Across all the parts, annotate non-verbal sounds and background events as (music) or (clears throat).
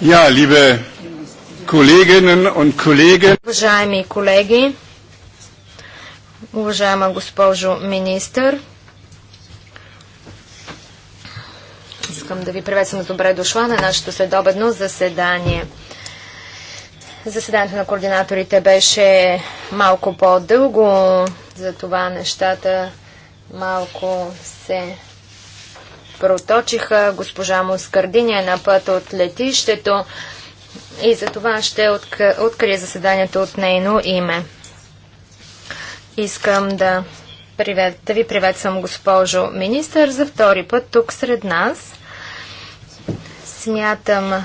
Ja, liebe Kolleginnen und Kollegen. Уважаеми колеги, уважаема госпожо министър, искам да ви приветствам добре дошла на нашето следобедно заседание. Заседанието на координаторите беше малко по-дълго, затова нещата малко се проточиха. Госпожа Москардини е на път от летището и за това ще открия заседанието от нейно име. Искам да, привет, да ви приветствам, госпожо министър, за втори път тук сред нас. Смятам,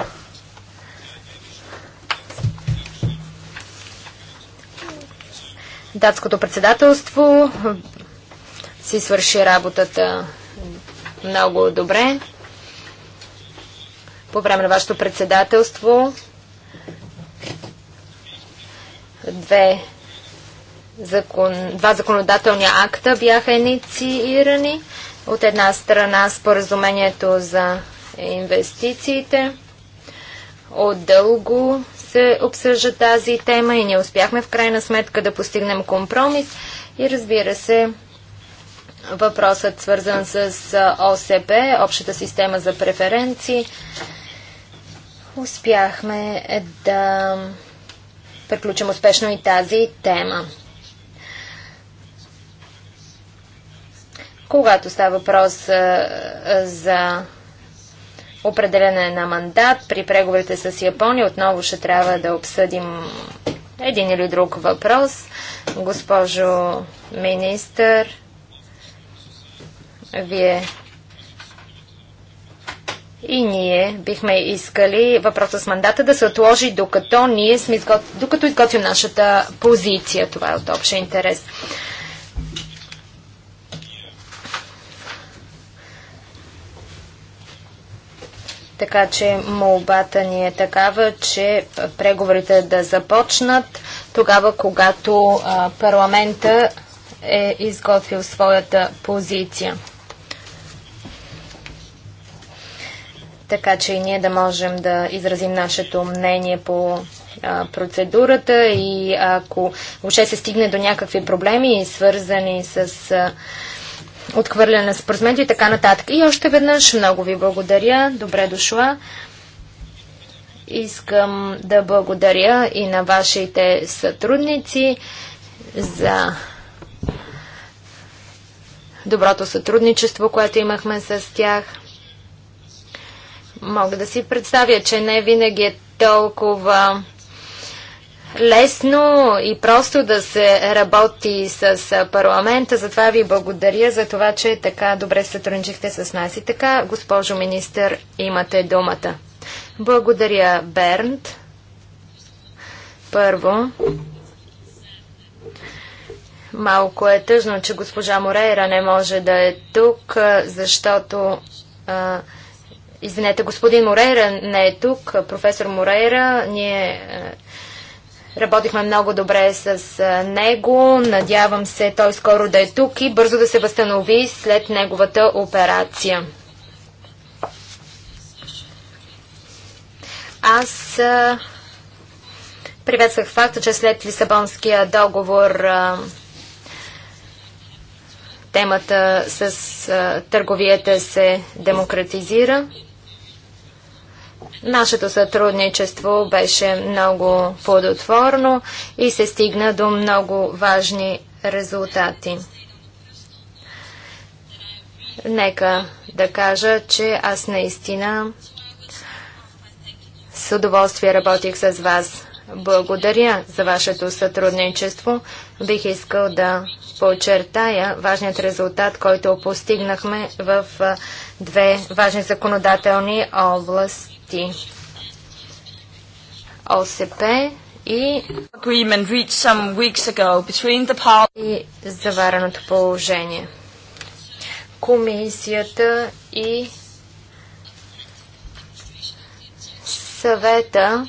датското председателство си свърши работата много добре. По време на вашето председателство две закон, два законодателни акта бяха инициирани. От една страна споразумението за инвестициите. От дълго се обсъжда тази тема и ние успяхме в крайна сметка да постигнем компромис. И разбира се, въпросът свързан с ОСП, общата система за преференции. Успяхме да приключим успешно и тази тема. Когато става въпрос за определене на мандат, при преговорите с Япония отново ще трябва да обсъдим един или друг въпрос. Госпожо министър, вие и ние бихме искали въпроса с мандата да се отложи докато ние сме изгот... докато изготвим нашата позиция. Това е от общия интерес. Така че молбата ни е такава, че преговорите да започнат тогава, когато парламента е изготвил своята позиция. така че и ние да можем да изразим нашето мнение по а, процедурата и ако въобще се стигне до някакви проблеми, свързани с а, отхвърляне на споразумението и така нататък. И още веднъж много ви благодаря. Добре дошла. Искам да благодаря и на вашите сътрудници за доброто сътрудничество, което имахме с тях. Мога да си представя, че не винаги е толкова лесно и просто да се работи с парламента. Затова ви благодаря за това, че така добре сътрудничихте с нас. И така, госпожо министър, имате думата. Благодаря, Бернт. Първо, малко е тъжно, че госпожа Морейра не може да е тук, защото а, Извинете, господин Морейра не е тук. Професор Морейра, ние е, работихме много добре с е, него. Надявам се той скоро да е тук и бързо да се възстанови след неговата операция. Аз е, приветствах факта, че след Лисабонския договор темата с търговията се демократизира. Нашето сътрудничество беше много плодотворно и се стигна до много важни резултати. Нека да кажа, че аз наистина с удоволствие работих с вас. Благодаря за вашето сътрудничество. Бих искал да подчертая важният резултат, който постигнахме в две важни законодателни области проекти. ОСП и, и завареното положение. Комисията и съвета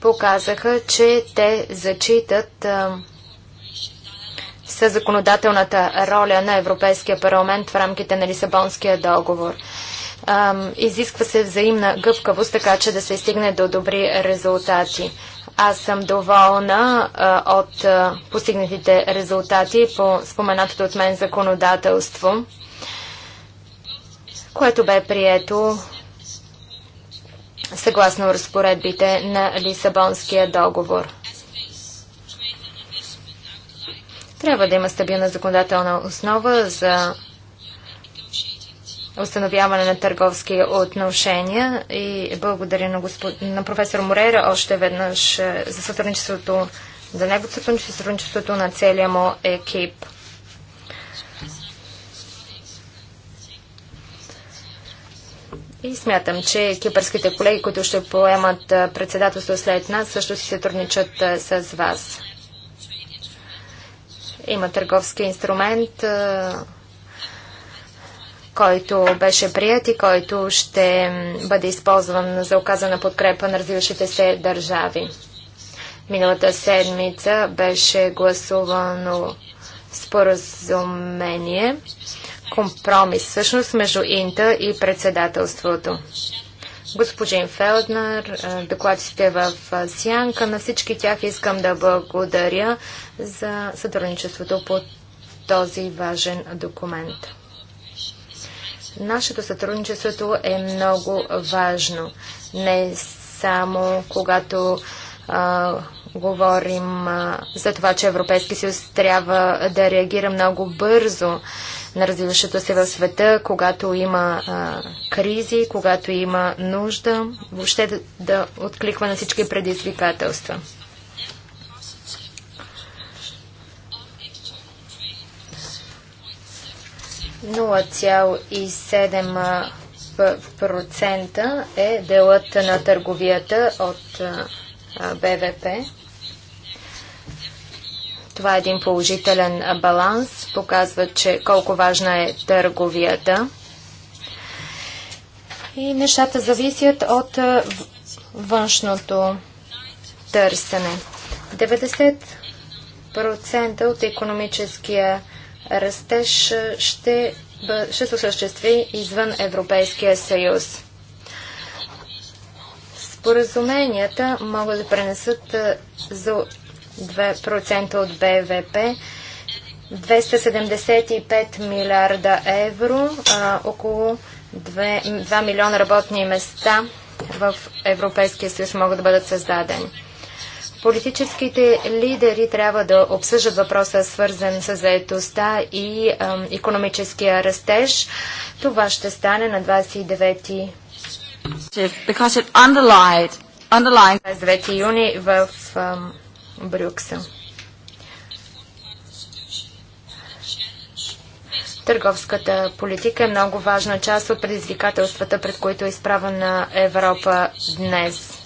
показаха, че те зачитат със законодателната роля на Европейския парламент в рамките на Лисабонския договор изисква се взаимна гъвкавост, така че да се стигне до добри резултати. Аз съм доволна а, от а, постигнатите резултати по споменатото от мен законодателство, което бе прието съгласно разпоредбите на Лисабонския договор. Трябва да има стабилна законодателна основа за установяване на търговски отношения и благодаря на, господ... на професор Морейра още веднъж е, за сътрудничеството, за неговото сътрудничество, сътрудничеството на целия му екип. И смятам, че кипърските колеги, които ще поемат е, председателство след нас, също си сътрудничат е, с вас. Има търговски инструмент, който беше прият и който ще бъде използван за оказана подкрепа на развиващите се държави. Миналата седмица беше гласувано споразумение, компромис всъщност между Инта и председателството. Господин Фелднер, докладите в Сянка, на всички тях искам да благодаря за сътрудничеството по този важен документ. Нашето сътрудничеството е много важно. Не само когато а, говорим а, за това, че Европейски съюз трябва да реагира много бързо на развиващото се в света, когато има а, кризи, когато има нужда, въобще да, да откликва на всички предизвикателства. 0,7% е делът на търговията от БВП. Това е един положителен баланс. Показва, че колко важна е търговията. И нещата зависят от външното търсене. 90% от економическия растеж ще, ще се осъществи извън Европейския съюз. Споразуменията могат да пренесат за 2% от БВП 275 милиарда евро, а, около 2, 2 милиона работни места в Европейския съюз могат да бъдат създадени. Политическите лидери трябва да обсъждат въпроса, свързан с заедостта и е, економическия растеж. Това ще стане на 29 29 юни в е, Брюксел. Търговската политика е много важна част от предизвикателствата, пред които е изправена Европа днес.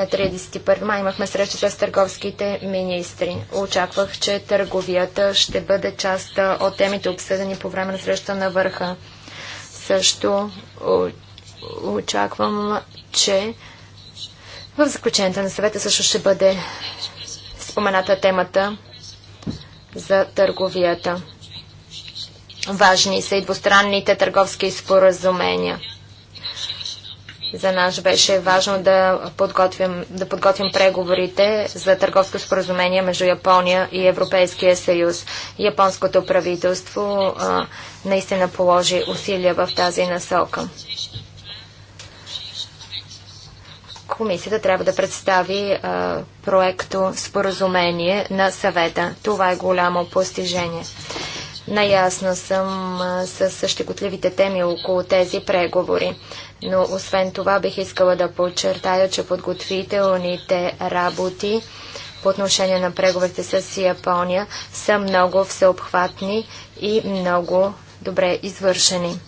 На 31 май имахме среща с търговските министри. Очаквах, че търговията ще бъде част от темите обсъдени по време на среща на върха. Също очаквам, че в заключението на съвета също ще бъде спомената темата за търговията. Важни са и двустранните търговски споразумения. За нас беше важно да подготвим, да подготвим преговорите за търговско споразумение между Япония и Европейския съюз. Японското правителство а, наистина положи усилия в тази насока. Комисията трябва да представи а, проекто споразумение на съвета. Това е голямо постижение. Наясно съм с щекотливите теми около тези преговори. Но освен това бих искала да подчертая, че подготвителните работи по отношение на преговорите с Япония са много всеобхватни и много добре извършени.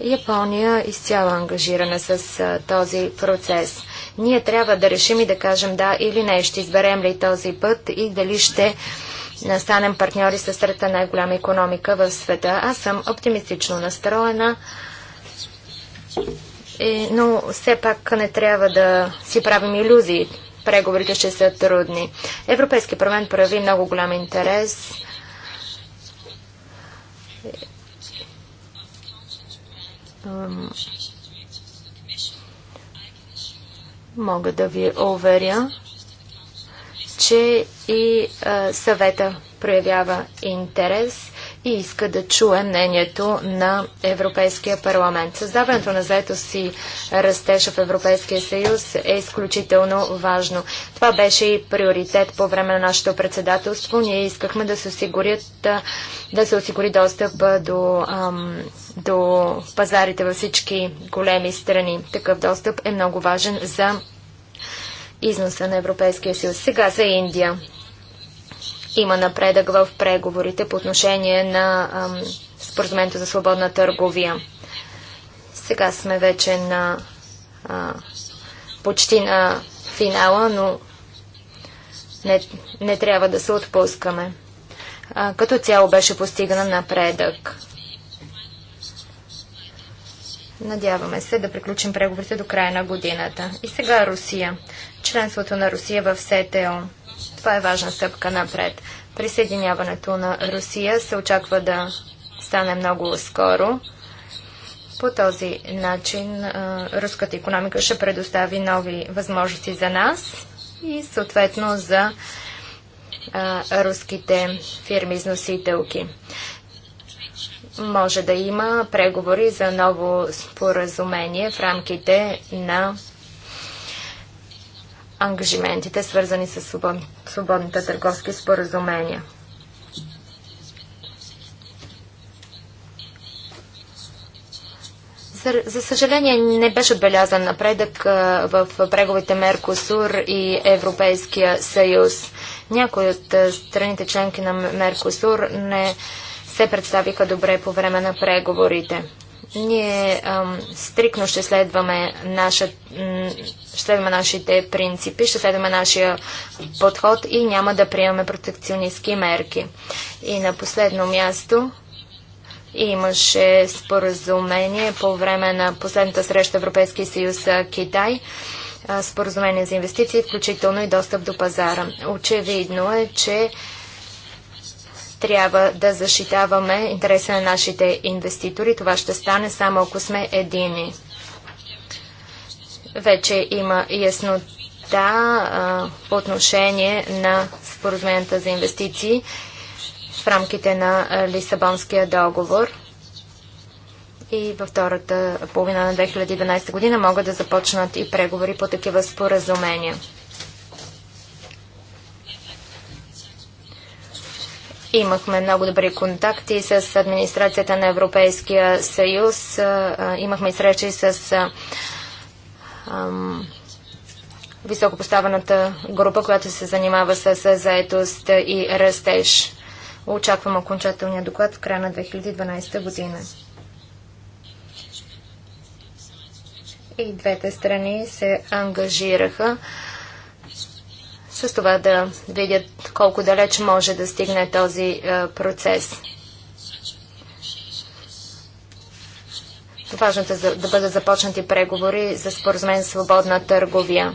Япония изцяло ангажирана с този процес. Ние трябва да решим и да кажем да или не. Ще изберем ли този път и дали ще станем партньори с трета най-голяма економика в света. Аз съм оптимистично настроена, но все пак не трябва да си правим иллюзии. Преговорите ще са трудни. Европейски парламент прояви много голям интерес. Um, Мога да ви уверя, че и съвета проявява интерес и иска да чуе мнението на Европейския парламент. Създаването на заетост и растежа в Европейския съюз е изключително важно. Това беше и приоритет по време на нашето председателство. Ние искахме да се, осигурят, да се осигури достъп до, ам, до пазарите във всички големи страни. Такъв достъп е много важен за износа на Европейския съюз. Сега за Индия. Има напредък в преговорите по отношение на ам, споразумението за свободна търговия. Сега сме вече на а, почти на финала, но не, не трябва да се отпускаме. А, като цяло беше постигна напредък. Надяваме се да приключим преговорите до края на годината. И сега Русия. Членството на Русия в СТО. Това е важна стъпка напред. Присъединяването на Русия се очаква да стане много скоро. По този начин руската економика ще предостави нови възможности за нас и съответно за руските фирми-износителки. Може да има преговори за ново споразумение в рамките на ангажиментите, свързани с свободните търговски споразумения. За, съжаление не беше отбелязан напредък в преговите Меркосур и Европейския съюз. Някои от страните членки на Меркосур не се представиха добре по време на преговорите. Ние ам, стрикно ще следваме, наша, ще следваме нашите принципи, ще следваме нашия подход и няма да приемаме протекционистски мерки. И на последно място имаше споразумение по време на последната среща Европейски съюз Китай споразумение за инвестиции, включително и достъп до пазара. Очевидно е, че трябва да защитаваме интереса на нашите инвеститори. Това ще стане само ако сме едини. Вече има яснота а, по отношение на споразумената за инвестиции в рамките на Лисабонския договор. И във втората половина на 2012 година могат да започнат и преговори по такива споразумения. Имахме много добри контакти с администрацията на Европейския съюз. Имахме срещи с високопоставената група, която се занимава с заетост и растеж. Очаквам окончателния доклад в края на 2012 година. И двете страни се ангажираха с това да видят колко далеч може да стигне този е, процес. Важно е да бъдат започнати преговори за споразумен свободна търговия.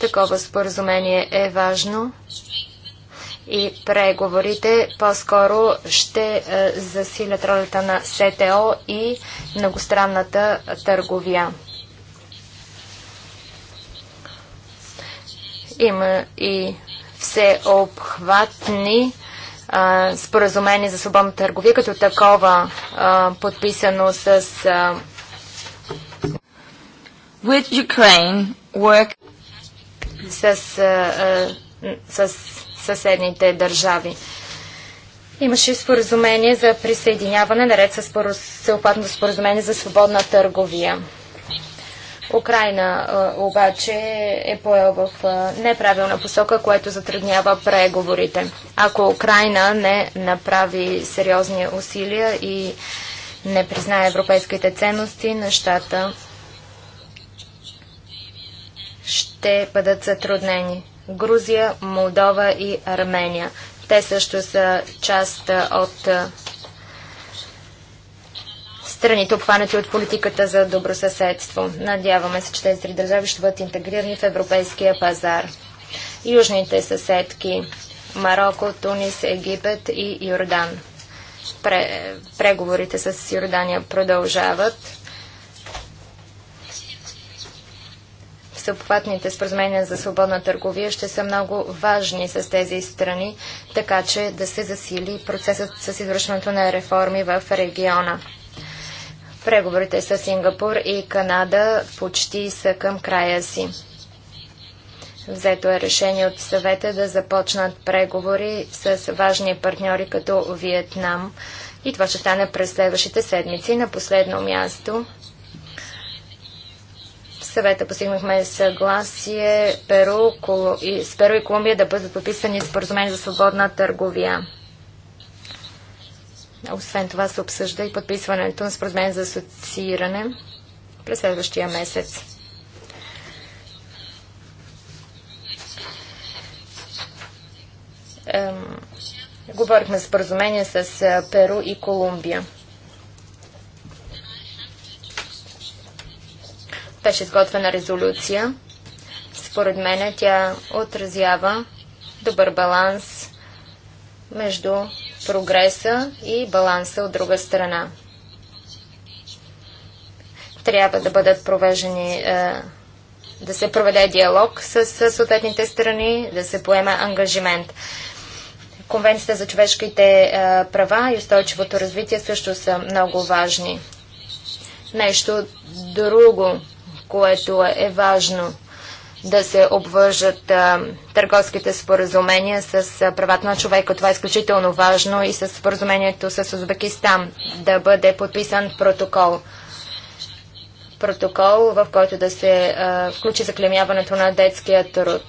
Такова споразумение е важно и преговорите по-скоро ще е, засилят ролята на СТО и многостранната търговия. Има и всеобхватни е, споразумения за свободна търговия, като такова е, подписано с With Ukraine, work... с, с съседните държави. Имаше споразумение за присъединяване, наред с всеопатното споразумение за свободна търговия. Украина обаче е поел в неправилна посока, което затруднява преговорите. Ако Украина не направи сериозни усилия и не признае европейските ценности, нещата ще бъдат затруднени. Грузия, Молдова и Армения. Те също са част от страните, обхванати от политиката за добросъседство. Надяваме се, че тези три държави ще бъдат интегрирани в европейския пазар. Южните съседки Марокко, Тунис, Египет и Йордан. преговорите с Йордания продължават. всеобхватните споразумения за свободна търговия ще са много важни с тези страни, така че да се засили процесът с извършването на реформи в региона. Преговорите с Сингапур и Канада почти са към края си. Взето е решение от съвета да започнат преговори с важни партньори като Виетнам и това ще стане през следващите седмици. На последно място съвета постигнахме съгласие Перу, и, с Перу и Колумбия да бъдат подписани споразумения за свободна търговия. Освен това се обсъжда и подписването на споразумение за асоцииране през следващия месец. Ем, говорихме за споразумение с е, Перу и Колумбия. Беше изготвена резолюция. Според мен тя отразява добър баланс между прогреса и баланса от друга страна. Трябва да бъдат провеждани, е, да се проведе диалог с, съответните страни, да се поема ангажимент. Конвенцията за човешките е, права и устойчивото развитие също са много важни. Нещо друго, което е важно да се обвържат а, търговските споразумения с а, правата на човека. Това е изключително важно и с споразумението с Узбекистан да бъде подписан протокол. Протокол, в който да се а, включи заклемяването на детския труд.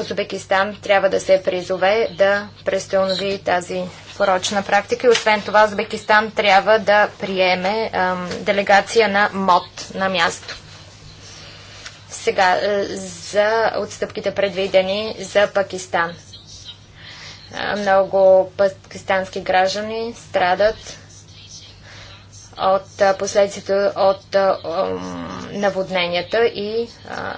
Узбекистан трябва да се призове да престанови тази порочна практика и освен това Узбекистан трябва да приеме делегация на МОД на място. Сега е, за отстъпките предвидени за Пакистан. Е, много пакистански граждани страдат от е, последствието от наводненията и а,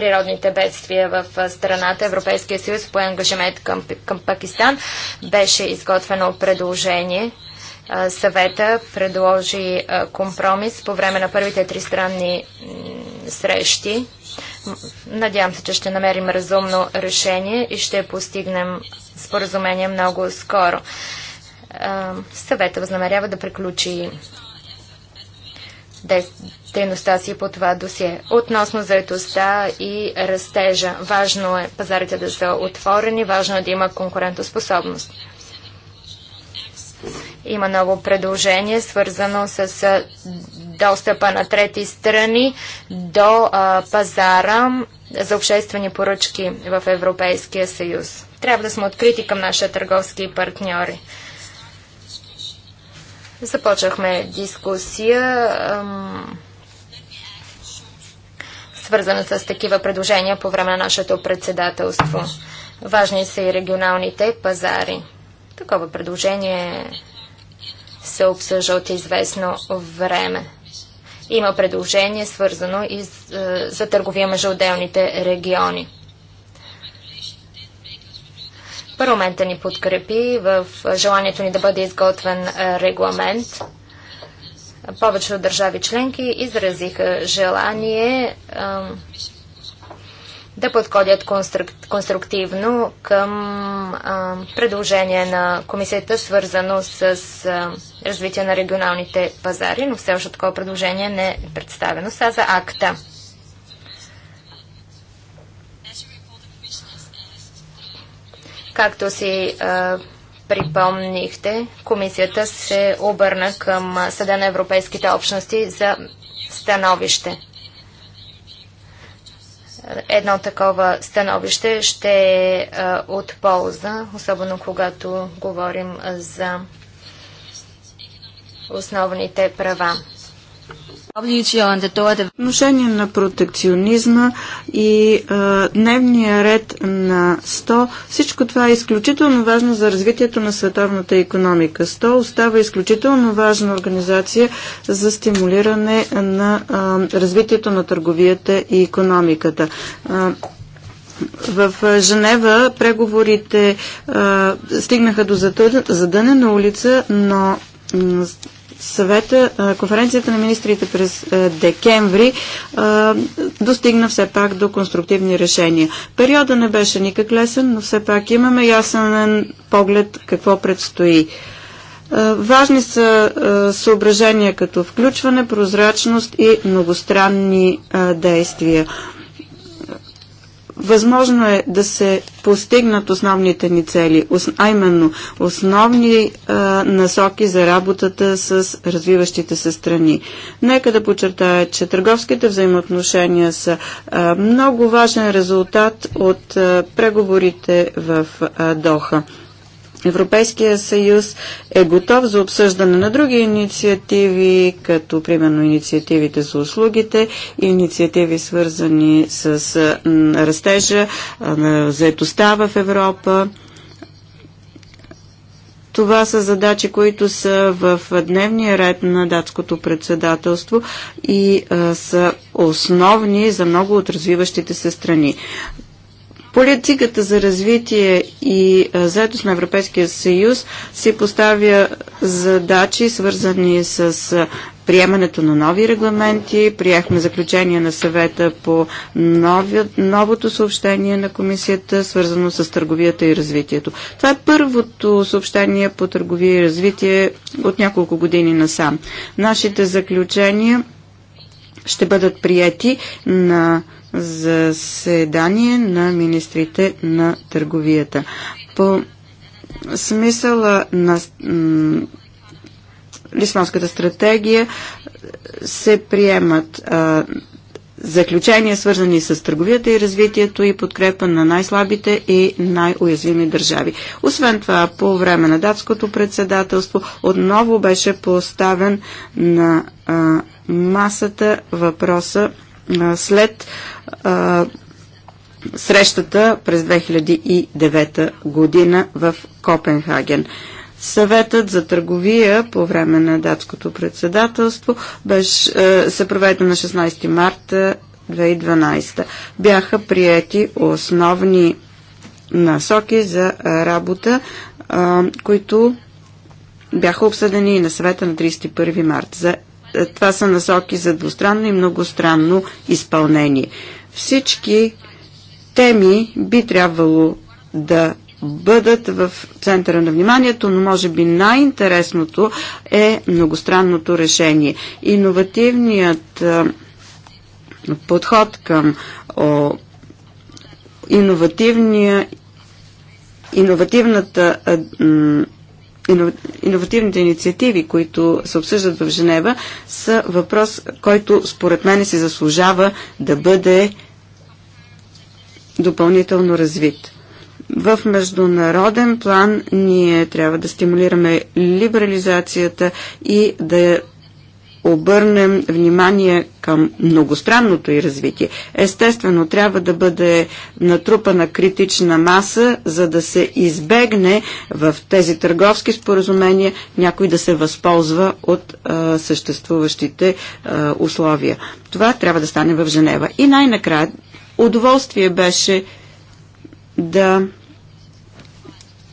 природните бедствия в страната. Европейския съюз по ангажимент към, към Пакистан беше изготвено предложение. Съвета предложи компромис по време на първите три странни срещи. Надявам се, че ще намерим разумно решение и ще постигнем споразумение много скоро. Съвета възнамерява да приключи дейността си по това досие. Относно заетостта и растежа, важно е пазарите да са отворени, важно е да има конкурентоспособност. Има ново предложение, свързано с достъпа на трети страни до пазара за обществени поръчки в Европейския съюз. Трябва да сме открити към нашите търговски партньори. Започнахме дискусия, свързана с такива предложения по време на нашето председателство. Важни са и регионалните пазари. Такова предложение се обсъжда от известно време. Има предложение свързано и е, за търговия между отделните региони. Парламента ни подкрепи в желанието ни да бъде изготвен регламент. Повече от държави членки изразиха желание да подходят конструктивно към предложение на комисията, свързано с развитие на регионалните пазари, но все още такова предложение не е представено. Са за акта. Както си а, припомнихте, комисията се обърна към Съда на Европейските общности за становище. Едно такова становище ще е от полза, особено когато говорим за основните права. Отношение на протекционизма и дневния ред на 100, всичко това е изключително важно за развитието на световната економика. 100 остава изключително важна организация за стимулиране на развитието на търговията и економиката. в Женева преговорите стигнаха до задънена улица, но съвета, конференцията на министрите през декември достигна все пак до конструктивни решения. Периода не беше никак лесен, но все пак имаме ясен поглед какво предстои. Важни са съображения като включване, прозрачност и многостранни действия възможно е да се постигнат основните ни цели, а именно основни а, насоки за работата с развиващите се страни. Нека да подчертая, че търговските взаимоотношения са а, много важен резултат от а, преговорите в а, Доха. Европейския съюз е готов за обсъждане на други инициативи, като примерно инициативите за услугите, инициативи свързани с растежа, заетостта в Европа. Това са задачи, които са в дневния ред на датското председателство и а, са основни за много от развиващите се страни. Политиката за развитие и заедост на Европейския съюз си поставя задачи, свързани с приемането на нови регламенти. Приехме заключение на съвета по нови, новото съобщение на комисията, свързано с търговията и развитието. Това е първото съобщение по търговия и развитие от няколко години насам. Нашите заключения ще бъдат прияти на заседание на министрите на търговията. По смисъла на Лисманската стратегия се приемат а, заключения, свързани с търговията и развитието и подкрепа на най-слабите и най-уязвими държави. Освен това, по време на датското председателство отново беше поставен на а, масата въпроса а, след а, срещата през 2009 година в Копенхаген. Съветът за търговия по време на датското председателство беше, се проведе на 16 марта 2012. Бяха приети основни насоки за работа, които бяха обсъдени и на съвета на 31 марта. За, е, това са насоки за двустранно и многостранно изпълнение. Всички теми би трябвало да бъдат в центъра на вниманието, но може би най-интересното е многостранното решение. Иновативният подход към о, иновативния иновативната иновативните инициативи, които се обсъждат в Женева, са въпрос, който според мен се заслужава да бъде допълнително развит. В международен план ние трябва да стимулираме либерализацията и да обърнем внимание към многостранното и развитие. Естествено, трябва да бъде натрупана критична маса, за да се избегне в тези търговски споразумения някой да се възползва от а, съществуващите а, условия. Това трябва да стане в Женева. И най-накрая Удоволствие беше да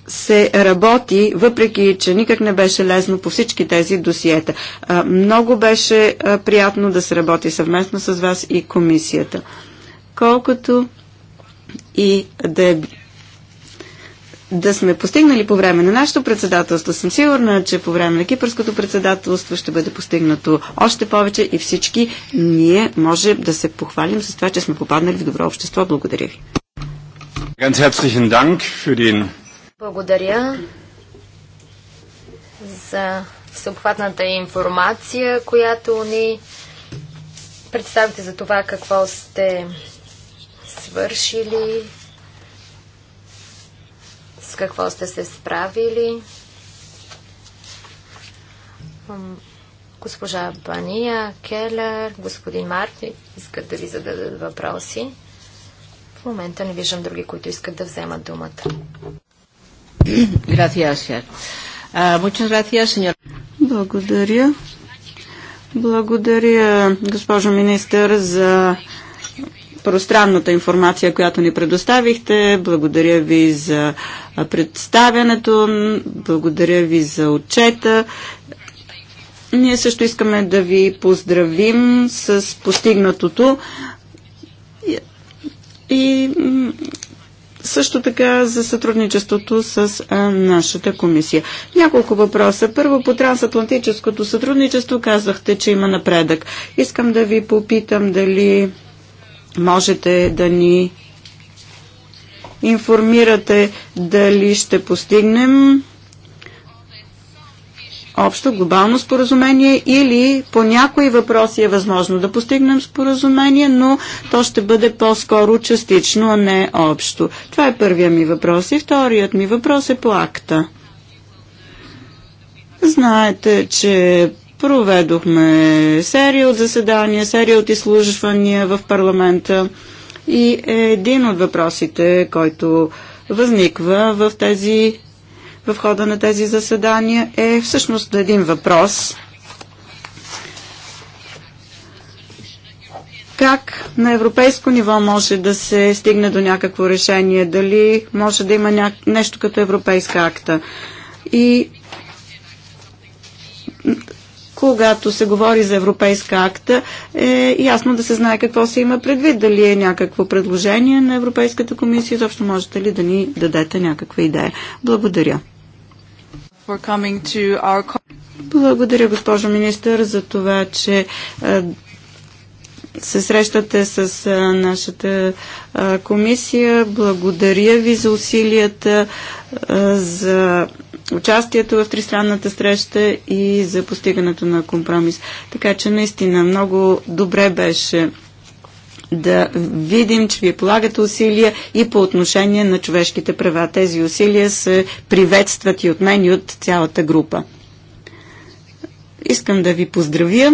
се работи, въпреки че никак не беше лесно по всички тези досиета. Много беше приятно да се работи съвместно с вас и комисията. Колкото и да е да сме постигнали по време на нашето председателство. Съм сигурна, че по време на кипърското председателство ще бъде постигнато още повече и всички ние може да се похвалим с това, че сме попаднали в добро общество. Благодаря ви. Благодаря за всеобхватната информация, която ни представите за това какво сте свършили, с какво сте се справили. Госпожа Бания, Келер, господин Марти искат да ви зададат въпроси. В момента не виждам други, които искат да вземат думата. Благодаря. Благодаря, госпожо министър, за пространната информация, която ни предоставихте. Благодаря ви за представянето. Благодаря ви за отчета. Ние също искаме да ви поздравим с постигнатото и също така за сътрудничеството с а, нашата комисия. Няколко въпроса. Първо по трансатлантическото сътрудничество казахте, че има напредък. Искам да ви попитам дали можете да ни информирате дали ще постигнем общо глобално споразумение или по някои въпроси е възможно да постигнем споразумение, но то ще бъде по-скоро частично, а не общо. Това е първия ми въпрос. И вторият ми въпрос е по акта. Знаете, че проведохме серия от заседания, серия от изслужвания в парламента. И един от въпросите, който възниква в, тези, в хода на тези заседания е всъщност един въпрос. Как на европейско ниво може да се стигне до някакво решение? Дали може да има ня... нещо като европейска акта? И когато се говори за европейска акта, е ясно да се знае какво се има предвид. Дали е някакво предложение на Европейската комисия, изобщо можете ли да ни дадете някаква идея. Благодаря. Our... Благодаря, госпожо министър, за това, че е, се срещате с е, нашата е, комисия. Благодаря ви за усилията за участието в тристранната среща и за постигането на компромис. Така че наистина много добре беше да видим, че вие полагате усилия и по отношение на човешките права. Тези усилия се приветстват и от мен и от цялата група. Искам да ви поздравя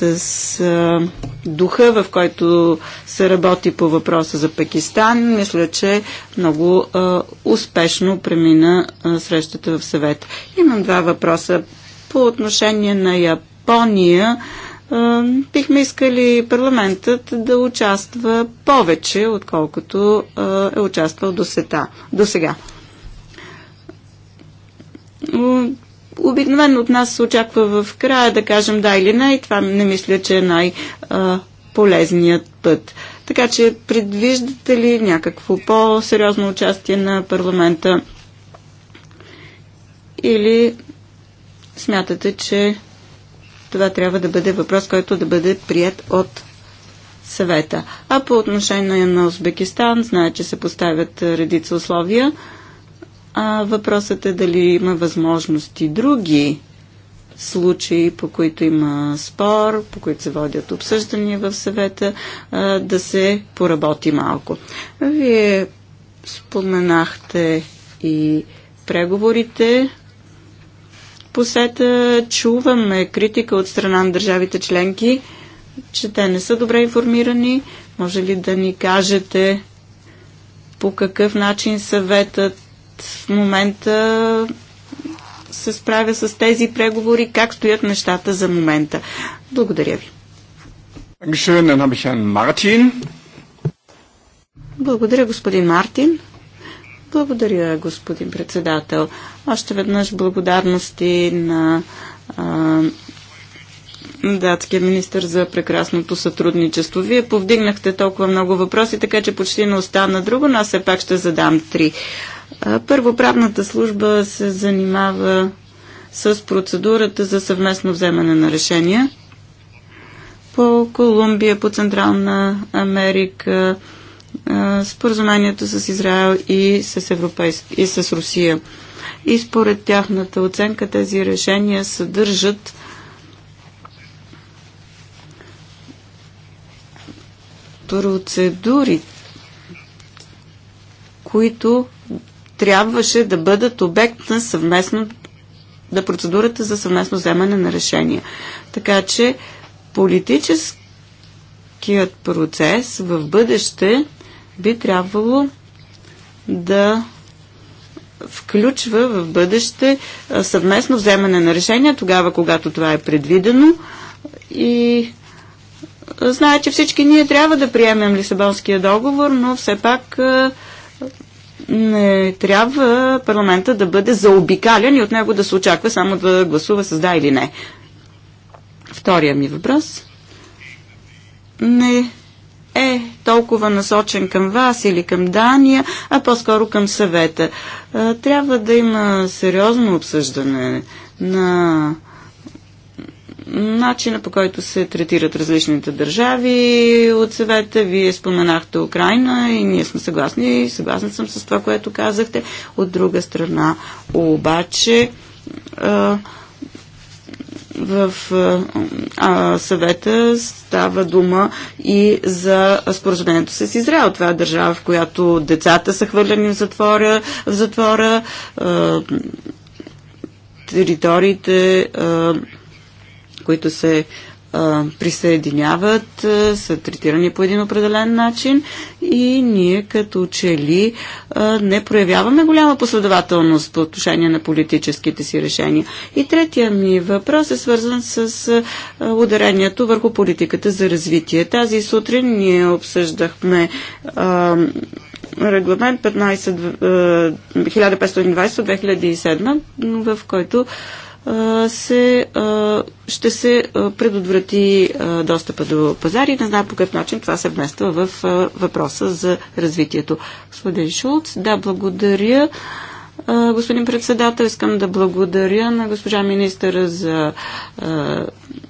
с а, духа, в който се работи по въпроса за Пакистан. Мисля, че много а, успешно премина а, срещата в съвет. Имам два въпроса. По отношение на Япония, а, бихме искали парламентът да участва повече, отколкото а, е участвал до сега Обикновено от нас се очаква в края да кажем да или не и това не мисля, че е най-полезният път. Така че предвиждате ли някакво по-сериозно участие на парламента или смятате, че това трябва да бъде въпрос, който да бъде прият от съвета. А по отношение на Узбекистан, знае, че се поставят редица условия. А въпросът е дали има възможности други случаи, по които има спор, по които се водят обсъждания в съвета, да се поработи малко. Вие споменахте и преговорите по сета. Чуваме критика от страна на държавите членки, че те не са добре информирани. Може ли да ни кажете по какъв начин съветът в момента се справя с тези преговори, как стоят нещата за момента. Благодаря ви. Благодаря, господин Мартин. Благодаря, господин председател. Още веднъж благодарности на а, датския министр за прекрасното сътрудничество. Вие повдигнахте толкова много въпроси, така че почти не остана друго, но аз все пак ще задам три. Първо, правната служба се занимава с процедурата за съвместно вземане на решения по Колумбия, по Централна Америка, споразумението с Израел и с, и с Русия. И според тяхната оценка тези решения съдържат процедури, които трябваше да бъдат обект на съвместно да процедурата за съвместно вземане на решения. Така че политическият процес в бъдеще би трябвало да включва в бъдеще съвместно вземане на решения тогава, когато това е предвидено и знае, че всички ние трябва да приемем Лисабонския договор, но все пак не трябва парламента да бъде заобикален и от него да се очаква само да гласува с да или не. Втория ми въпрос не е толкова насочен към вас или към Дания, а по-скоро към съвета. Трябва да има сериозно обсъждане на начина по който се третират различните държави от съвета. Вие споменахте Украина и ние сме съгласни и съгласна съм с това, което казахте. От друга страна, обаче, в съвета става дума и за споразумението с Израел. Това е държава, в която децата са хвърлени в затвора, в затвора териториите а, които се присъединяват, са третирани по един определен начин и ние като учели не проявяваме голяма последователност по отношение на политическите си решения. И третия ми въпрос е свързан с ударението върху политиката за развитие. Тази сутрин ние обсъждахме регламент 15, 1520-2007, в който се, ще се предотврати достъпа до пазари. Не знам по какъв начин това се вмества в въпроса за развитието. Господин Шулц, да, благодаря. Господин председател, искам да благодаря на госпожа министъра за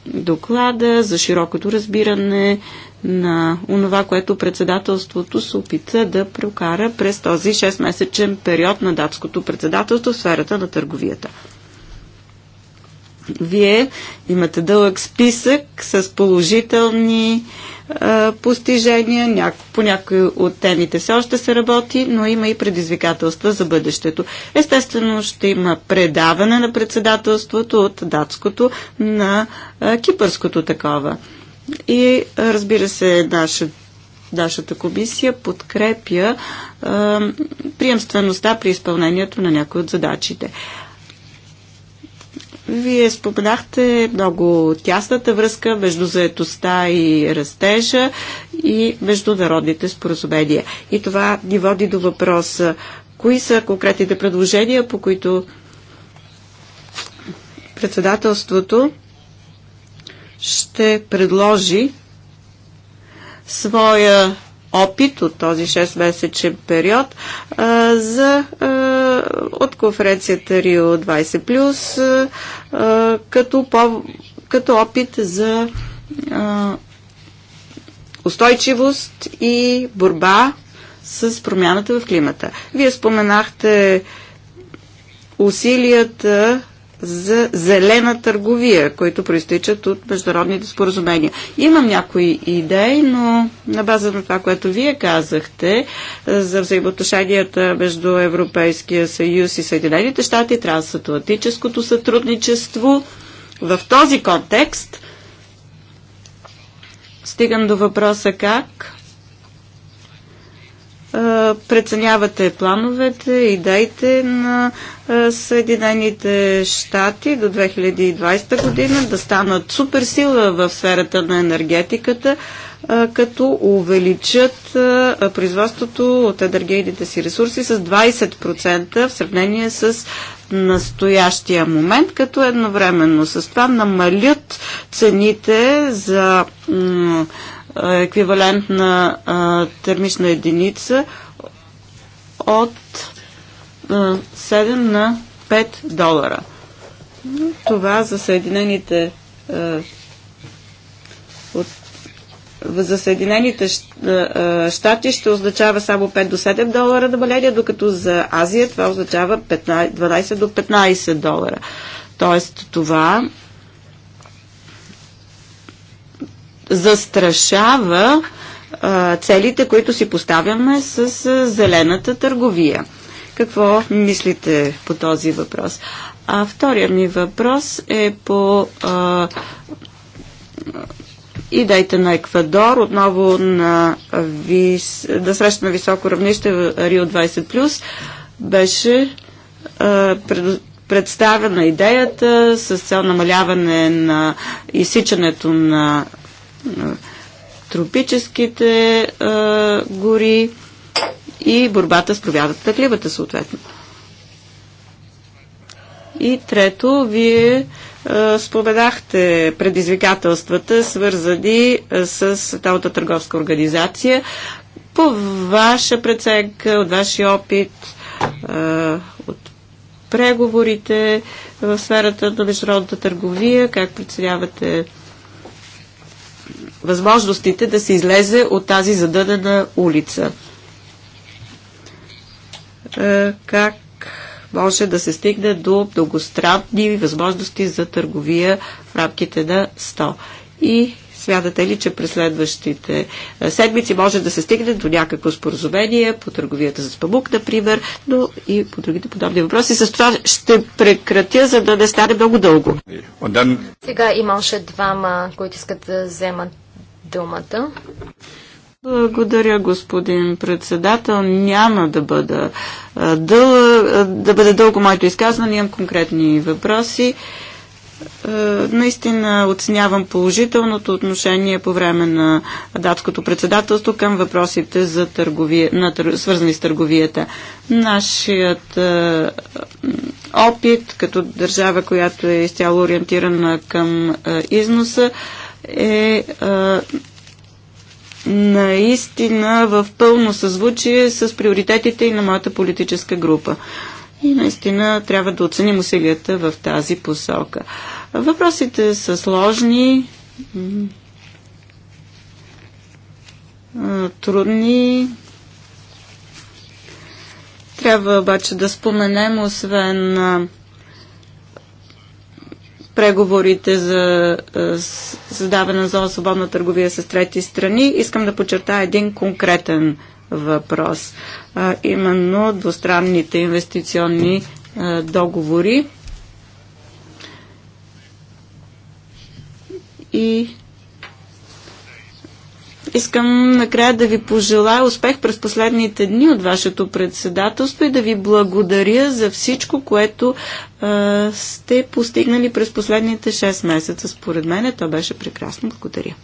доклада, за широкото разбиране на онова, което председателството се опита да прокара през този 6-месечен период на датското председателство в сферата на търговията. Вие имате дълъг списък с положителни а, постижения, няко, по някои от темите все още се работи, но има и предизвикателства за бъдещето. Естествено ще има предаване на председателството от датското на а, кипърското такова. И разбира се, наша, нашата комисия подкрепя а, приемствеността при изпълнението на някои от задачите. Вие споменахте много тясната връзка между заетостта и растежа и международните споразумения. И това ни води до въпроса, кои са конкретните предложения, по които председателството ще предложи своя опит от този 6-месечен период а, за, а, от конференцията Рио 20+, а, като, по, като опит за а, устойчивост и борба с промяната в климата. Вие споменахте усилията за зелена търговия, които проистичат от международните споразумения. Имам някои идеи, но на база на това, което вие казахте е, за взаимоотношенията между Европейския съюз и Съединените щати, трансатлантическото сътрудничество, в този контекст стигам до въпроса как е, преценявате плановете, идеите на е, Съединените щати до 2020 година да станат суперсила в сферата на енергетиката, е, като увеличат производството от енергийните си ресурси с 20% в сравнение с настоящия момент, като едновременно с това намалят цените за еквивалент на термична единица от 7 на 5 долара. Това за Съединените от, за Съединените щати ще означава само 5 до 7 долара намаление, докато за Азия това означава 12 до 15 долара. Тоест това застрашава а, целите, които си поставяме с а, зелената търговия. Какво мислите по този въпрос? А вторият ми въпрос е по а, идеите на Еквадор, отново на вис... да срещна високо равнище в Рио 20+, беше а, пред... представена идеята с цел намаляване на изсичането на тропическите а, гори и борбата с провядата клибата, съответно. И трето, вие а, споведахте предизвикателствата, свързани а, с тази търговска организация. По ваша преценка, от вашия опит, а, от преговорите в сферата на международната търговия, как преценявате възможностите да се излезе от тази задънена улица. Е, как може да се стигне до многостранни възможности за търговия в рамките на 100? И Смятате ли, че през следващите е, седмици може да се стигне до някакво споразумение по търговията с памук, например, но и по другите подобни въпроси. С това ще прекратя, за да не стане много дълго. Сега има още двама, които искат да вземат думата. Благодаря, господин председател. Няма да бъда дъл... да бъде дълго моето изказване. Имам конкретни въпроси. Наистина оценявам положителното отношение по време на датското председателство към въпросите за търговия, на, свързани с търговията. Нашият е, опит като държава, която е изцяло ориентирана към е, износа, е, е а, наистина в пълно съзвучие с приоритетите и на моята политическа група. И наистина трябва да оценим усилията в тази посока. Въпросите са сложни, трудни. Трябва обаче да споменем, освен преговорите за е, създаване на зона свободна търговия с трети страни, искам да подчертая един конкретен въпрос, именно двустранните инвестиционни е, договори и искам накрая да ви пожелая успех през последните дни от вашето председателство и да ви благодаря за всичко, което а, сте постигнали през последните 6 месеца. Според мен то беше прекрасно. Благодаря.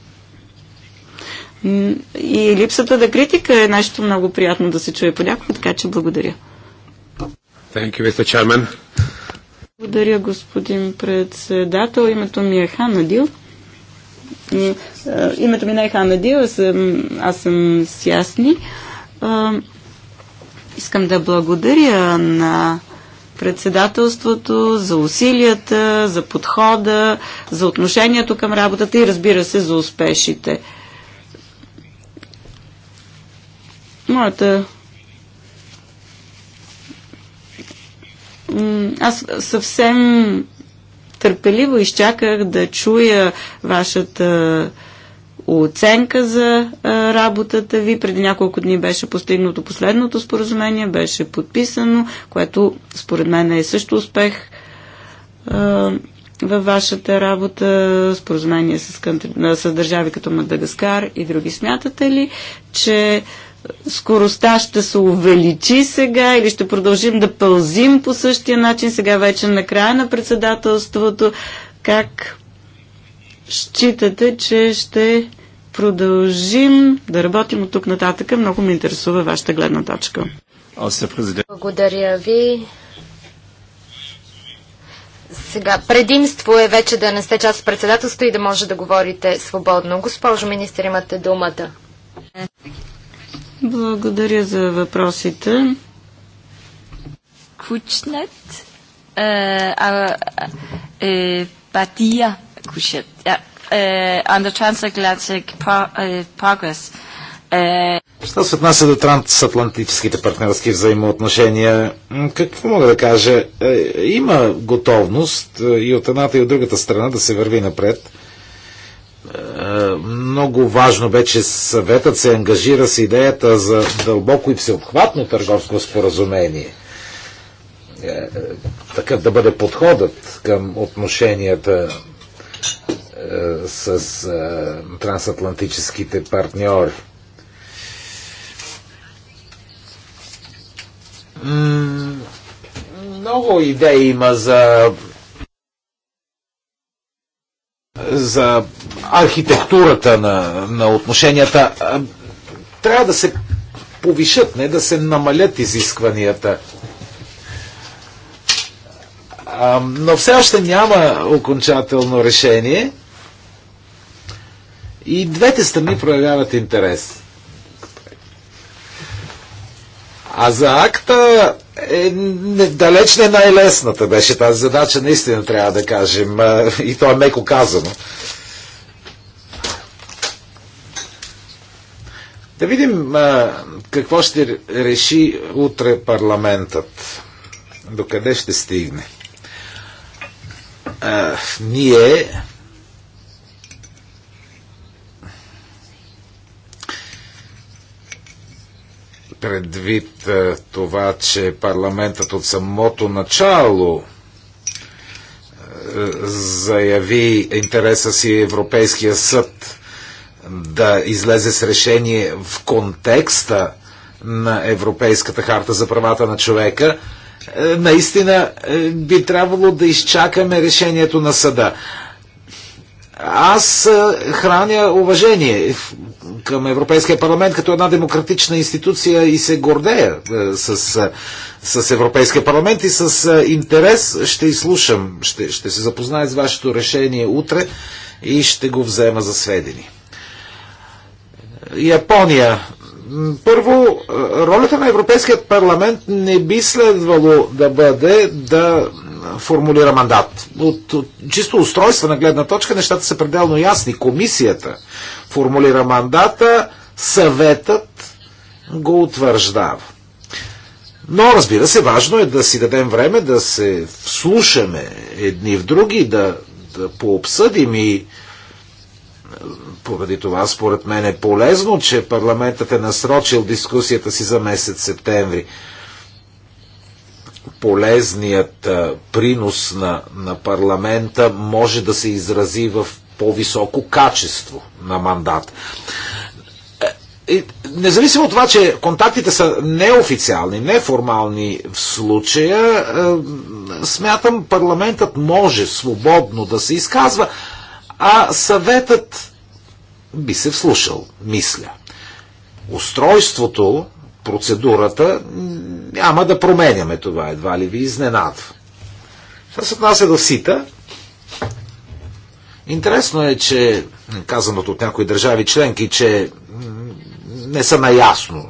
И липсата да критика е нещо много приятно да се чуе понякога, така че благодаря. Thank you, Mr. Chairman. Благодаря, господин председател. Името ми е Хана Дил. Е, е, името ми не е Ханадил, аз съм, аз съм с ясни. Е, искам да благодаря на председателството, за усилията, за подхода, за отношението към работата и разбира се за успешите. Моята аз съвсем Търпеливо изчаках да чуя вашата оценка за работата ви. Преди няколко дни беше постигнато последното споразумение, беше подписано, което според мен е също успех във вашата работа, споразумение с, с държави като Мадагаскар и други. Смятате ли, че скоростта ще се увеличи сега или ще продължим да пълзим по същия начин сега вече на края на председателството? Как считате, че ще продължим да работим от тук нататък? Много ме интересува вашата гледна точка. Благодаря ви. Сега, предимство е вече да не сте част от председателството и да може да говорите свободно. Госпожо министър, имате думата. Благодаря за въпросите. Кучнет, а, е, патия кушет. Е, on the transatlantic е, progress. Е. Що се отнася до трансатлантическите партньорски взаимоотношения, какво мога да кажа? Има готовност и от едната и от другата страна да се върви напред – е, много важно бе, че съветът се ангажира с идеята за дълбоко и всеобхватно търговско споразумение. Е, Такъв да бъде подходът към отношенията е, с трансатлантическите партньори. Много идеи има за за архитектурата на, на отношенията, трябва да се повишат, не да се намалят изискванията. Но все още няма окончателно решение и двете страни проявяват интерес. А за акта е, далеч не най-лесната беше тази задача, наистина трябва да кажем. И то е меко казано. Да видим какво ще реши утре парламентът. Докъде ще стигне. А, ние предвид е, това, че парламентът от самото начало е, заяви интереса си Европейския съд да излезе с решение в контекста на Европейската харта за правата на човека, е, наистина би трябвало да изчакаме решението на съда. Аз храня уважение към Европейския парламент като една демократична институция и се гордея с, с Европейския парламент и с интерес ще изслушам, ще, ще се запозная с вашето решение утре и ще го взема за сведени. Япония. Първо, ролята на Европейският парламент не би следвало да бъде да формулира мандат. От, от чисто на гледна точка нещата са пределно ясни. Комисията формулира мандата, съветът го утвърждава. Но, разбира се, важно е да си дадем време да се вслушаме едни в други, да, да пообсъдим и е, поради това, според мен е полезно, че парламентът е насрочил дискусията си за месец септември полезният принос на, на парламента може да се изрази в по-високо качество на мандат. Е, и, независимо от това, че контактите са неофициални, неформални в случая, е, смятам парламентът може свободно да се изказва, а съветът би се вслушал, мисля. Устройството процедурата, няма да променяме това, едва ли ви изненадва. Що се отнася до сита, интересно е, че казаното от някои държави членки, че не са наясно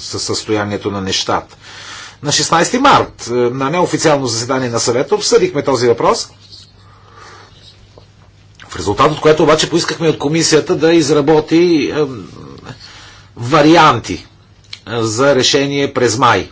със състоянието на нещата. На 16 март е, на неофициално заседание на съвета обсъдихме този въпрос, в резултат от което обаче поискахме от комисията да изработи варианти за решение през май.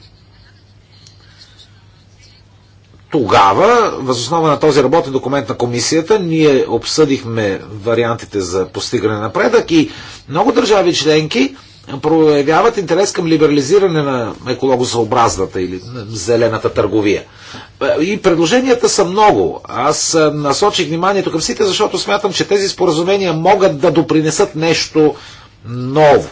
Тогава, възоснова на този работен документ на комисията, ние обсъдихме вариантите за постигане на напредък и много държави членки проявяват интерес към либерализиране на екологосъобразната или зелената търговия. И предложенията са много. Аз насочих вниманието към всички, защото смятам, че тези споразумения могат да допринесат нещо ново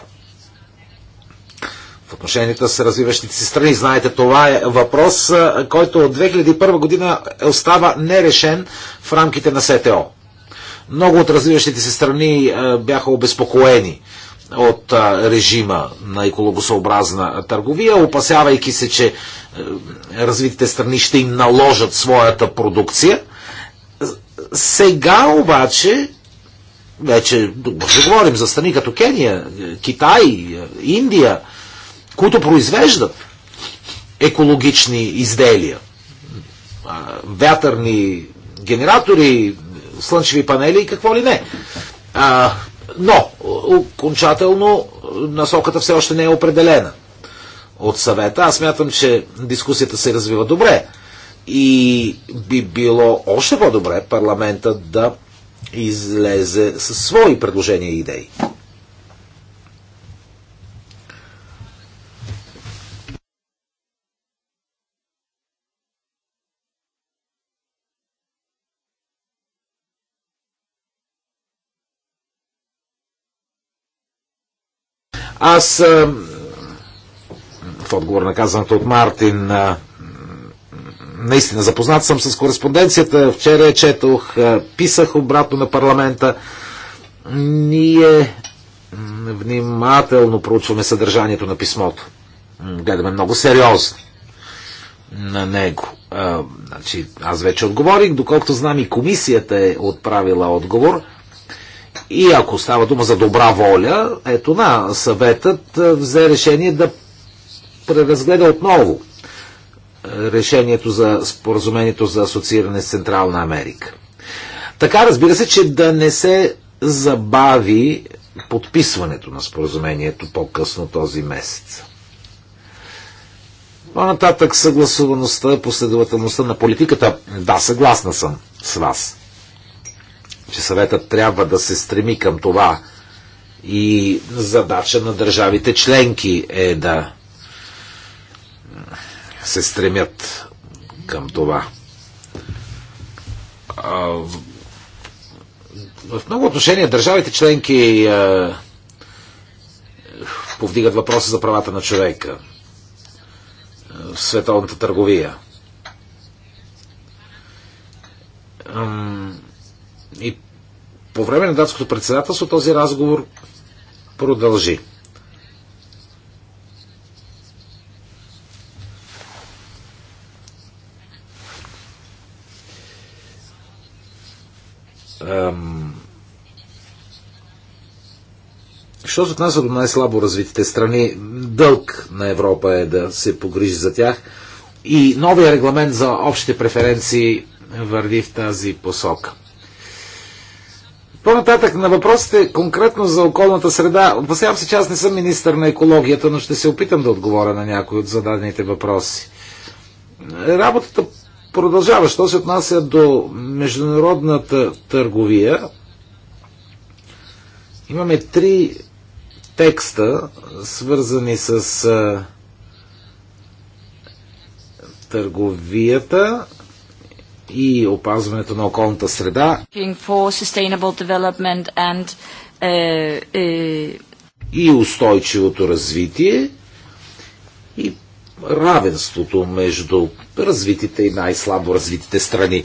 в отношенията с развиващите си страни. Знаете, това е въпрос, който от 2001 година е остава нерешен в рамките на СТО. Много от развиващите се страни бяха обезпокоени от режима на екологосъобразна търговия, опасявайки се, че развитите страни ще им наложат своята продукция. Сега обаче, вече говорим за страни като Кения, Китай, Индия, които произвеждат екологични изделия. Вятърни генератори, слънчеви панели и какво ли не. Но, окончателно, насоката все още не е определена от съвета. Аз мятам, че дискусията се развива добре и би било още по-добре парламента да излезе със свои предложения и идеи. Аз в отговор на казаното от Мартин наистина запознат съм с кореспонденцията. Вчера я четох, писах обратно на парламента. Ние внимателно проучваме съдържанието на писмото. Гледаме много сериозно на него. А, значи, аз вече отговорих, доколкото знам и комисията е отправила отговор – и ако става дума за добра воля, ето на, съветът е, взе решение да преразгледа отново е, решението за споразумението за асоцииране с Централна Америка. Така разбира се, че да не се забави подписването на споразумението по-късно този месец. По-нататък съгласуваността, последователността на политиката, да, съгласна съм с вас че съветът трябва да се стреми към това и задача на държавите членки е да се стремят към това. В много отношения държавите членки повдигат въпроса за правата на човека в световната търговия по време на датското председателство този разговор продължи. Що за нас до най-слабо развитите страни, дълг на Европа е да се погрижи за тях и новия регламент за общите преференции върви в тази посока. По-нататък на въпросите конкретно за околната среда, опасявам се, че аз не съм министър на екологията, но ще се опитам да отговоря на някои от зададените въпроси. Работата продължава. Що се отнася до международната търговия, имаме три текста, свързани с търговията, и опазването на околната среда. Е, е, и устойчивото развитие и равенството между развитите и най-слабо развитите страни.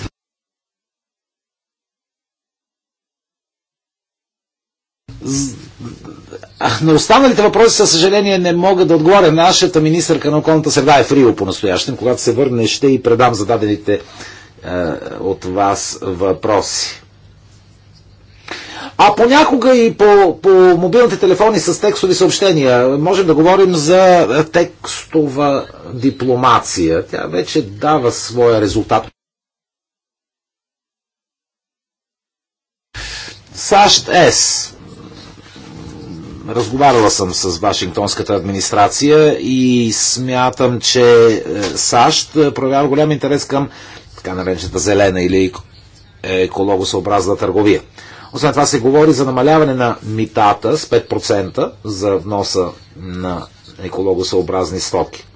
На останалите въпроси, със съжаление, не мога да отговоря. Нашата министърка на околната среда е в Рио по-настоящем. Когато се върне, ще и предам зададените е, от вас въпроси. А понякога и по, по мобилните телефони с текстови съобщения. Можем да говорим за текстова дипломация. Тя вече дава своя резултат. САЩ С. Разговаряла съм с Вашингтонската администрация и смятам, че е, САЩ е, проявява голям интерес към така наречената зелена или екологосъобразна търговия. Освен това се говори за намаляване на митата с 5% за вноса на екологосъобразни стоки.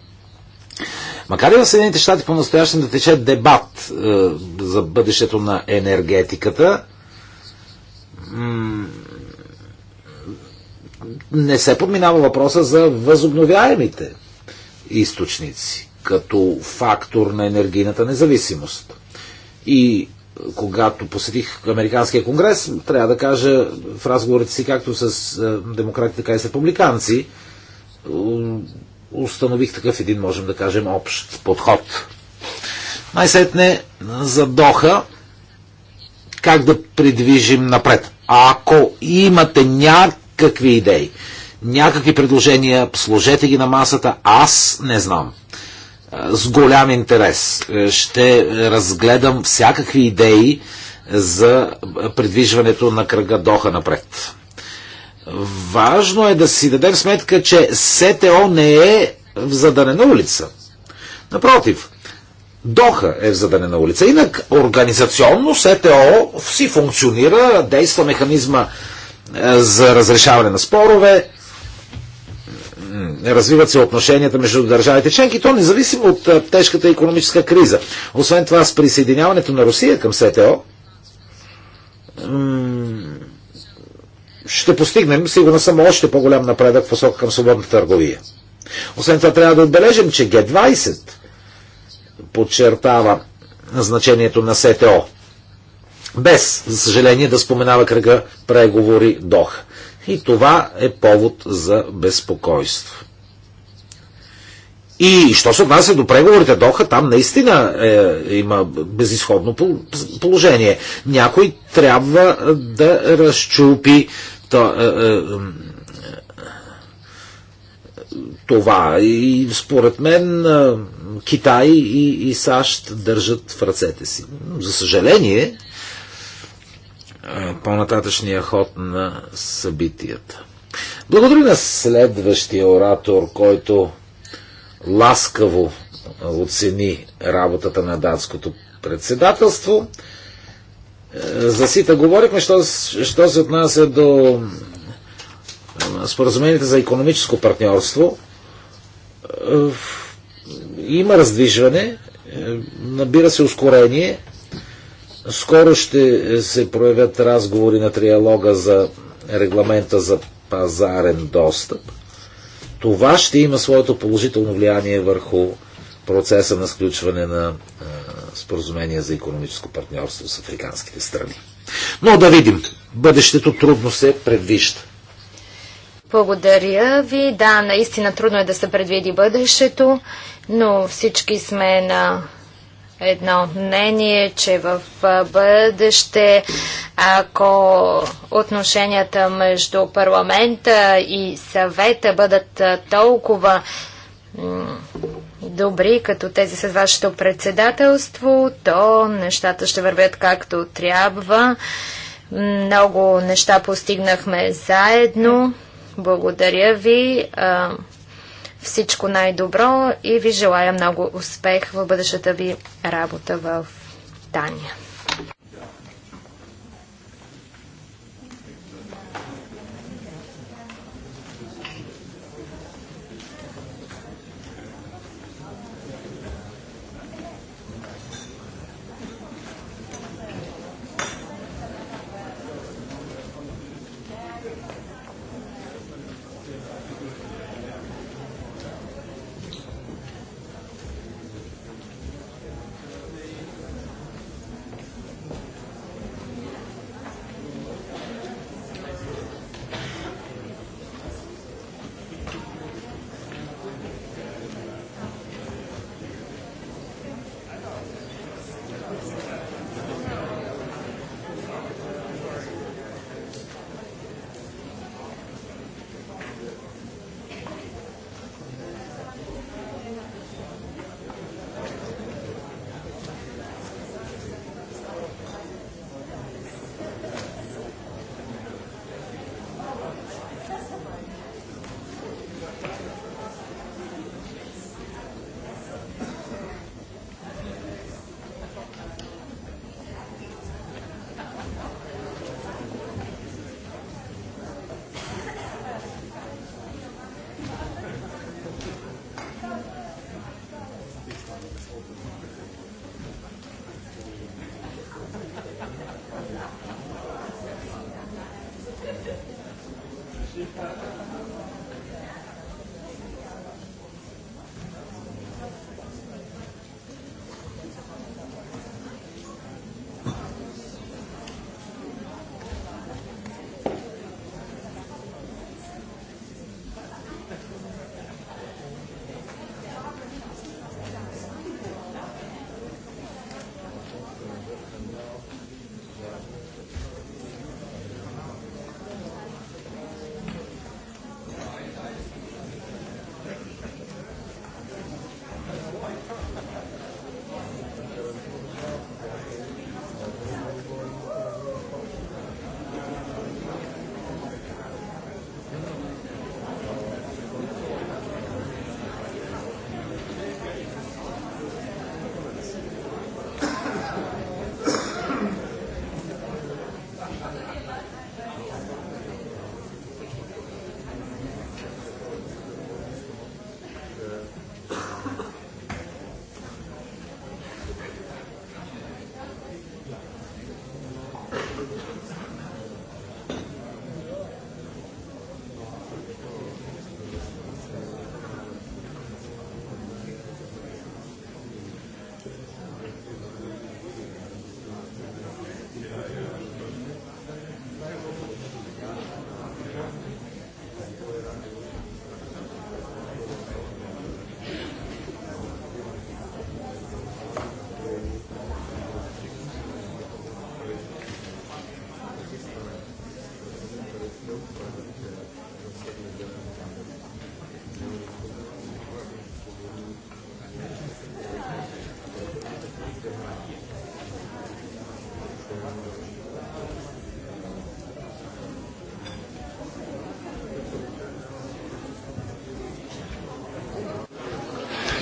Макар и в Съединените щати по-настоящем да тече дебат е, за бъдещето на енергетиката, не се подминава въпроса за възобновяемите източници като фактор на енергийната независимост. И е, когато посетих Американския конгрес, трябва да кажа в разговорите си както с е, демократите, така и с републиканци, е, установих такъв един, можем да кажем, общ подход. Най-сетне за Доха как да придвижим напред. А ако имате някакви идеи, някакви предложения, сложете ги на масата, аз не знам с голям интерес. Е, ще разгледам всякакви идеи за придвижването на кръга Доха напред. Важно е да си дадем сметка, че СТО не е в задънена улица. Напротив, Доха е в задънена улица. Инак организационно СТО си функционира, действа механизма е, за разрешаване на спорове, развиват се отношенията между държавите членки, то независимо от тежката економическа криза. Освен това, с присъединяването на Русия към СТО, ще постигнем, сигурно съм, още по-голям напредък в посока към свободната търговия. Освен това, трябва да отбележим, че Г-20 подчертава значението на СТО. Без, за съжаление, да споменава кръга преговори Дох. И това е повод за безпокойство. И що се отнася до преговорите Доха, там наистина е, има безисходно положение. Някой трябва е, да разчупи то, е, е, е това. И според мен е, Китай и, и САЩ държат в ръцете си. За съжаление, по-нататъчния ход на събитията. Благодаря на следващия оратор, който ласкаво оцени работата на датското председателство. Е, за сита говорихме, що, що се отнася до споразумените за економическо партньорство. Е, има раздвижване, е, набира се ускорение. Скоро ще се проявят разговори на триалога за регламента за пазарен достъп това ще има своето положително влияние върху процеса на сключване на а, споразумения за економическо партньорство с африканските страни. Но да видим. Бъдещето трудно се предвижда. Благодаря ви. Да, наистина трудно е да се предвиди бъдещето, но всички сме на едно мнение, че в бъдеще, ако отношенията между парламента и съвета бъдат толкова добри, като тези с вашето председателство, то нещата ще вървят както трябва. Много неща постигнахме заедно. Благодаря ви всичко най-добро и ви желая много успех в бъдещата ви работа в Дания.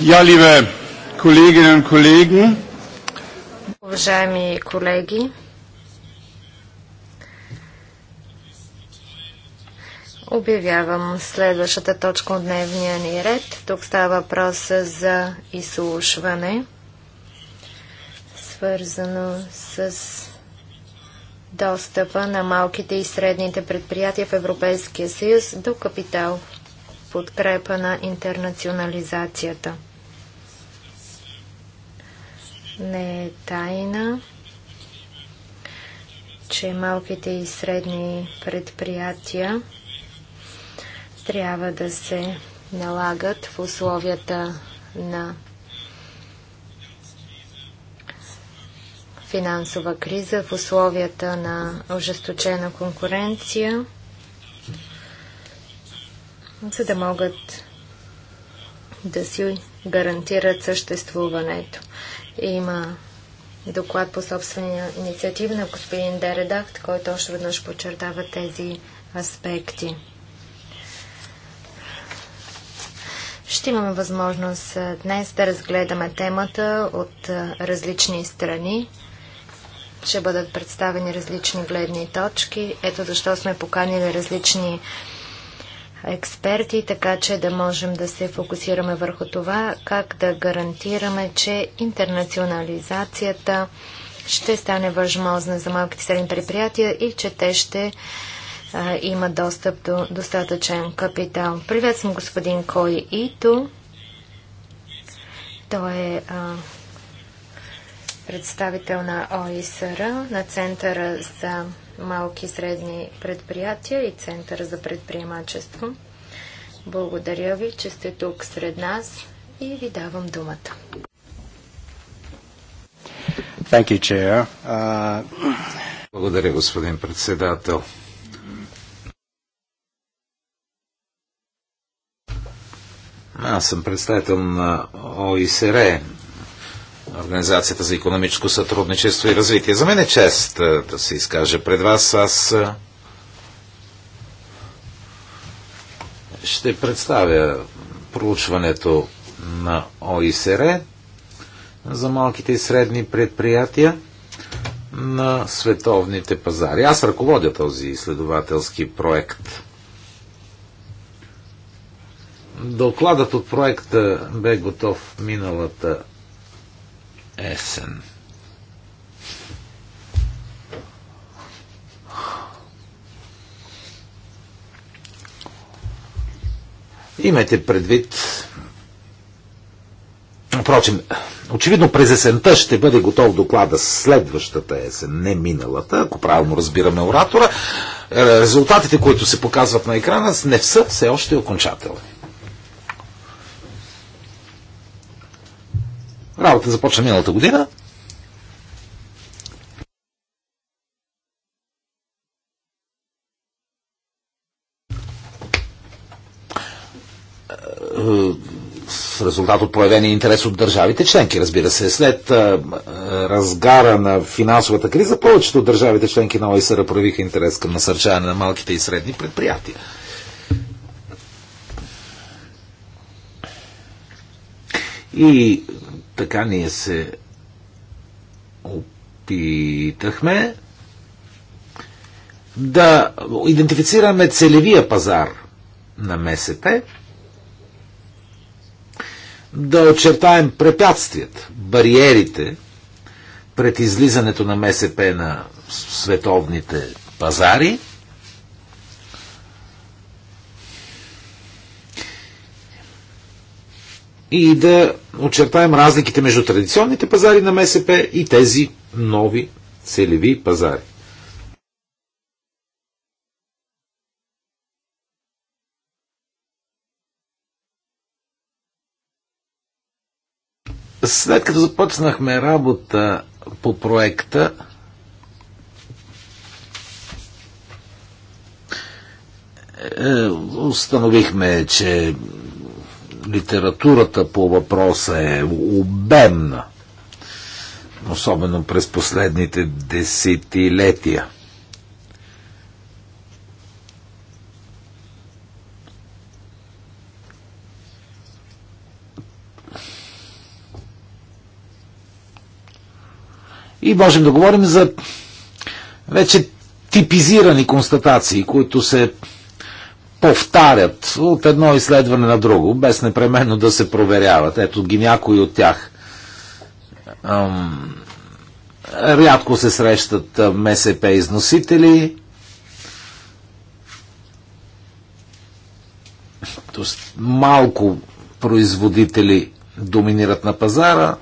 Ja, liebe Kolleginnen und Kollegen. Уважаеми колеги, обявявам следващата точка от дневния ни ред. Тук става въпрос за изслушване, свързано с достъпа на малките и средните предприятия в Европейския съюз до капитал подкрепа на интернационализацията. Не е тайна, че малките и средни предприятия трябва да се налагат в условията на финансова криза, в условията на ожесточена конкуренция, за да могат да си гарантират съществуването. Има доклад по собствена инициатива на господин Дередакт, който още веднъж подчертава тези аспекти. Ще имаме възможност днес да разгледаме темата от различни страни. Ще бъдат представени различни гледни точки. Ето защо сме поканили различни експерти, така че да можем да се фокусираме върху това, как да гарантираме, че интернационализацията ще стане възможна за малките средни предприятия и че те ще а, имат достъп до достатъчен капитал. Приветствам господин Кой Ито. Той е а, представител на ОИСР, на Центъра за малки и средни предприятия и Центъра за предприемачество. Благодаря ви, че сте тук сред нас и ви давам думата. Thank you, Chair. Uh... Благодаря, господин председател. Аз съм представител на ОИСР, Организацията за економическо сътрудничество и развитие. За мен е чест е, да се изкажа пред вас. Аз е, ще представя проучването на ОИСР за малките и средни предприятия на световните пазари. Аз ръководя този изследователски проект. Докладът от проекта бе готов миналата есен. Имайте предвид. Впрочем, очевидно през есента ще бъде готов доклада следващата есен, не миналата, ако правилно разбираме оратора. Резултатите, които се показват на екрана, не са все още окончателни. Работа започна миналата година. Е, в резултат от проявения интерес от държавите членки, разбира се. След е, разгара на финансовата криза, повечето от държавите членки на ОИСР проявиха интерес към насърчаване на малките и средни предприятия. И така ние се опитахме да идентифицираме целевия пазар на МСП, да очертаем препятствията, бариерите пред излизането на МСП на световните пазари – и да очертаем разликите между традиционните пазари на МСП и тези нови целеви пазари. След като започнахме работа по проекта, е, установихме, че литературата по въпроса е обемна, особено през последните десетилетия. И можем да говорим за вече типизирани констатации, които се повтарят от едно изследване на друго, без непременно да се проверяват. Ето ги някои от тях. Ам, рядко се срещат МСП износители. Тоест, малко производители доминират на пазара.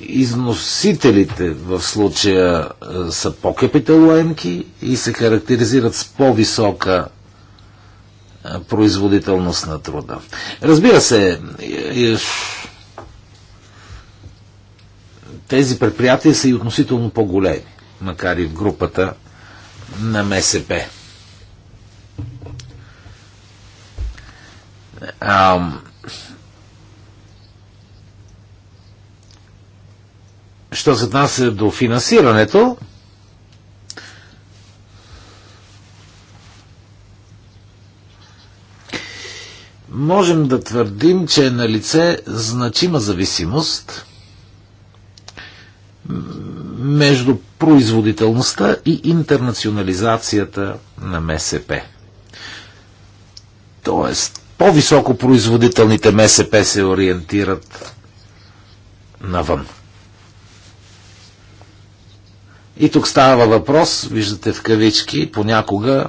Износителите в случая са по-капиталоемки и се характеризират с по-висока производителност на труда. Разбира се, тези предприятия са и относително по-големи, макар и в групата на МСП. А, що се отнася до финансирането, можем да твърдим, че е на лице значима зависимост между производителността и интернационализацията на МСП. Тоест, по-високо производителните МСП се ориентират навън. И тук става въпрос, виждате в кавички, понякога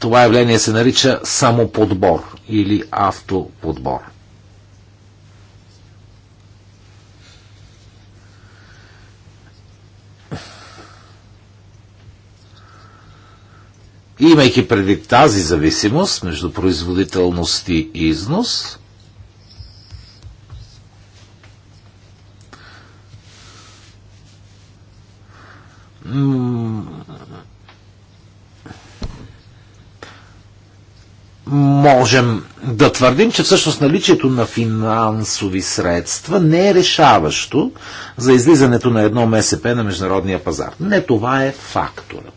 това явление се нарича самоподбор или автоподбор. И имайки преди тази зависимост между производителност и износ, м- можем да твърдим, че всъщност наличието на финансови средства не е решаващо за излизането на едно МСП на международния пазар. Не това е фактора.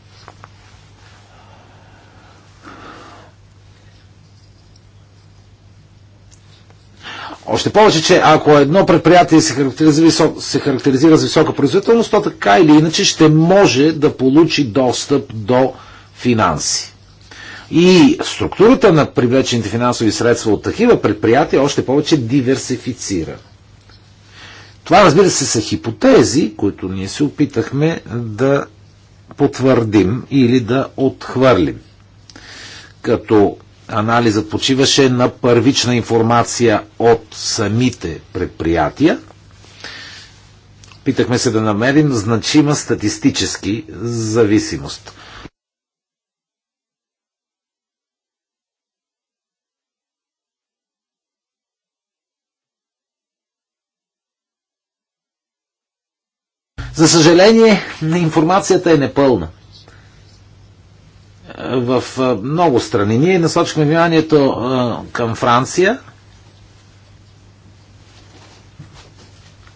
Още повече, че ако едно предприятие се характеризира, се характеризира с висока производителност, то така или иначе ще може да получи достъп до финанси. И структурата на привлечените финансови средства от такива предприятия още повече диверсифицира. Това, разбира се, са хипотези, които ние се опитахме да потвърдим или да отхвърлим. Като анализът почиваше на първична информация от самите предприятия, питахме се да намерим значима статистически зависимост. За съжаление, информацията е непълна. В много страни. Ние насочваме вниманието към Франция.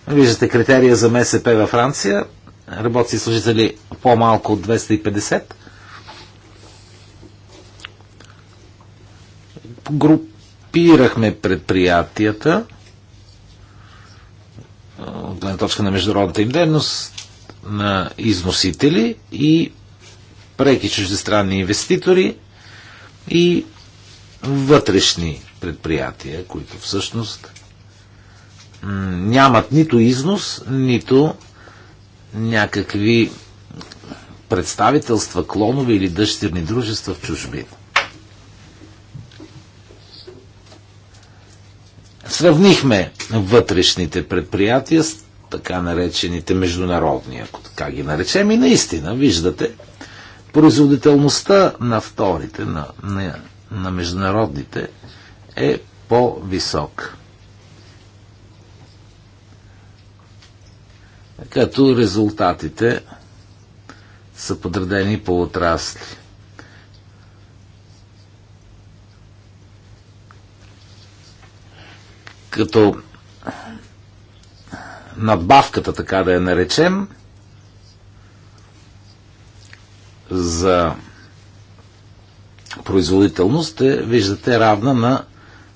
Виждате критерия за МСП във Франция. Работци и служители по-малко от 250. Групирахме предприятията от гледна точка на международната им дейност на износители и преки чуждестранни инвеститори и вътрешни предприятия, които всъщност нямат нито износ, нито някакви представителства, клонове или дъщерни дружества в чужбина. Сравнихме вътрешните предприятия с така наречените международни, ако така ги наречем. И наистина, виждате, производителността на вторите, на, на, на международните е по-висок. Като резултатите са подредени по отрасли. като надбавката, така да я наречем, за производителност е, виждате, равна на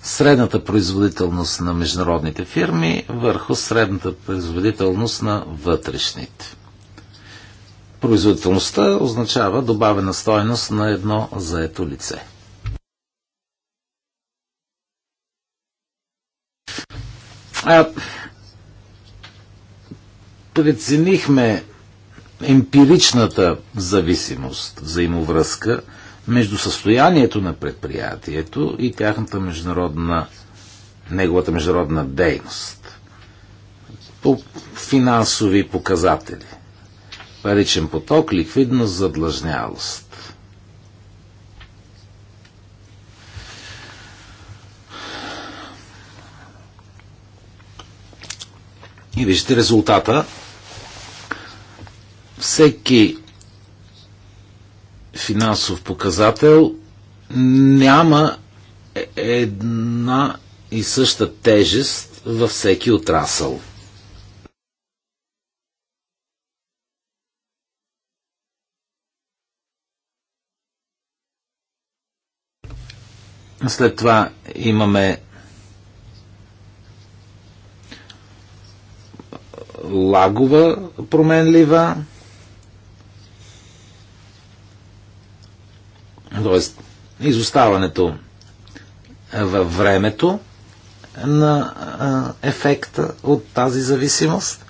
средната производителност на международните фирми върху средната производителност на вътрешните. Производителността означава добавена стойност на едно заето лице. преценихме емпиричната зависимост, взаимовръзка между състоянието на предприятието и тяхната международна, неговата международна дейност. По финансови показатели. Паричен поток, ликвидност, задлъжнялост. И вижте резултата. Всеки финансов показател няма е- една и съща тежест във всеки отрасъл. След това имаме лагова променлива. Тоест, изоставането във времето на ефекта от тази зависимост.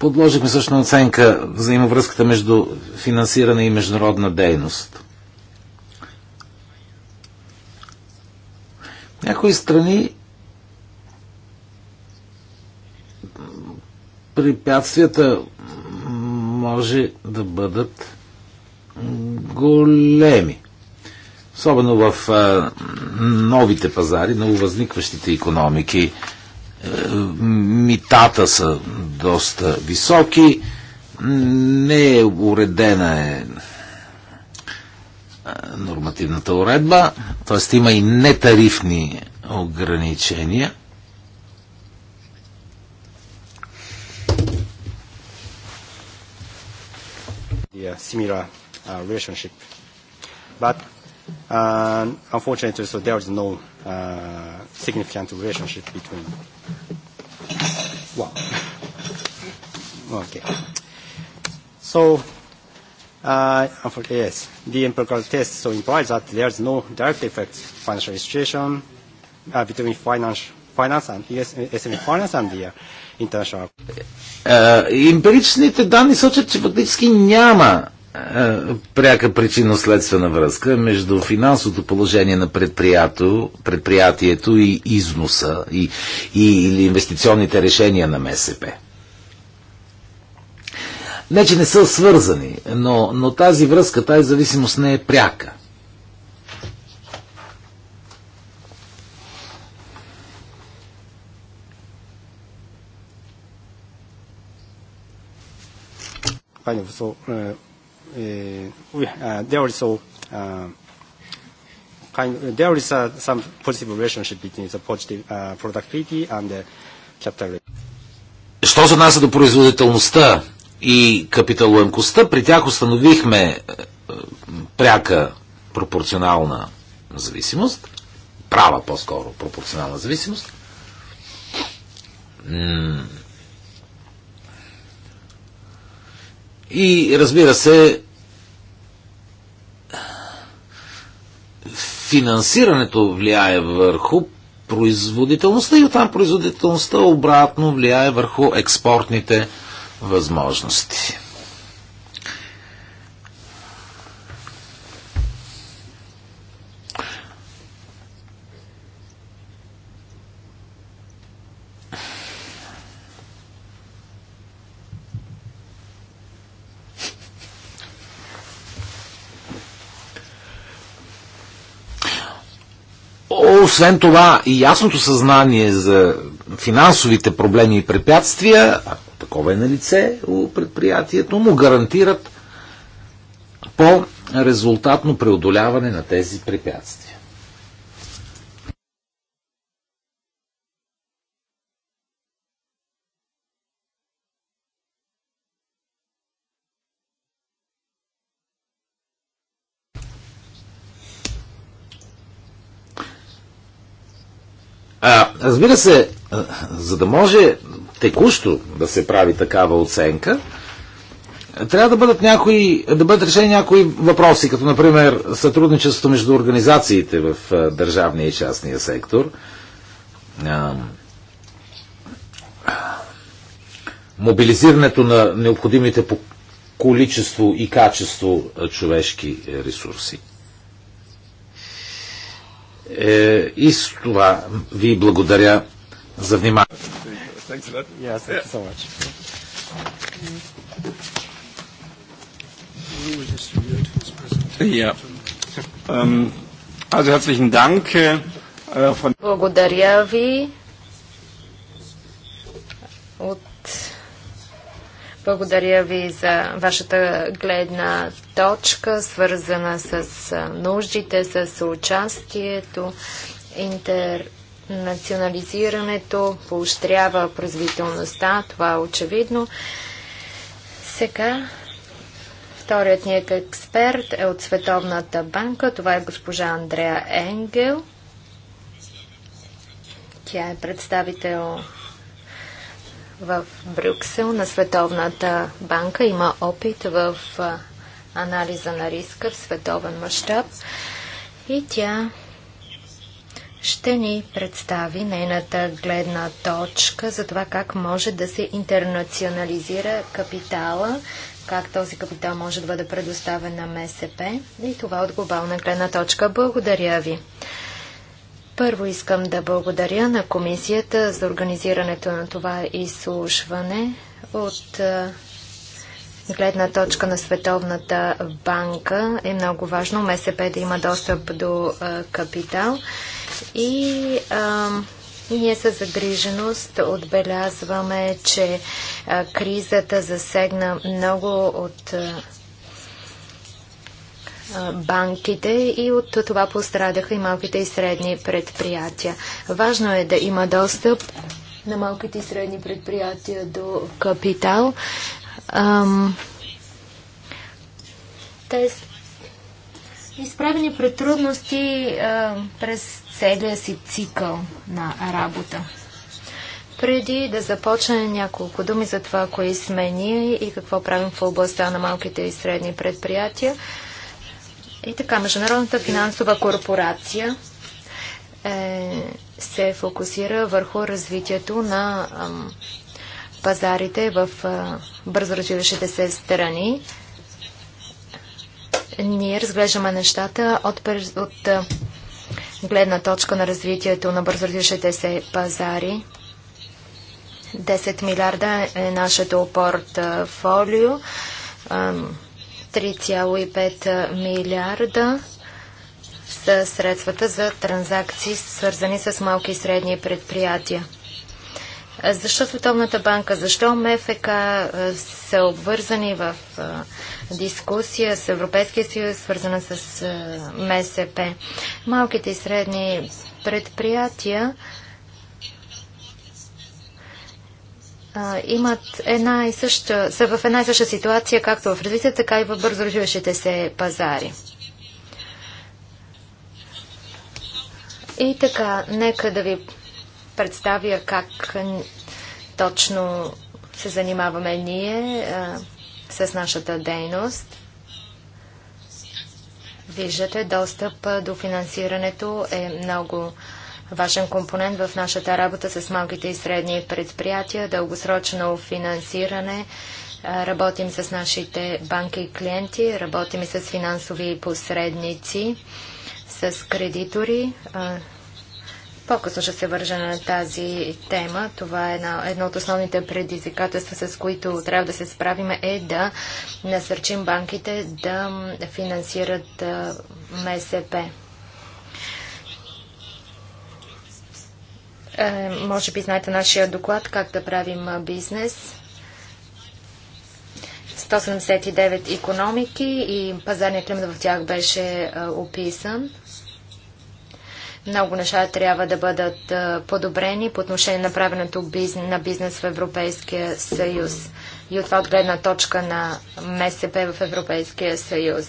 Подложихме също на оценка взаимовръзката между финансиране и международна дейност. Някои страни препятствията може да бъдат големи. Особено в новите пазари, нововъзникващите економики. Е, митата са доста високи, не е уредена е, е нормативната уредба, т.е. има и нетарифни ограничения. Yeah, similar uh, relationship. But And unfortunately, so there is no uh, significant relationship between. Well, okay. So, uh, yes, the empirical test so implies that there is no direct effect financial situation uh, between financial finance and SME finance and the international. Uh, емпиричните данни сочат, че фактически няма е, пряка причинно-следствена връзка между финансовото положение на предприятието, предприятието и износа и, и, или инвестиционните решения на МСП. Не, че не са свързани, но, но тази връзка, тази зависимост не е пряка. Пане Васо, Uh, uh, there is uh, kind, there is uh, some positive relationship between the positive uh, productivity and the capital. Що за нас е до производителността и капиталоемкостта, при тях установихме е, пряка пропорционална зависимост, права по-скоро пропорционална зависимост. И разбира се, финансирането влияе върху производителността и оттам производителността обратно влияе върху експортните възможности. Освен това и ясното съзнание за финансовите проблеми и препятствия, ако такова е на лице у предприятието, му гарантират по-резултатно преодоляване на тези препятствия. А, разбира се, за да може текущо да се прави такава оценка, трябва да бъдат, някои, да бъдат решени някои въпроси, като например сътрудничеството между организациите в държавния и частния сектор, мобилизирането на необходимите по количество и качество човешки ресурси. Е, и с това ви благодаря за вниманието. Ähm, äh, благодаря ви от благодаря ви за вашата гледна точка, свързана с нуждите, с участието. Интернационализирането поощрява производителността, това е очевидно. Сега вторият ни експерт е от Световната банка. Това е госпожа Андрея Енгел. Тя е представител в Брюксел на Световната банка. Има опит в анализа на риска в световен мащаб и тя ще ни представи нейната гледна точка за това как може да се интернационализира капитала, как този капитал може да бъде предоставен на МСП и това от глобална гледна точка. Благодаря ви. Първо искам да благодаря на комисията за организирането на това изслушване от гледна точка на Световната банка е много важно МСП да има достъп до капитал и а, ние със загриженост отбелязваме, че а, кризата засегна много от банките и от това пострадаха и малките и средни предприятия. Важно е да има достъп на малките и средни предприятия до капитал. Ам, те изправени пред трудности а, през целия си цикъл на работа. Преди да започне няколко думи за това, кои сме ние и какво правим в областта на малките и средни предприятия, и така, Международната финансова корпорация е, се фокусира върху развитието на е, пазарите в е, бързо развиващите се страни. Ние разглеждаме нещата от, от е, гледна точка на развитието на бързо развиващите се пазари. 10 милиарда е нашето портфолио. Е, 3,5 милиарда са средствата за транзакции, свързани с малки и средни предприятия. Защо Световната банка, защо МФК са обвързани в дискусия с Европейския съюз, свързана с МСП? Малките и средни предприятия имат една и съща, са в една и съща ситуация, както в развитите, така и в бързо развиващите се пазари. И така, нека да ви представя как точно се занимаваме ние а, с нашата дейност. Виждате, достъп до финансирането е много важен компонент в нашата работа с малките и средни предприятия, дългосрочно финансиране. Работим с нашите банки и клиенти, работим и с финансови посредници, с кредитори. По-късно ще се вържа на тази тема. Това е едно, едно от основните предизвикателства, с които трябва да се справим, е да насърчим банките да финансират МСП. Е, може би знаете нашия доклад как да правим бизнес. 179 економики и пазарният климат в тях беше описан. Много неща трябва да бъдат подобрени по отношение на правенето на бизнес в Европейския съюз и от това от гледна точка на МСП в Европейския съюз.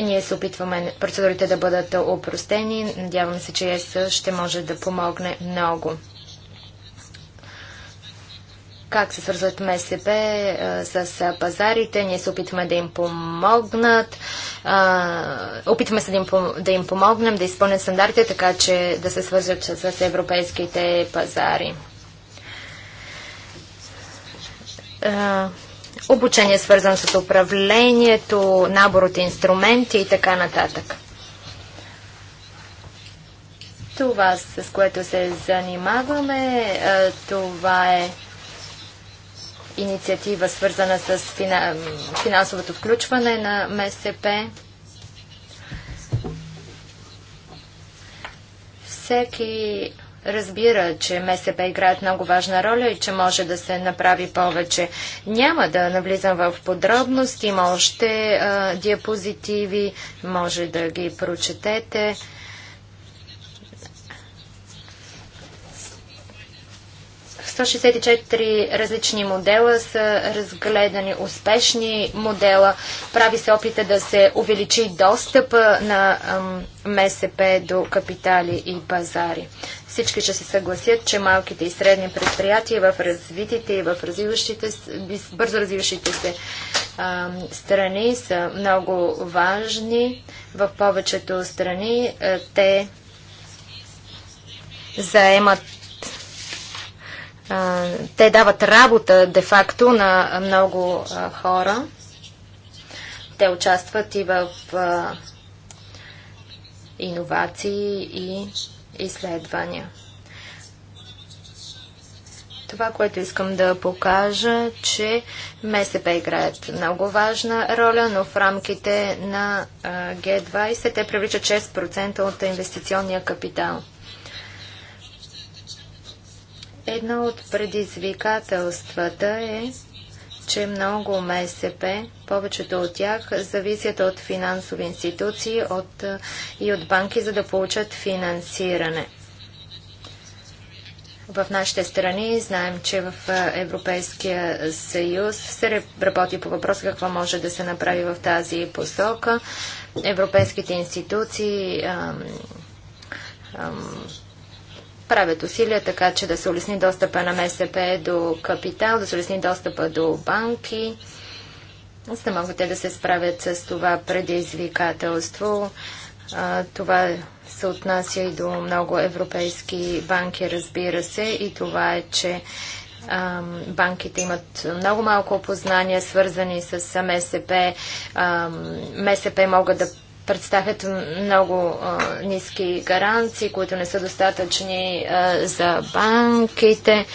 Ние се опитваме процедурите да бъдат опростени. Надявам се, че ЕС ще може да помогне много. Как се свързват МСП с пазарите? Ние се опитваме да им помогнат. опитваме се да им, помогнем да изпълнят стандартите, така че да се свързват с европейските пазари обучение свързано с управлението, набор от инструменти и така нататък. Това, с което се занимаваме, е, това е инициатива свързана с финансовото включване на МСП. Всеки разбира, че МСП играят много важна роля и че може да се направи повече. Няма да навлизам в подробности, има още а, диапозитиви, може да ги прочетете. 164 различни модела са разгледани успешни модела. Прави се опита да се увеличи достъпа на МСП до капитали и пазари. Всички ще се съгласят, че малките и средни предприятия в развитите и в развиващите, бързо развиващите се а, страни са много важни. В повечето страни а, те заемат те дават работа де-факто на много а, хора. Те участват и в а, иновации и изследвания. Това, което искам да покажа, че МСП играят много важна роля, но в рамките на Г20 те привличат 6% от инвестиционния капитал. Едно от предизвикателствата е, че много МСП, повечето от тях, зависят от финансови институции от, и от банки, за да получат финансиране. В нашите страни знаем, че в Европейския съюз се работи по въпрос какво може да се направи в тази посока. Европейските институции ам, ам, правят усилия така, че да се улесни достъпа на МСП до капитал, да се улесни достъпа до банки, за да могат те да се справят с това предизвикателство. това се отнася и до много европейски банки, разбира се, и това е, че банките имат много малко познания, свързани с МСП. МСП могат да представят много а, ниски гаранции, които не са достатъчни а, за банките.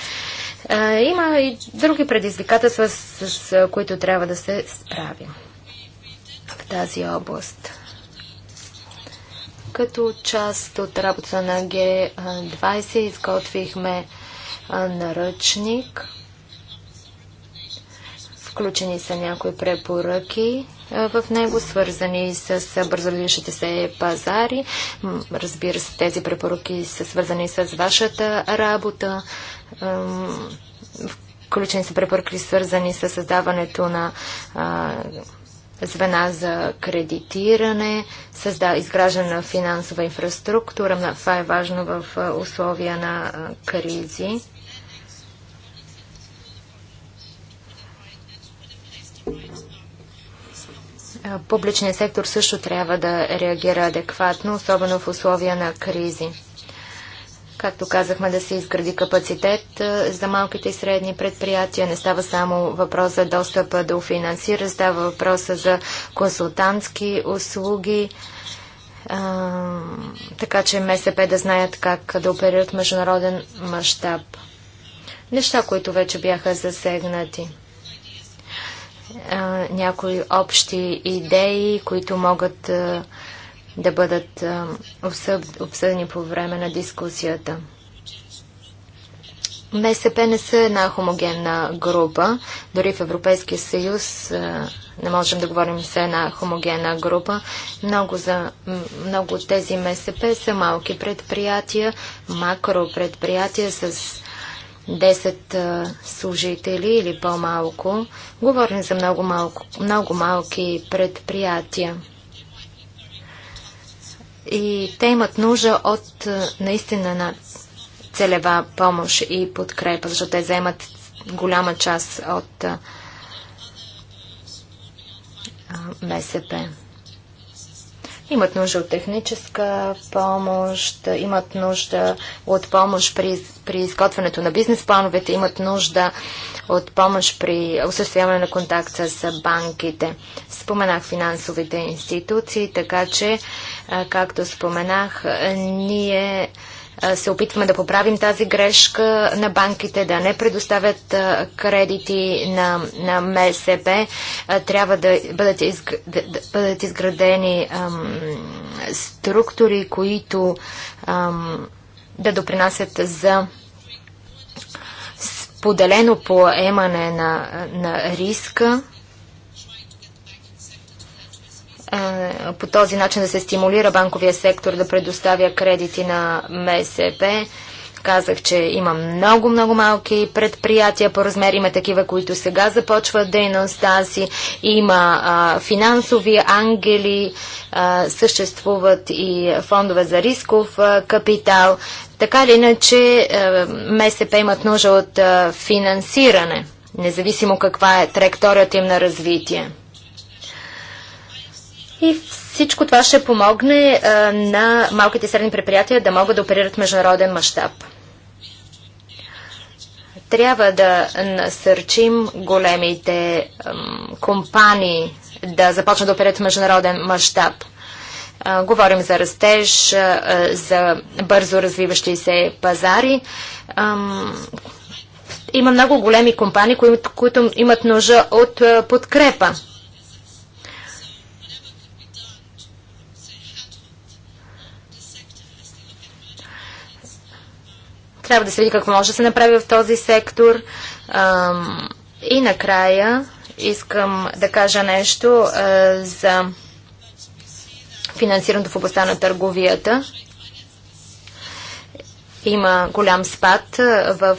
А, има и други предизвикателства, с, с които трябва да се справим в тази област. Като част от работа на Г20 изготвихме наръчник – Включени са някои препоръки в него, свързани с бързолишите се пазари. Разбира се, тези препоръки са свързани с вашата работа. включени са препоръки, свързани с създаването на звена за кредитиране, създа, изграждане на финансова инфраструктура. Това е важно в условия на кризи. Публичният сектор също трябва да реагира адекватно, особено в условия на кризи. Както казахме, да се изгради капацитет за малките и средни предприятия. Не става само въпрос за достъпа до финансира, става въпроса за консултантски услуги, така че МСП да знаят как да оперират международен мащаб. Неща, които вече бяха засегнати а, някои общи идеи, които могат а, да бъдат а, обсъдени по време на дискусията. МСП не са една хомогенна група. Дори в Европейския съюз не можем да говорим за една хомогенна група. Много, за, много от тези МСП са малки предприятия, макропредприятия с 10 служители или по-малко. Говорим за много, малко, много малки предприятия. И те имат нужда от наистина на целева помощ и подкрепа, защото те вземат голяма част от МСП имат нужда от техническа помощ, имат нужда от помощ при, при изготвянето на бизнес плановете, имат нужда от помощ при осъществяване на контакт с банките. Споменах финансовите институции, така че, както споменах, ние се опитваме да поправим тази грешка на банките, да не предоставят кредити на, на МСБ. Трябва да бъдат, изг... да бъдат изградени ам, структури, които ам, да допринасят за споделено поемане на, на риска по този начин да се стимулира банковия сектор да предоставя кредити на МСП. Казах, че има много, много малки предприятия по размер. Има такива, които сега започват дейността си. Има а, финансови ангели, а, съществуват и фондове за рисков а, капитал. Така или иначе, а, МСП имат нужда от а, финансиране, независимо каква е траекторията им на развитие. И всичко това ще помогне а, на малките и средни предприятия да могат да оперират международен мащаб. Трябва да насърчим големите а, компании да започнат да оперират международен мащаб. Говорим за растеж, а, за бързо развиващи се пазари. А, има много големи компании, които имат нужда от а, подкрепа Трябва да се види какво може да се направи в този сектор. И накрая искам да кажа нещо за финансирането в областта на търговията. Има голям спад в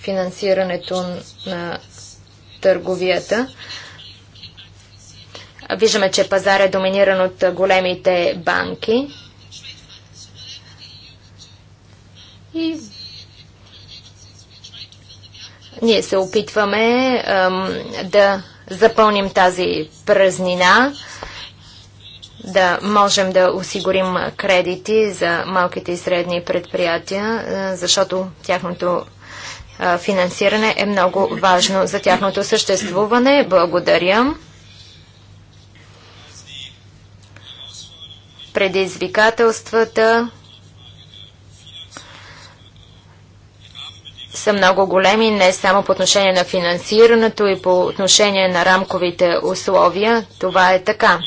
финансирането на търговията. Виждаме, че пазар е доминиран от големите банки. И ние се опитваме да запълним тази празнина, да можем да осигурим кредити за малките и средни предприятия, защото тяхното финансиране е много важно за тяхното съществуване. Благодаря. Предизвикателствата са много големи, не само по отношение на финансирането и по отношение на рамковите условия. Това е така.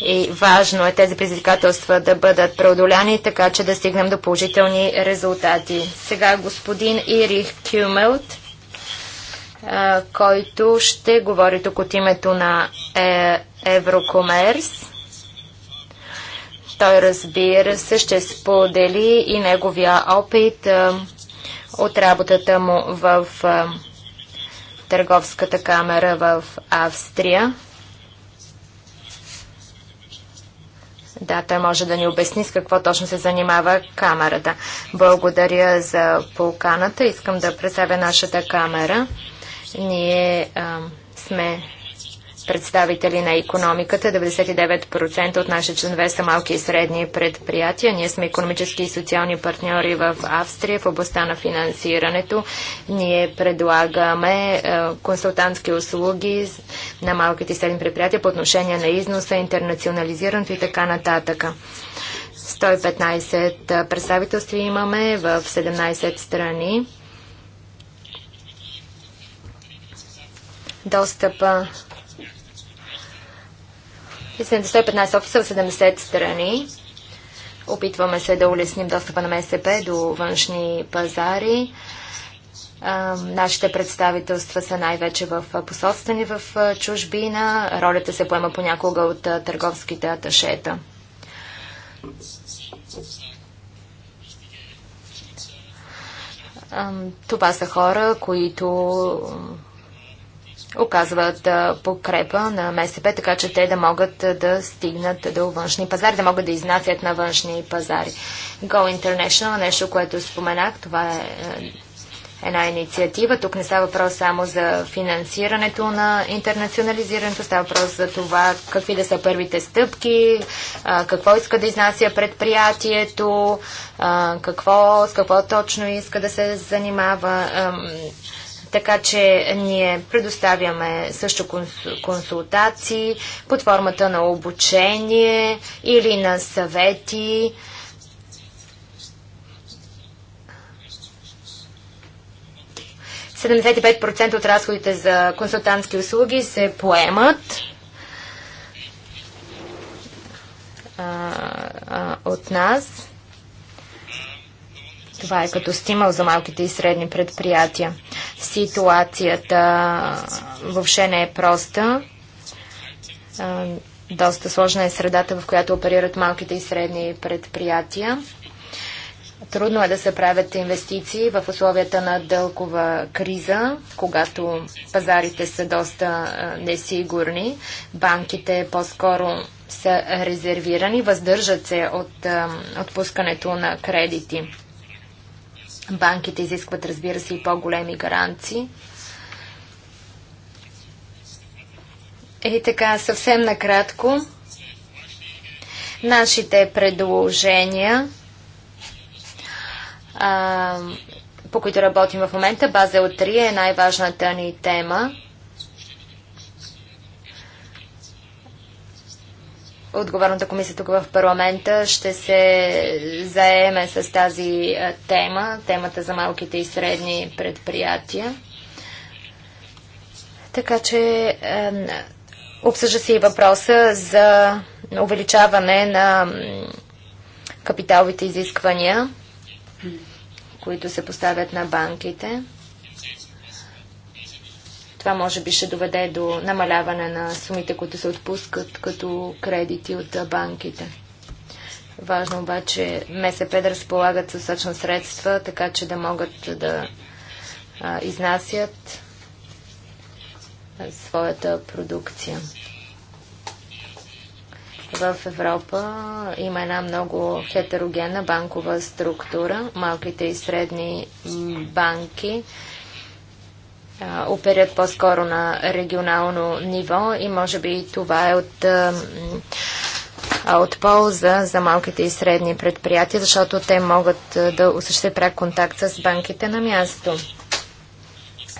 И важно е тези предизвикателства да бъдат преодоляни, така че да стигнем до положителни резултати. Сега господин Ирих Кюмелт, който ще говори тук от името на е, Еврокомерс. Той разбира се, ще сподели и неговия опит от работата му в Търговската камера в Австрия. Да, той може да ни обясни с какво точно се занимава камерата. Благодаря за полканата. Искам да представя нашата камера. Ние а, сме представители на економиката. 99% от нашите членове са малки и средни предприятия. Ние сме економически и социални партньори в Австрия в областта на финансирането. Ние предлагаме е, консултантски услуги на малките и средни предприятия по отношение на износа, интернационализирането и така нататък. 115 е, представителства имаме в 17 страни. Достъпа 715 офиса в 70 страни. Опитваме се да улесним достъпа на МСП до външни пазари. нашите представителства са най-вече в посолствени в чужбина. Ролята се поема понякога от търговските аташета. това са хора, които оказват покрепа на МСП, така че те да могат да стигнат до външни пазари, да могат да изнасят на външни пазари. Go International, нещо, което споменах, това е, е една инициатива. Тук не става въпрос само за финансирането на интернационализирането, става въпрос за това какви да са първите стъпки, какво иска да изнася предприятието, какво, с какво точно иска да се занимава така че ние предоставяме също консултации под формата на обучение или на съвети. от разходите за консултантски услуги се поемат от нас. Това е като стимул за малките и средни предприятия. Ситуацията въобще не е проста. Доста сложна е средата, в която оперират малките и средни предприятия. Трудно е да се правят инвестиции в условията на дългова криза, когато пазарите са доста несигурни. Банките по-скоро са резервирани, въздържат се от отпускането на кредити. Банките изискват, разбира се, и по-големи гаранции. И така, съвсем накратко, нашите предложения, по които работим в момента, база от 3 е най-важната ни тема. Отговорната комисия тук в парламента ще се заеме с тази тема, темата за малките и средни предприятия. Така че обсъжда се и въпроса за увеличаване на капиталовите изисквания, които се поставят на банките. Това може би ще доведе до намаляване на сумите, които се отпускат като кредити от банките. Важно обаче МСП да разполагат с средства, така че да могат да а, изнасят а, своята продукция. В Европа има една много хетерогенна банкова структура. Малките и средни банки оперят по-скоро на регионално ниво и може би това е от, от полза за малките и средни предприятия, защото те могат да осъществят пряк контакт с банките на място.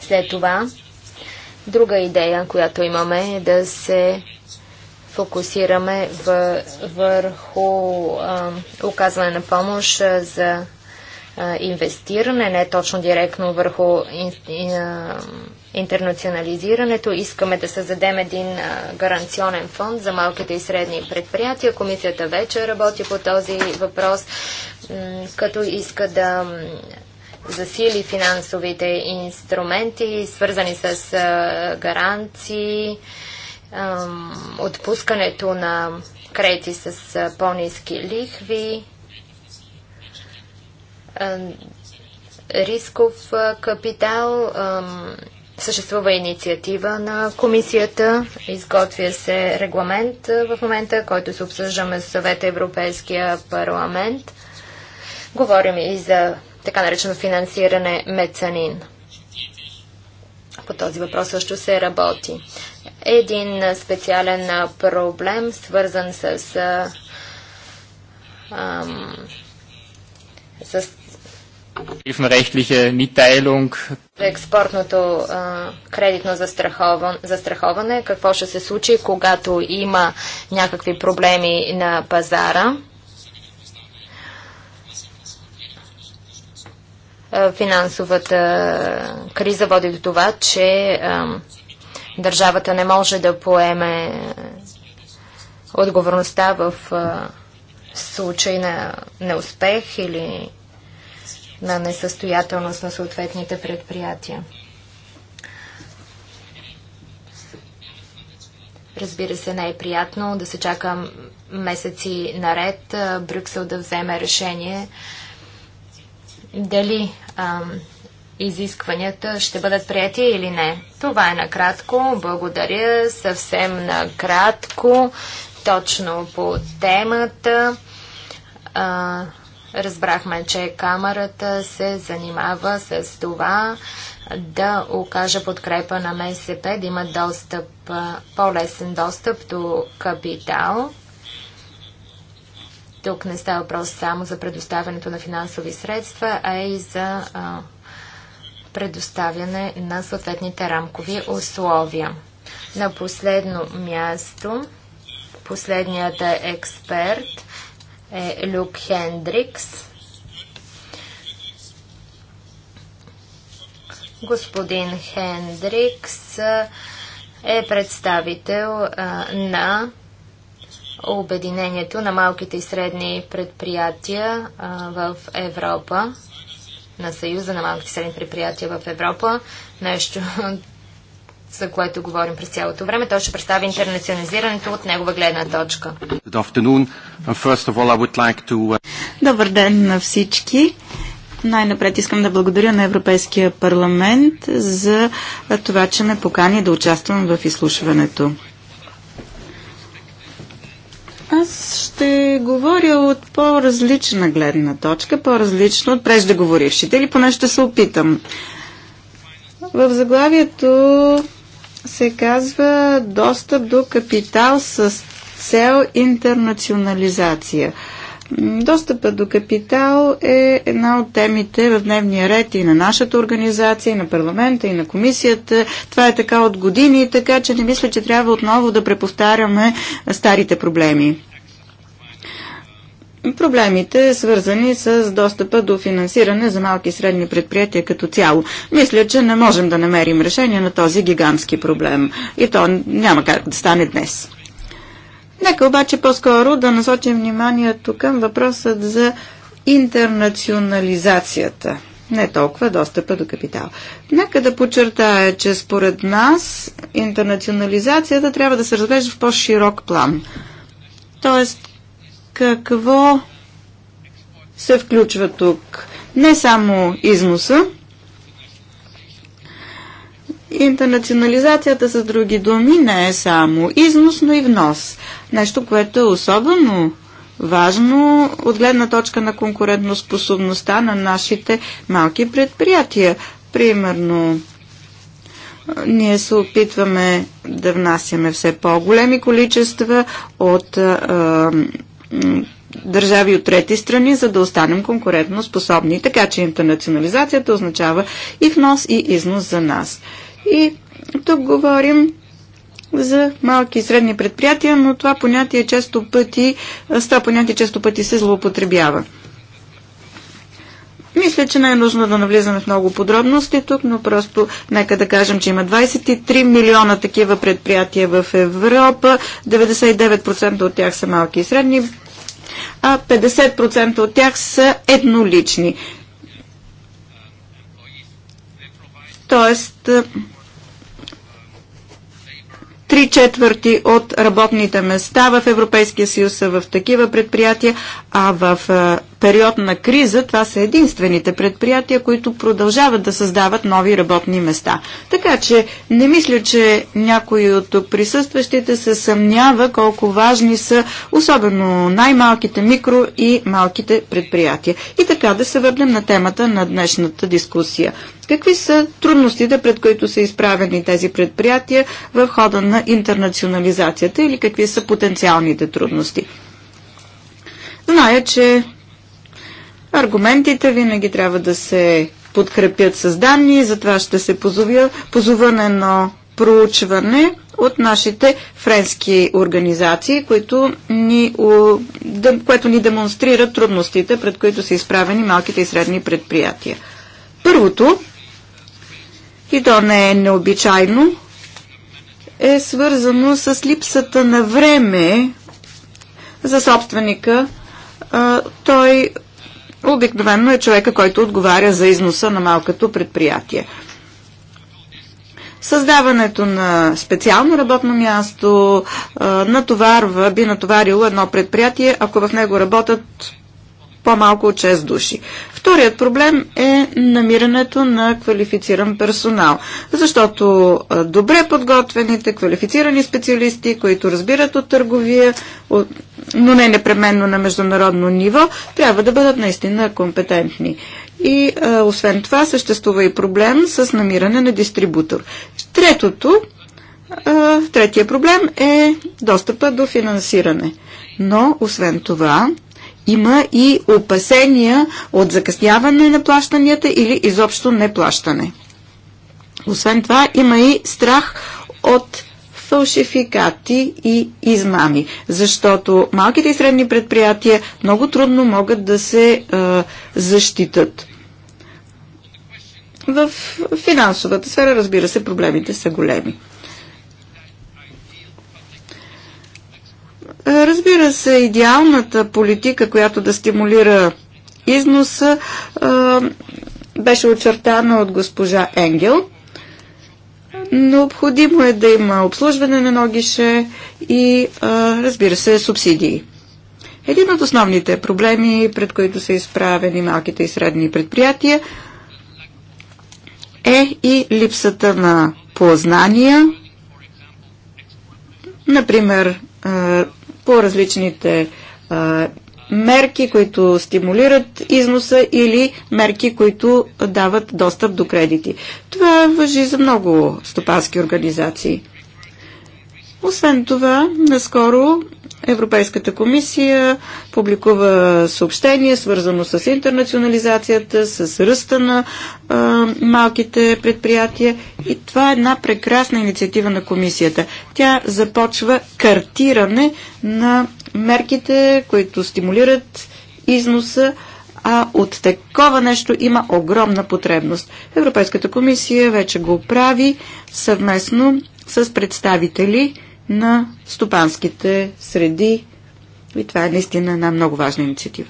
След това, друга идея, която имаме е да се фокусираме върху а, оказване на помощ за инвестиране, не точно директно върху интернационализирането. Искаме да създадем един гаранционен фонд за малките и средни предприятия. Комисията вече работи по този въпрос, като иска да засили финансовите инструменти, свързани с гаранции, отпускането на кредити с по-низки лихви е, рисков е, капитал. Съществува инициатива на комисията, изготвя се регламент е, в момента, който се обсъждаме с съвета Европейския парламент. Говорим и за така наречено финансиране мецанин. По този въпрос също се работи. Един специален проблем, свързан с, а, с Експортното а, кредитно застрахован, застраховане, какво ще се случи, когато има някакви проблеми на пазара. Финансовата криза води до това, че а, държавата не може да поеме отговорността в а, случай на неуспех или на несъстоятелност на съответните предприятия. Разбира се, не е приятно да се чака месеци наред Брюксел да вземе решение дали ам, изискванията ще бъдат прияти или не. Това е накратко. Благодаря съвсем накратко, точно по темата. А, Разбрахме, че камерата се занимава с това да окаже подкрепа на МСП, да има достъп, по-лесен достъп до капитал. Тук не става въпрос само за предоставянето на финансови средства, а и за а, предоставяне на съответните рамкови условия. На последно място, последният е експерт е Люк Хендрикс. Господин Хендрикс е представител на Обединението на малките и средни предприятия в Европа, на Съюза на малките и средни предприятия в Европа, нещо, за което говорим през цялото време. Той ще представи интернационализирането от негова гледна точка. Uh, Добър ден на всички. Най-напред искам да благодаря на Европейския парламент за това, че ме покани да участвам в изслушването. Аз ще говоря от по-различна гледна точка, по-различно от преждеговорившите, или поне ще се опитам. В заглавието се казва достъп до капитал с цел интернационализация. Достъпа до капитал е една от темите в дневния ред и на нашата организация, и на парламента, и на комисията. Това е така от години, така че не мисля, че трябва отново да преповтаряме старите проблеми проблемите, свързани с достъпа до финансиране за малки и средни предприятия като цяло. Мисля, че не можем да намерим решение на този гигантски проблем. И то няма как да стане днес. Нека обаче по-скоро да насочим вниманието към въпросът за интернационализацията. Не толкова достъпа до капитал. Нека да подчертая, че според нас интернационализацията трябва да се разглежда в по-широк план. Тоест, какво се включва тук? Не само износа, Интернационализацията с други думи не е само износ, но и внос. Нещо, което е особено важно от гледна точка на конкурентоспособността на нашите малки предприятия. Примерно, ние се опитваме да внасяме все по-големи количества от а, държави от трети страни, за да останем конкурентно способни. Така че интернационализацията означава и внос, и износ за нас. И тук говорим за малки и средни предприятия, но това понятие често пъти, с това понятие често пъти се злоупотребява. Мисля, че не е нужно да навлизаме в много подробности тук, но просто нека да кажем, че има 23 милиона такива предприятия в Европа. 99% от тях са малки и средни а 50% от тях са еднолични. Тоест, е, три четвърти от работните места в Европейския съюз са в такива предприятия, а в е, период на криза това са единствените предприятия, които продължават да създават нови работни места. Така че не мисля, че някои от присъстващите се съмнява колко важни са особено най-малките микро и малките предприятия. И така да се върнем на темата на днешната дискусия. Какви са трудностите, пред които са изправени тези предприятия в хода на интернационализацията или какви са потенциалните трудности? Зная, че Аргументите винаги трябва да се подкрепят с данни, затова ще се позовя, позова на едно проучване от нашите френски организации, които ни, което ни демонстрира трудностите, пред които са изправени малките и средни предприятия. Първото, и то не е необичайно, е свързано с липсата на време за собственика. Той обикновено е човека, който отговаря за износа на малкото предприятие. Създаването на специално работно място натоварва, би натоварило едно предприятие, ако в него работят по-малко от 6 души. Вторият проблем е намирането на квалифициран персонал, защото добре подготвените, квалифицирани специалисти, които разбират от търговия, от, но не непременно на международно ниво, трябва да бъдат наистина компетентни. И а, освен това съществува и проблем с намиране на дистрибутор. Третото, а, третия проблем е достъпа до финансиране. Но, освен това, има и опасения от закъсняване на плащанията или изобщо неплащане. Освен това има и страх от фалшификати и измами, защото малките и средни предприятия много трудно могат да се а, защитат. В финансовата сфера, разбира се, проблемите са големи. Е, разбира се, идеалната политика, която да стимулира износа, е, беше очертана от госпожа Енгел. Необходимо е да има обслужване на ногише и, е, разбира се, субсидии. Един от основните проблеми, пред които са изправени малките и средни предприятия, е и липсата на познания, например, по различните а, мерки, които стимулират износа или мерки, които дават достъп до кредити. Това въжи за много стопански организации. Освен това, наскоро Европейската комисия публикува съобщение, свързано с интернационализацията, с ръста на а, малките предприятия и това е една прекрасна инициатива на комисията. Тя започва картиране на мерките, които стимулират износа а от такова нещо има огромна потребност. Европейската комисия вече го прави съвместно с представители на стопанските среди. И това е наистина една много важна инициатива.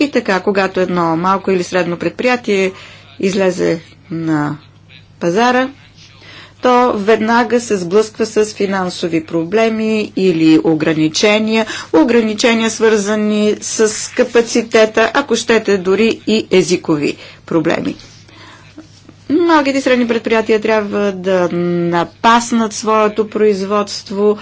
И така, когато едно малко или средно предприятие излезе на пазара, то веднага се сблъсква с финансови проблеми или ограничения, ограничения свързани с капацитета, ако щете дори и езикови проблеми. Малките и средни предприятия трябва да напаснат своето производство,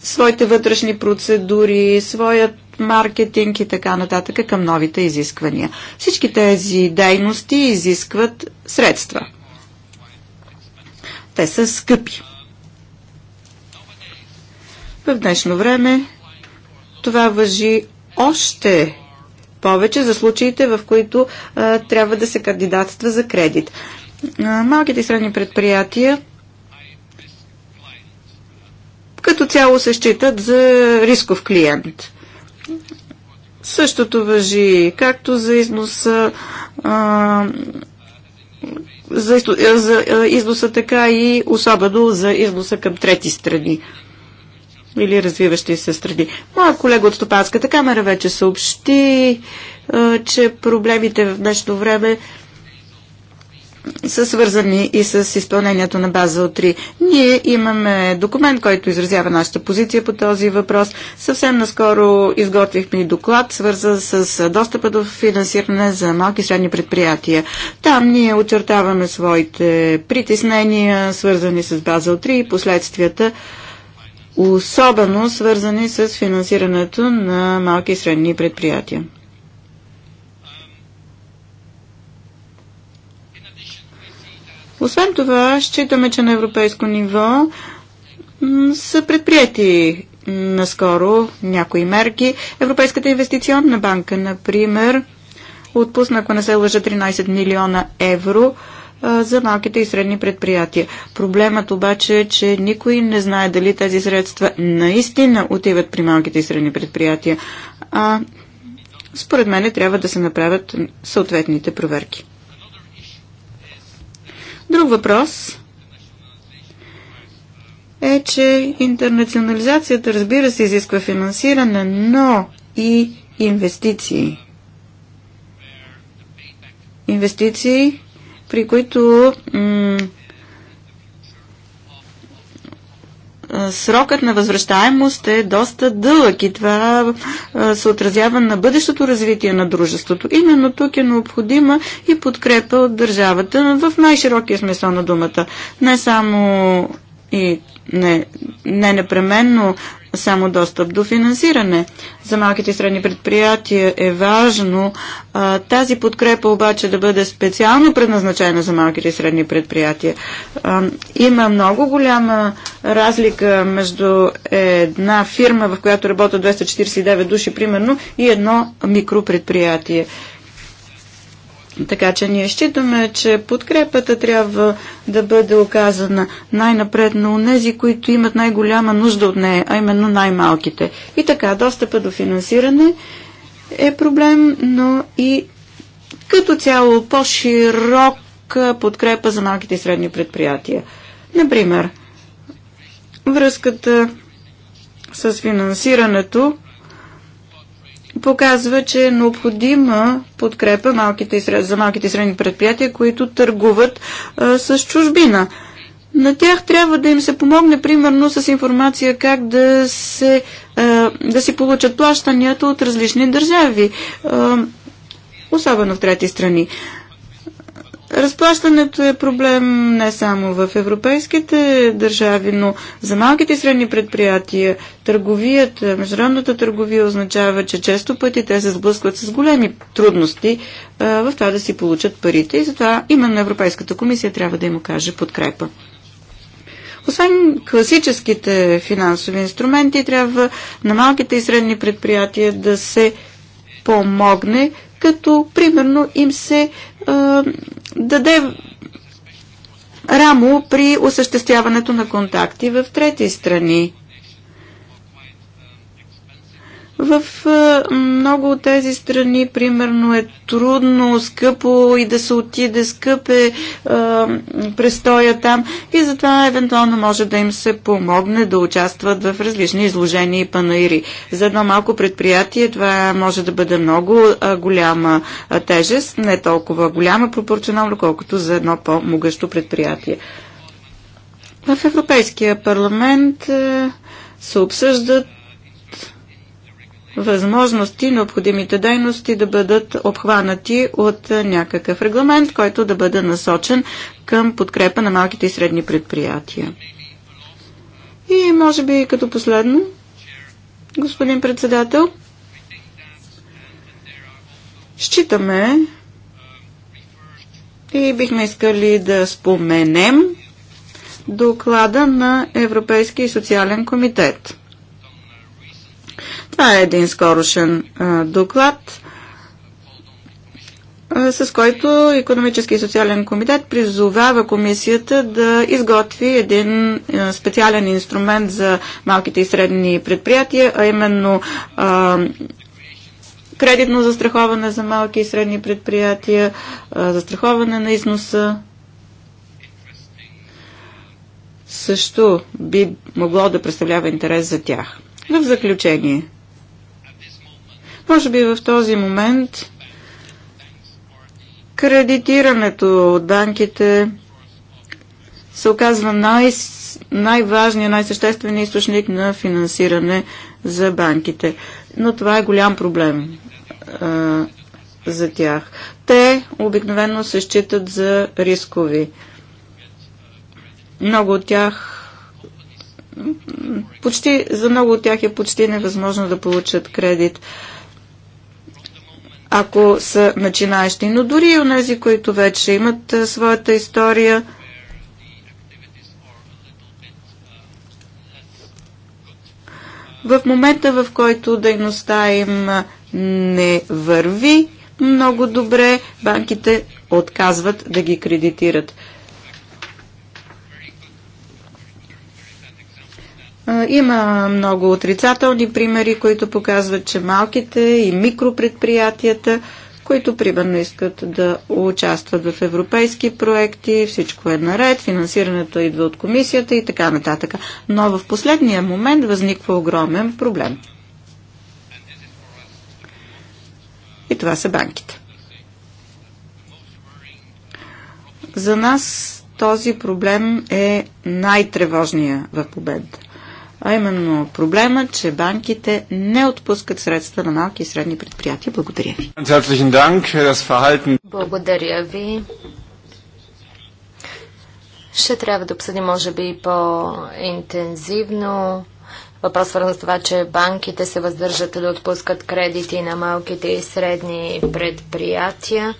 своите вътрешни процедури, своят маркетинг и така нататък към новите изисквания. Всички тези дейности изискват средства. Те са скъпи. В днешно време това въжи още повече за случаите, в които а, трябва да се кандидатства за кредит. А, малките и средни предприятия като цяло се считат за рисков клиент. Същото въжи както за износа, а, за, за износа, така и особено за износа към трети страни или развиващи се среди. Моя колега от Стопанската камера вече съобщи, че проблемите в днешно време са свързани и с изпълнението на база от 3. Ние имаме документ, който изразява нашата позиция по този въпрос. Съвсем наскоро изготвихме и доклад, свързан с достъпа до финансиране за малки и средни предприятия. Там ние очертаваме своите притеснения, свързани с база от 3 и последствията особено свързани с финансирането на малки и средни предприятия. Освен това, считаме, че на европейско ниво са предприяти наскоро някои мерки. Европейската инвестиционна банка, например, отпусна, ако не се лъжа, 13 милиона евро – за малките и средни предприятия. Проблемът обаче е, че никой не знае дали тези средства наистина отиват при малките и средни предприятия. А, според мен трябва да се направят съответните проверки. Друг въпрос е, че интернационализацията, разбира се, изисква финансиране, но и инвестиции. Инвестиции, при които срокът на възвръщаемост е доста дълъг и това се отразява на бъдещото развитие на дружеството. Именно тук е необходима и подкрепа от държавата в най-широкия смисъл на думата. Не само и не, не непременно само достъп до финансиране. За малките и средни предприятия е важно а, тази подкрепа обаче да бъде специално предназначена за малките и средни предприятия. А, има много голяма разлика между една фирма, в която работят 249 души, примерно, и едно микропредприятие. Така че ние считаме, че подкрепата трябва да бъде оказана най-напред на тези, които имат най-голяма нужда от нея, а именно най-малките. И така, достъпа до финансиране е проблем, но и като цяло по-широк подкрепа за малките и средни предприятия. Например, връзката с финансирането показва, че е необходима подкрепа малките за малките и средни предприятия, които търгуват а, с чужбина. На тях трябва да им се помогне, примерно, с информация как да, се, а, да си получат плащанията от различни държави, а, особено в трети страни. А, Разплащането е проблем не само в европейските държави, но за малките и средни предприятия търговията, е, международната търговия означава, че често пъти те се сблъскват с големи трудности а, е, в това да си получат парите и затова именно Европейската комисия трябва да им окаже подкрепа. Освен класическите финансови инструменти, трябва на малките и средни предприятия да се помогне като примерно им се а, даде рамо при осъществяването на контакти в трети страни. В много от тези страни, примерно, е трудно, скъпо и да се отиде скъп е, престоя там и затова евентуално може да им се помогне да участват в различни изложения и панаири. За едно малко предприятие това може да бъде много голяма тежест, не толкова голяма пропорционално, колкото за едно по-могъщо предприятие. В Европейския парламент се обсъждат възможности необходимите дейности да бъдат обхванати от някакъв регламент, който да бъде насочен към подкрепа на малките и средни предприятия. И може би като последно, господин председател, считаме и бихме искали да споменем доклада на Европейския социален комитет – това е един скорошен доклад, с който Економически и социален комитет призовава комисията да изготви един специален инструмент за малките и средни предприятия, а именно кредитно застраховане за малки и средни предприятия, застраховане на износа. Също би могло да представлява интерес за тях. В заключение, може би в този момент кредитирането от банките се оказва най- най-важният, най-същественият източник на финансиране за банките. Но това е голям проблем а, за тях. Те обикновено се считат за рискови. Много от тях почти, за много от тях е почти невъзможно да получат кредит. А, ако са начинаещи, но дори и онези, които вече имат своята история. В момента, в който дейността им не върви много добре, банките отказват да ги кредитират. Има много отрицателни примери, които показват, че малките и микропредприятията, които примерно искат да участват в европейски проекти, всичко е наред, финансирането идва от комисията и така нататък. Но в последния момент възниква огромен проблем. И това са банките. За нас този проблем е най-тревожния в победа а именно проблема, че банките не отпускат средства на малки и средни предприятия. Благодаря ви. Благодаря ви. Ще трябва да обсъдим, може би, по-интензивно въпрос свързан с това, че банките се въздържат да отпускат кредити на малките и средни предприятия.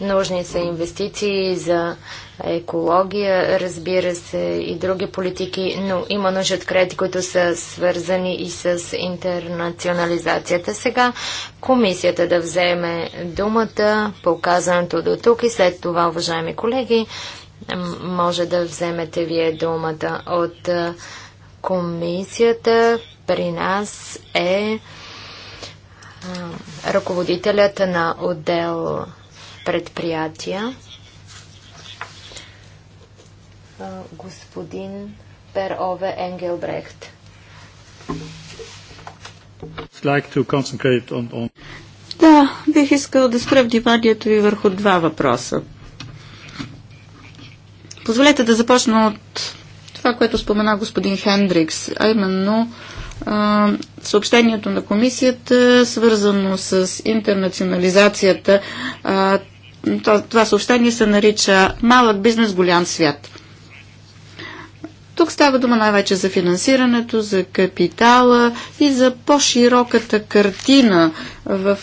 Нужни са инвестиции за екология, разбира се, и други политики, но има нужда от кредити, които са свързани и с интернационализацията. Сега комисията да вземе думата по казаното до тук и след това, уважаеми колеги, може да вземете вие думата от комисията. При нас е ръководителят на отдел предприятия. Господин Перове Енгелбрехт. Like on, on... Да, бих искал да спра вниманието ви върху два въпроса. Позволете да започна от това, което спомена господин Хендрикс, а именно а, съобщението на комисията, свързано с интернационализацията. А, това съобщение се нарича Малък бизнес, голям свят. Тук става дума най-вече за финансирането, за капитала и за по-широката картина в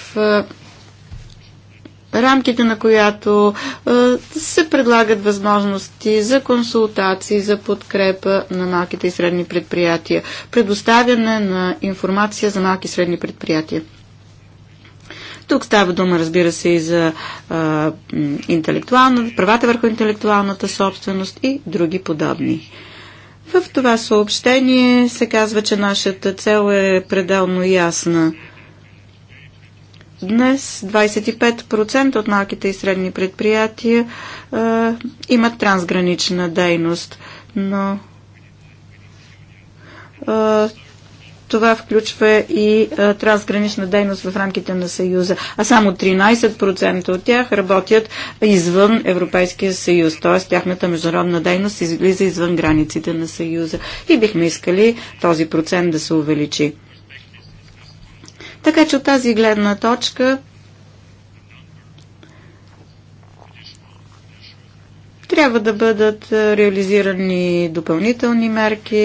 рамките на която се предлагат възможности за консултации, за подкрепа на малките и средни предприятия, предоставяне на информация за малки и средни предприятия. Тук става дума, разбира се, и за а, интелектуална, правата върху интелектуалната собственост и други подобни. В това съобщение се казва, че нашата цел е пределно ясна. Днес 25% от малките и средни предприятия а, имат трансгранична дейност, но това включва и а, трансгранична дейност в рамките на Съюза, а само 13% от тях работят извън Европейския съюз, т.е. тяхната международна дейност излиза извън границите на Съюза и бихме искали този процент да се увеличи. Така че от тази гледна точка Трябва да бъдат е, реализирани допълнителни мерки,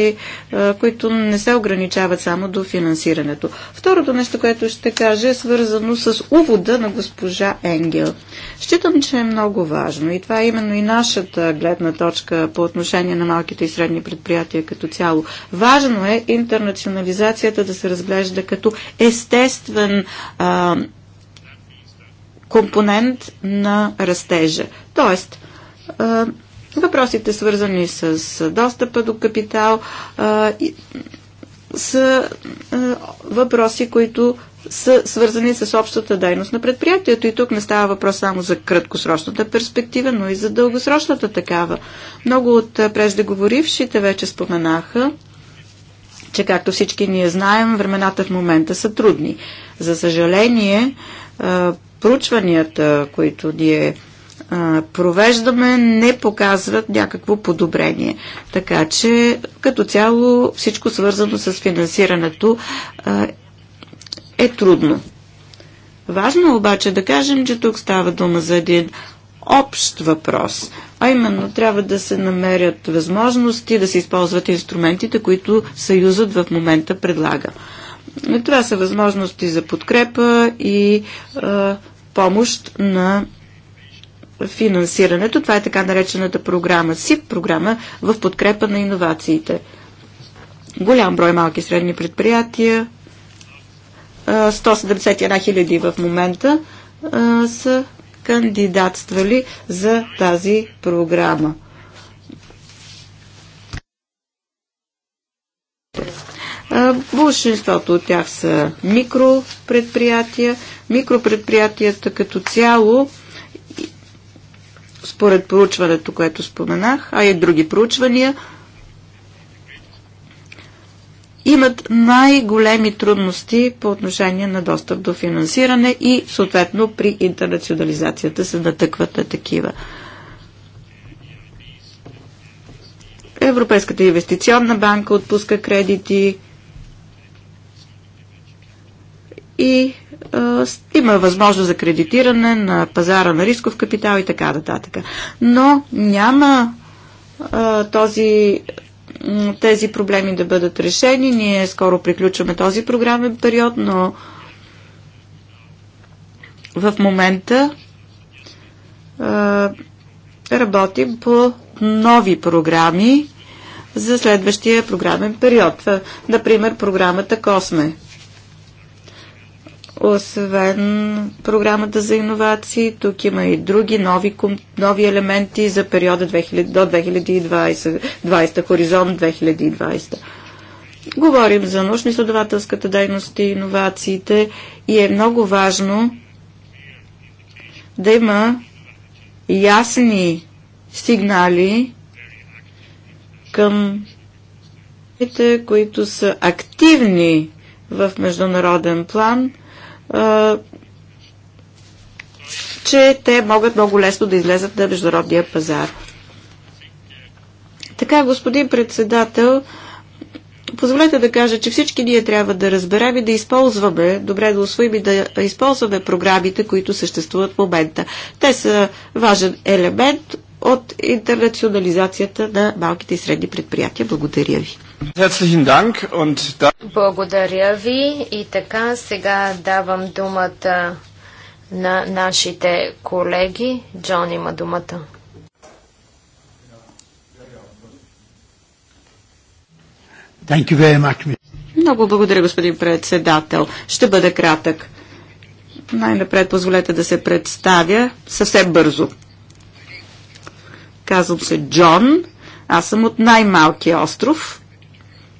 е, които не се ограничават само до финансирането. Второто нещо, което ще кажа, е свързано с увода на госпожа Енгел. Считам, че е много важно и това е именно и нашата гледна точка по отношение на малките и средни предприятия като цяло. Важно е интернационализацията да се разглежда като естествен а, компонент на растежа. Тоест, въпросите свързани с достъпа до капитал са въпроси, които са свързани с общата дейност на предприятието. И тук не става въпрос само за краткосрочната перспектива, но и за дългосрочната такава. Много от преждеговорившите вече споменаха, че както всички ние знаем, времената в момента са трудни. За съжаление, проучванията, които ние провеждаме, не показват някакво подобрение. Така че като цяло всичко свързано с финансирането е трудно. Важно е обаче да кажем, че тук става дума за един общ въпрос, а именно трябва да се намерят възможности да се използват инструментите, които Съюзът в момента предлага. Това са възможности за подкрепа и а, помощ на финансирането. Това е така наречената програма СИП, програма в подкрепа на иновациите. Голям брой малки и средни предприятия, 171 хиляди в момента са кандидатствали за тази програма. Большинството от тях са микропредприятия. Микропредприятията като цяло според проучването, което споменах, а и други проучвания, имат най-големи трудности по отношение на достъп до финансиране и съответно при интернационализацията се натъкват на такива. Европейската инвестиционна банка отпуска кредити, и а, има възможност за кредитиране на пазара на рисков капитал и така нататък. Но няма а, този тези проблеми да бъдат решени. Ние скоро приключваме този програмен период, но в момента а, работим по нови програми за следващия програмен период. Например, програмата Косме. Освен програмата за иновации, тук има и други нови, нови елементи за периода 2000, до 2020, 20, хоризонт 2020. Говорим за научно-изследователската дейност и иновациите и е много важно да има ясни сигнали към които са активни в международен план – че те могат много лесно да излезат на международния пазар. Така, господин председател, позволете да кажа, че всички ние трябва да разберем и да използваме, добре да освоим и да използваме програмите, които съществуват в момента. Те са важен елемент от интернационализацията на малките и средни предприятия. Благодаря ви. Благодаря ви и така сега давам думата на нашите колеги. Джон има думата. Много благодаря, господин председател. Ще бъда кратък. Най-напред позволете да се представя съвсем бързо. Казвам се Джон. Аз съм от най-малкия остров,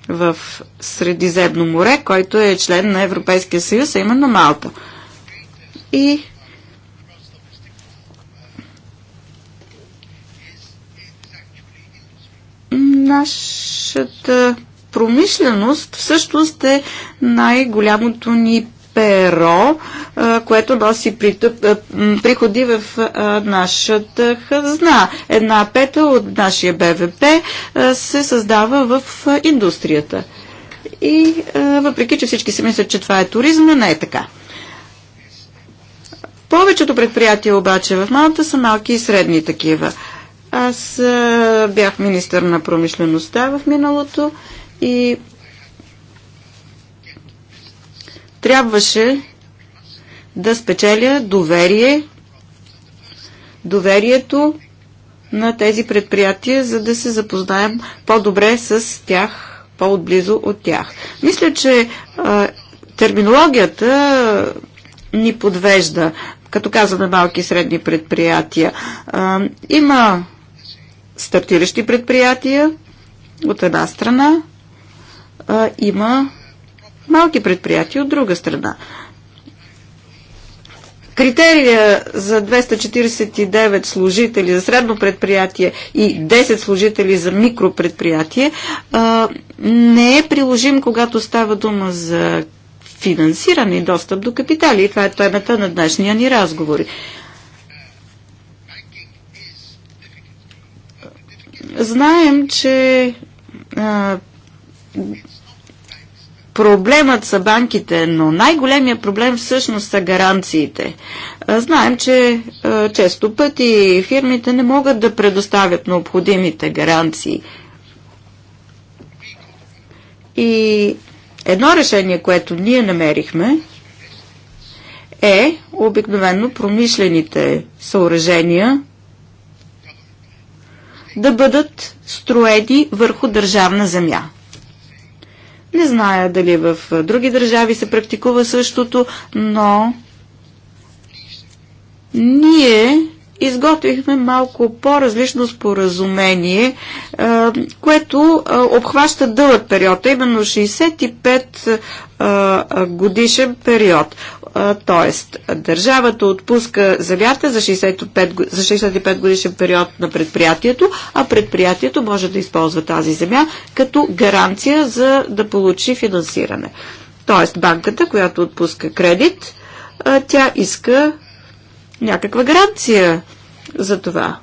в Средиземно море, който е член на Европейския съюз, а именно Малта. И нашата промишленост всъщност е най-голямото ни перо, което носи приходи в нашата хазна. Една пета от нашия БВП се създава в индустрията. И въпреки, че всички си мислят, че това е туризъм, но не е така. Повечето предприятия обаче в Малта са малки и средни такива. Аз бях министър на промишлеността в миналото и трябваше да спечеля доверие, доверието на тези предприятия, за да се запознаем по-добре с тях, по-отблизо от тях. Мисля, че а, терминологията ни подвежда, като казваме малки и средни предприятия. А, има стартиращи предприятия от една страна, а, има малки предприятия от друга страна. Критерия за 249 служители за средно предприятие и 10 служители за микропредприятие не е приложим, когато става дума за финансиране и достъп до капитали. И това е темата на днешния ни разговори. Знаем, че а, Проблемът са банките, но най-големия проблем всъщност са гаранциите. Знаем, че често пъти фирмите не могат да предоставят необходимите гаранции. И едно решение, което ние намерихме, е обикновено промишлените съоръжения да бъдат строени върху държавна земя. Не зная дали в други държави се практикува същото, но ние изготвихме малко по-различно споразумение, е, което е, обхваща дълъг период, именно 65 е, годишен период. Тоест, държавата отпуска земята за 65, за 65 годишен период на предприятието, а предприятието може да използва тази земя като гаранция за да получи финансиране. Тоест, банката, която отпуска кредит, тя иска някаква гаранция за това.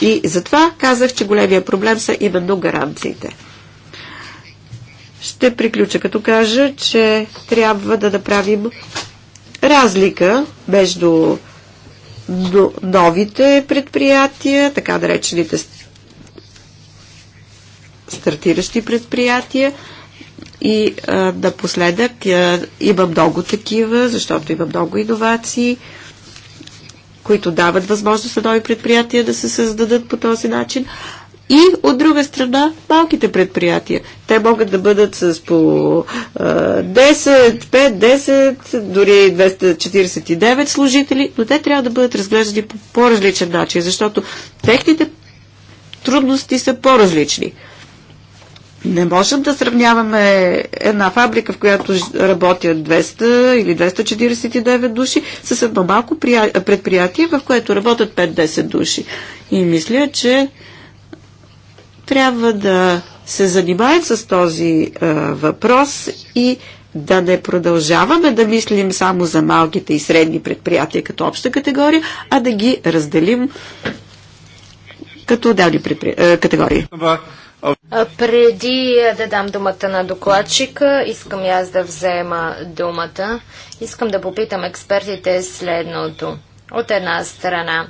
И затова казах, че големия проблем са именно гаранциите. Ще приключа като кажа, че трябва да направим разлика между новите предприятия, така наречените стартиращи предприятия и а, напоследък а, има много такива, защото има много иновации, които дават възможност на нови предприятия да се създадат по този начин. И от друга страна, малките предприятия. Те могат да бъдат с по а, 10, 5, 10, дори 249 служители, но те трябва да бъдат разглеждани по по-различен начин, защото техните трудности са по-различни. Не можем да сравняваме една фабрика, в която работят 200 или 249 души, с едно малко предприятие, в което работят 5-10 души. И мисля, че трябва да се занимаем с този а, въпрос и да не продължаваме да мислим само за малките и средни предприятия като обща категория, а да ги разделим като отделни категории. Преди да дам думата на докладчика, искам и аз да взема думата. Искам да попитам експертите следното. От една страна,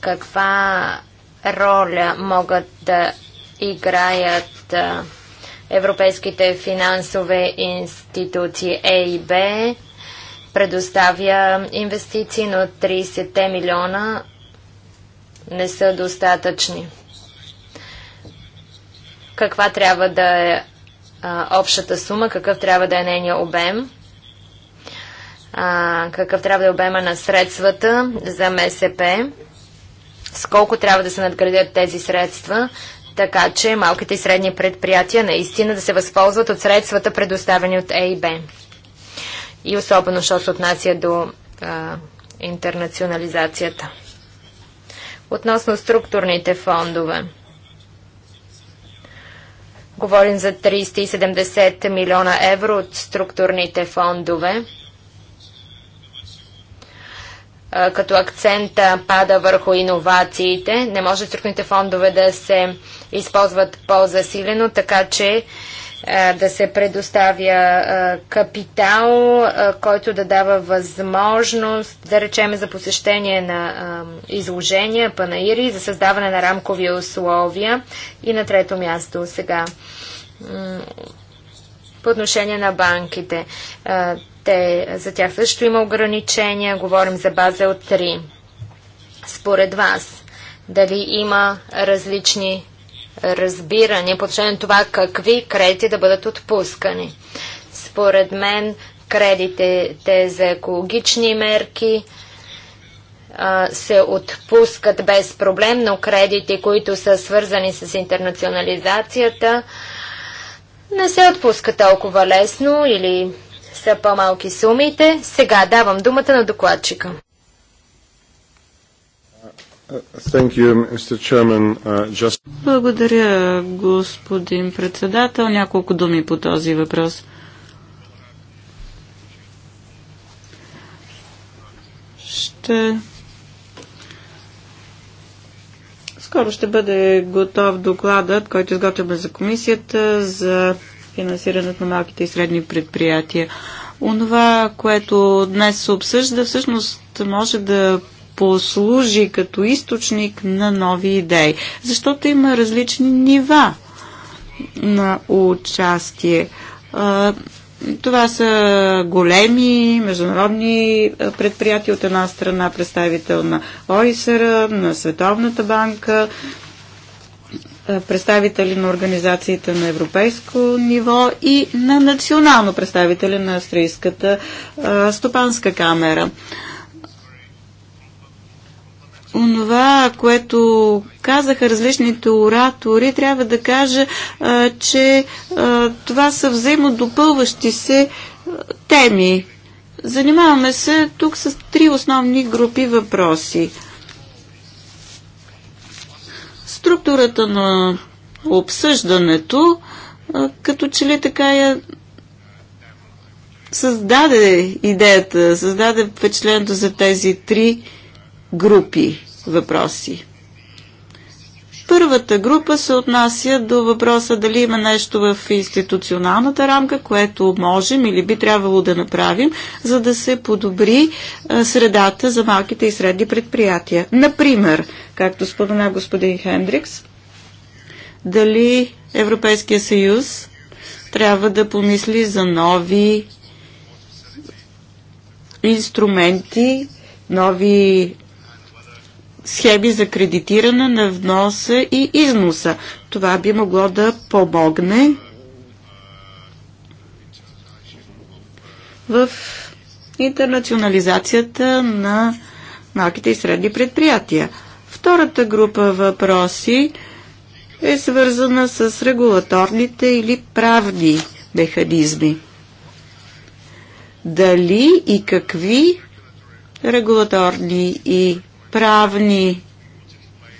каква роля могат да играят европейските финансови институции ЕИБ, предоставя инвестиции, но 30 милиона не са достатъчни каква трябва да е а, общата сума, какъв трябва да е нейния обем, а, какъв трябва да е обема на средствата за МСП, с колко трябва да се надградят тези средства, така че малките и средни предприятия наистина да се възползват от средствата, предоставени от ЕИБ. И особено, що се отнася до а, интернационализацията. Относно структурните фондове – Говорим за 370 милиона евро от структурните фондове. Като акцента пада върху иновациите, не може структурните фондове да се използват по-засилено, така че е, да се предоставя е, капитал, е, който да дава възможност, да речеме, за посещение на изложения, панаири, за създаване на рамкови условия. И на трето място сега по отношение на банките. Те, за тях също има ограничения. Говорим за база от 3. Според вас, дали има различни разбиране по отношение на това какви кредити да бъдат отпускани. Според мен кредитите за екологични мерки се отпускат без проблем, но кредити, които са свързани с интернационализацията, не се отпускат толкова лесно или са по-малки сумите. Сега давам думата на докладчика. You, uh, just... Благодаря, господин председател. Няколко думи по този въпрос. Ще... Скоро ще бъде готов докладът, който изготвяме за комисията за финансирането на малките и средни предприятия. Онова, което днес се обсъжда, всъщност може да послужи като източник на нови идеи, защото има различни нива на участие. Това са големи международни предприятия от една страна, представител на ОИСР, на Световната банка, представители на организациите на европейско ниво и на национално представители на Австрийската стопанска камера онова, което казаха различните оратори, трябва да кажа, а, че а, това са взаимодопълващи се а, теми. Занимаваме се тук с три основни групи въпроси. Структурата на обсъждането, а, като че ли така я създаде идеята, създаде впечатлението за тези три групи въпроси. Първата група се отнася до въпроса дали има нещо в институционалната рамка, което можем или би трябвало да направим, за да се подобри е, средата за малките и средни предприятия. Например, както спомена господин Хендрикс, дали Европейския съюз трябва да помисли за нови инструменти, нови схеми за кредитиране на вноса и износа. Това би могло да помогне в интернационализацията на малките и средни предприятия. Втората група въпроси е свързана с регулаторните или правни механизми. Дали и какви регулаторни и правни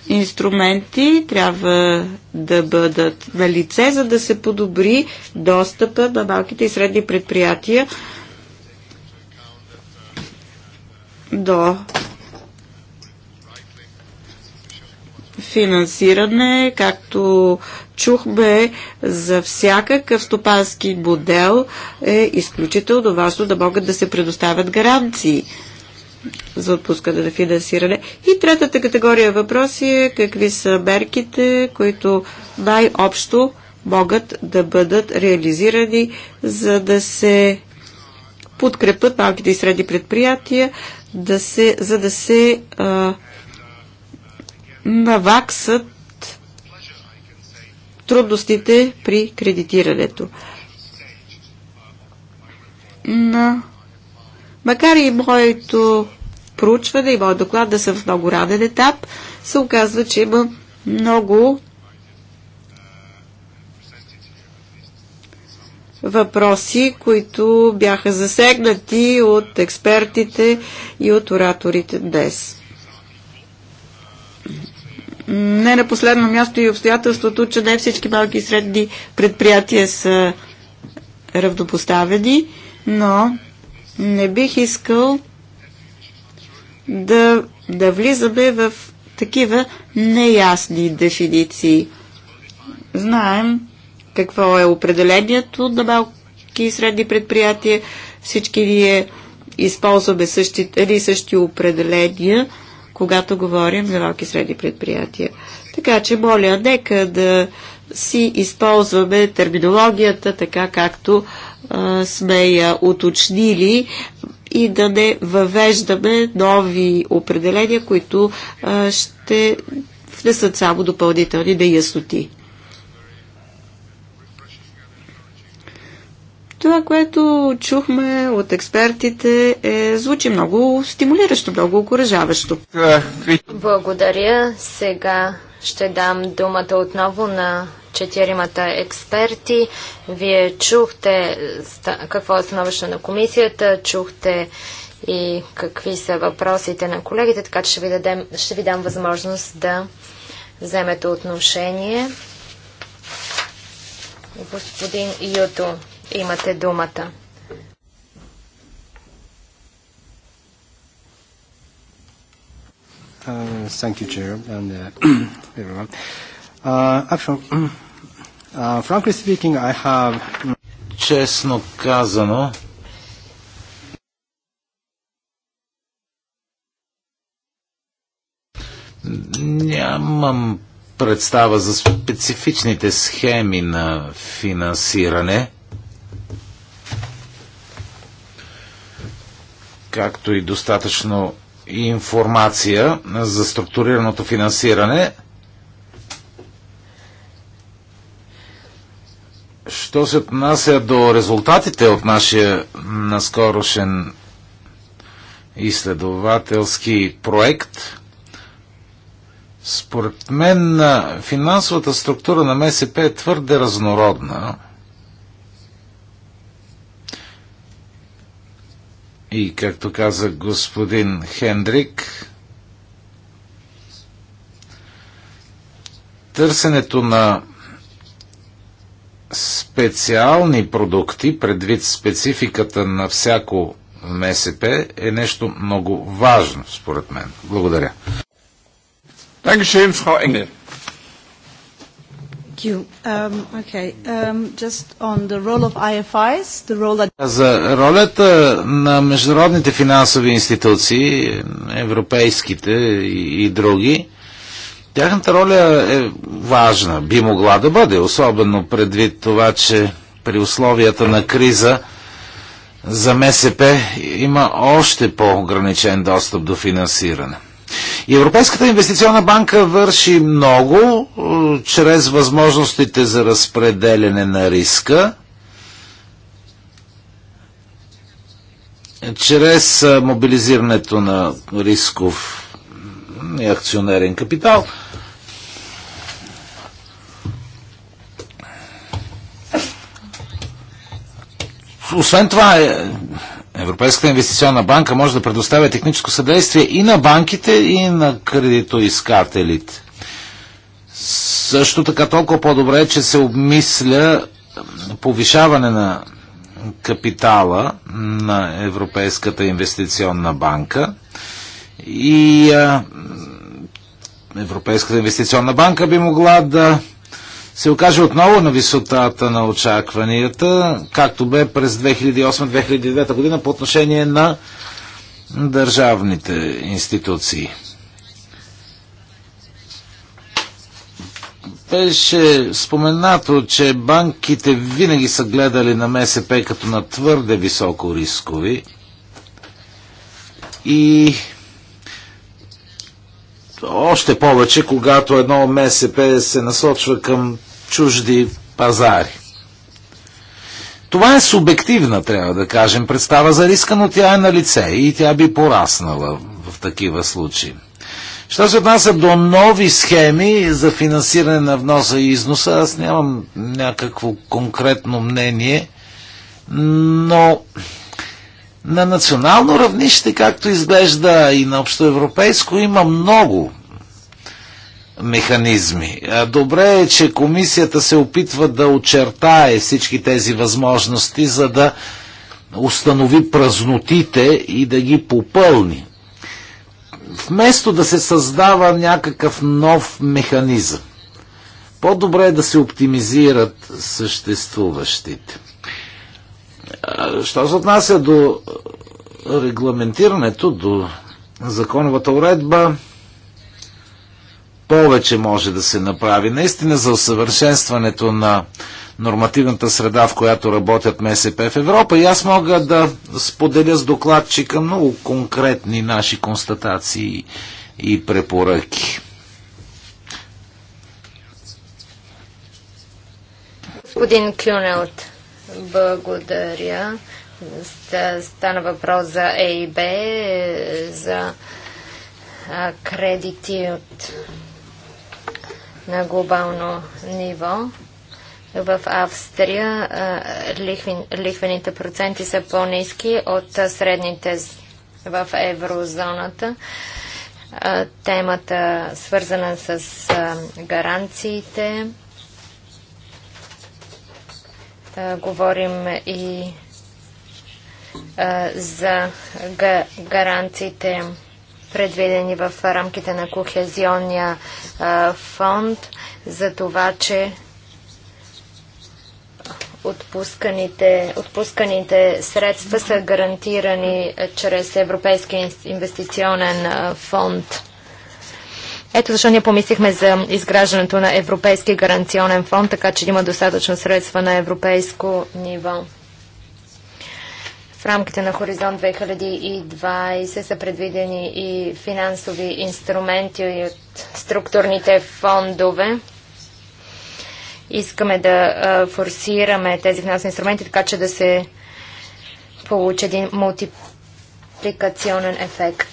инструменти трябва да бъдат на лице, за да се подобри достъпа на малките и средни предприятия до финансиране, както чухме за всякакъв стопански модел е изключително важно да могат да се предоставят гаранции за отпускане на финансиране. И третата категория въпроси е какви са мерките, които най-общо могат да бъдат реализирани, за да се подкрепят малките и средни предприятия, да се, за да се а, наваксат трудностите при кредитирането. На Макар и моето проучване и моят доклад да са в много раден етап, се оказва, че има много въпроси, които бяха засегнати от експертите и от ораторите днес. Не на последно място и обстоятелството, че не всички малки и средни предприятия са равнопоставени, но не бих искал да, да влизаме в такива неясни дефиниции. Знаем какво е определението на малки и средни предприятия. Всички ние използваме същите или същи определения, когато говорим за малки и средни предприятия. Така че, моля, нека да си използваме терминологията така, както сме я уточнили и да не въвеждаме нови определения, които ще внесат само допълнителни неясноти. Това, което чухме от експертите, е, звучи много стимулиращо, много окоръжаващо. Благодаря. Сега ще дам думата отново на четиримата експерти. Вие чухте какво е становище на комисията, чухте и какви са въпросите на колегите, така че ще ви, дадем, ще ви дам възможност да вземете отношение. Господин Юто, имате думата. Uh, thank you, Chair, and uh, (clears throat) everyone. Uh, uh, Честно казано, нямам представа за специфичните схеми на финансиране, както и достатъчно информация за структурираното финансиране – Що се отнася до резултатите от нашия наскорошен изследователски проект, според мен финансовата структура на МСП е твърде разнородна. И както каза господин Хендрик, търсенето на специални продукти, предвид спецификата на всяко МСП, е нещо много важно, според мен. Благодаря. Dankeschön, Frau Engel. За ролята на международните финансови институции, европейските и, и други, Тяхната роля е важна, би могла да бъде, особено предвид това, че при условията на криза за МСП има още по-ограничен достъп до финансиране. Европейската инвестиционна банка върши много е, чрез възможностите за разпределяне на риска, чрез е, мобилизирането на рисков и акционерен капитал. Освен това, е, Европейската инвестиционна банка може да предоставя техническо съдействие и на банките, и на кредитоискателите. Също така толкова по-добре е, че се обмисля повишаване на капитала на Европейската инвестиционна банка и а, Европейската инвестиционна банка би могла да се окаже отново на висотата на очакванията, както бе през 2008-2009 година по отношение на държавните институции. Беше споменато, че банките винаги са гледали на МСП като на твърде високо рискови и още повече, когато едно МСП се насочва към чужди пазари. Това е субективна, трябва да кажем, представа за риска, но тя е на лице и тя би пораснала в такива случаи. Що се отнася до нови схеми за финансиране на вноса и износа, аз нямам някакво конкретно мнение, но на национално равнище, както изглежда и на общоевропейско, има много механизми. Добре е, че комисията се опитва да очертае всички тези възможности, за да установи празнотите и да ги попълни. Вместо да се създава някакъв нов механизъм, по-добре е да се оптимизират съществуващите. Що се отнася до регламентирането, до законовата уредба, повече може да се направи. Наистина за усъвършенстването на нормативната среда, в която работят МСП в Европа. И аз мога да споделя с докладчика много конкретни наши констатации и препоръки. Господин Клюнелт, благодаря. Стана въпрос за ЕИБ, за кредити от на глобално ниво. В Австрия лихвените проценти са по-низки от средните в еврозоната. Темата свързана с гаранциите говорим и за гаранциите, предвидени в рамките на Кохезионния фонд, за това, че отпусканите, отпусканите средства са гарантирани чрез Европейския инвестиционен фонд. Ето защо ние помислихме за изграждането на Европейски гаранционен фонд, така че има достатъчно средства на европейско ниво. В рамките на Хоризонт 2020 са предвидени и финансови инструменти от структурните фондове. Искаме да форсираме тези финансови инструменти, така че да се получи един мултипликационен ефект.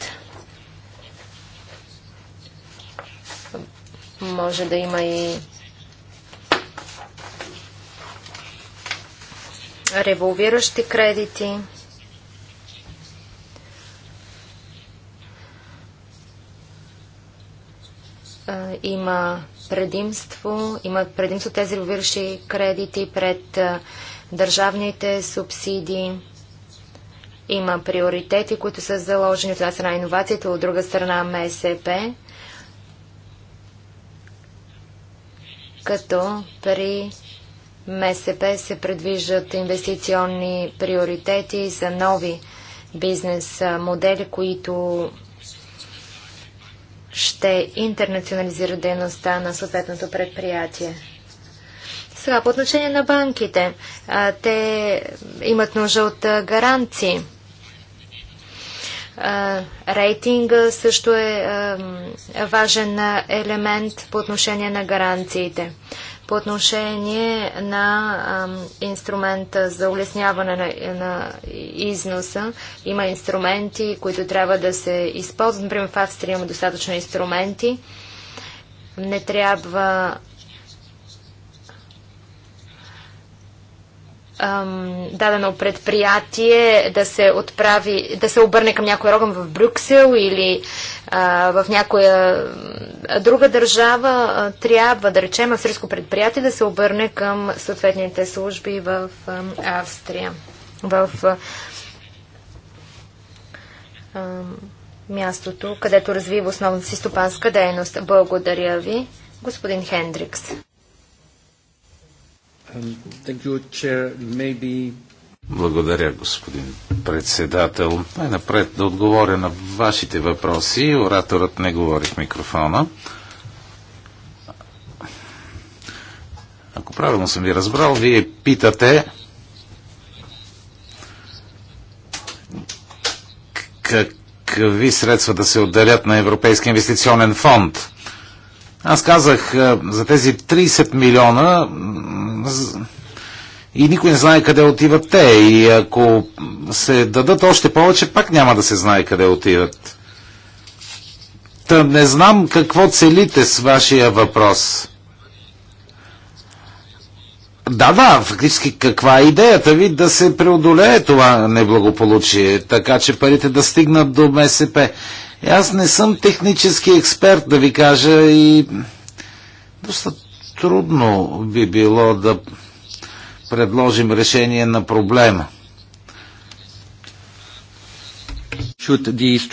Може да има и револвиращи кредити. Има предимство, има предимство тези револвиращи кредити пред държавните субсидии. Има приоритети, които са заложени от една страна иновацията от друга страна МСП. като при МСП се предвиждат инвестиционни приоритети за нови бизнес модели, които ще интернационализират дейността на съответното предприятие. Сега, по отношение на банките, те имат нужда от гаранции рейтинга също е важен елемент по отношение на гаранциите. По отношение на инструмента за улесняване на, на износа, има инструменти, които трябва да се използват. Например, в Австрия има достатъчно инструменти. Не трябва дадено предприятие да се отправи, да се обърне към някой роган в Брюксел или а, в някоя друга държава, а, трябва, да речем, австрийско предприятие да се обърне към съответните служби в а, Австрия, в мястото, където развива основната си стопанска дейност. Благодаря ви, господин Хендрикс. Um, Благодаря, господин председател. Най-напред да отговоря на вашите въпроси. Ораторът не говори в микрофона. Ако правилно съм ви разбрал, вие питате какви средства да се отделят на Европейския инвестиционен фонд. Аз казах за тези 30 милиона и никой не знае къде отиват те. И ако се дадат още повече, пак няма да се знае къде отиват. Та не знам какво целите с вашия въпрос. Да, да, фактически каква е идеята ви да се преодолее това неблагополучие, така че парите да стигнат до МСП. Аз не съм технически експерт, да ви кажа, и доста трудно би било да предложим решение на проблема. Used,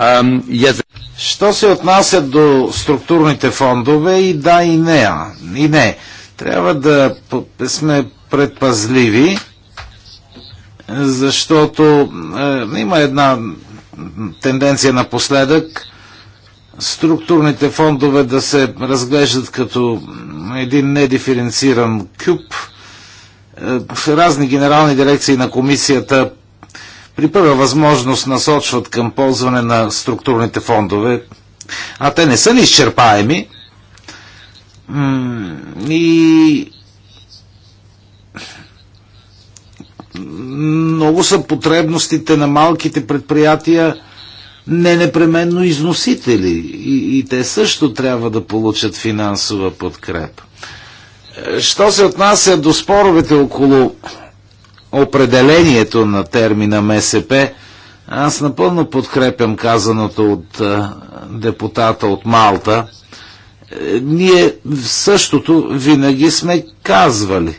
um, yes. Що се отнася до структурните фондове и да и не, и не. Трябва да сме предпазливи, защото е, има една тенденция напоследък структурните фондове да се разглеждат като един недиференциран кюб. Е, разни генерални дирекции на комисията при първа възможност насочват към ползване на структурните фондове, а те не са изчерпаеми И много са потребностите на малките предприятия не непременно износители. И, и те също трябва да получат финансова подкрепа. Е, що се отнася до споровете около определението на термина МСП, аз напълно подкрепям казаното от е, депутата от Малта. Е, ние същото винаги сме казвали.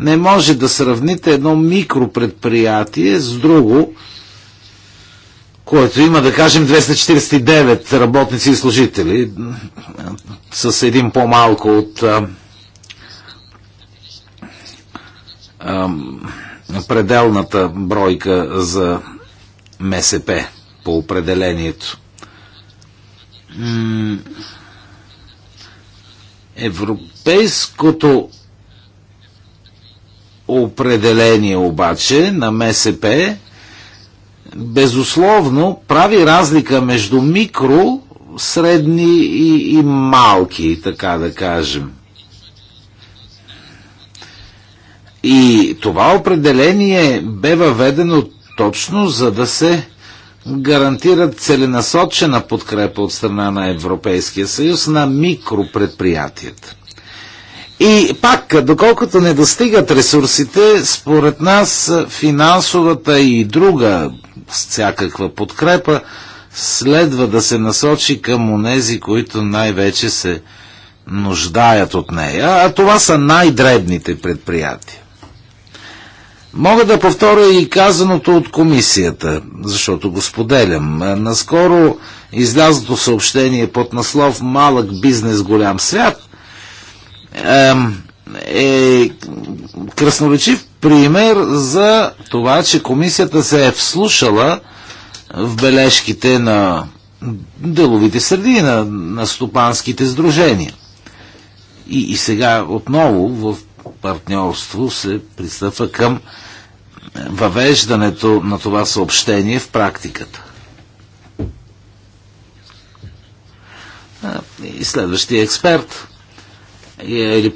Не може да сравните едно микропредприятие с друго, който има, да кажем, 249 работници и служители, с един по-малко от пределната бройка за МСП по определението. Европейското определение обаче на МСП безусловно прави разлика между микро, средни и, и малки, така да кажем. И това определение бе въведено точно за да се гарантира целенасочена подкрепа от страна на Европейския съюз на микропредприятията. И пак, доколкото не достигат ресурсите, според нас е, финансовата и друга с всякаква подкрепа следва да се насочи към онези, които най-вече се нуждаят от нея, а това са най-дребните предприятия. Мога да повторя и казаното от комисията, защото го споделям. Е, наскоро излязото съобщение под наслов Малък бизнес голям свят – е красноречив пример за това, че комисията се е вслушала в бележките на деловите среди, на, на стопанските сдружения. И, и сега отново в партньорство се пристъпва към въвеждането на това съобщение в практиката. И следващия експерт или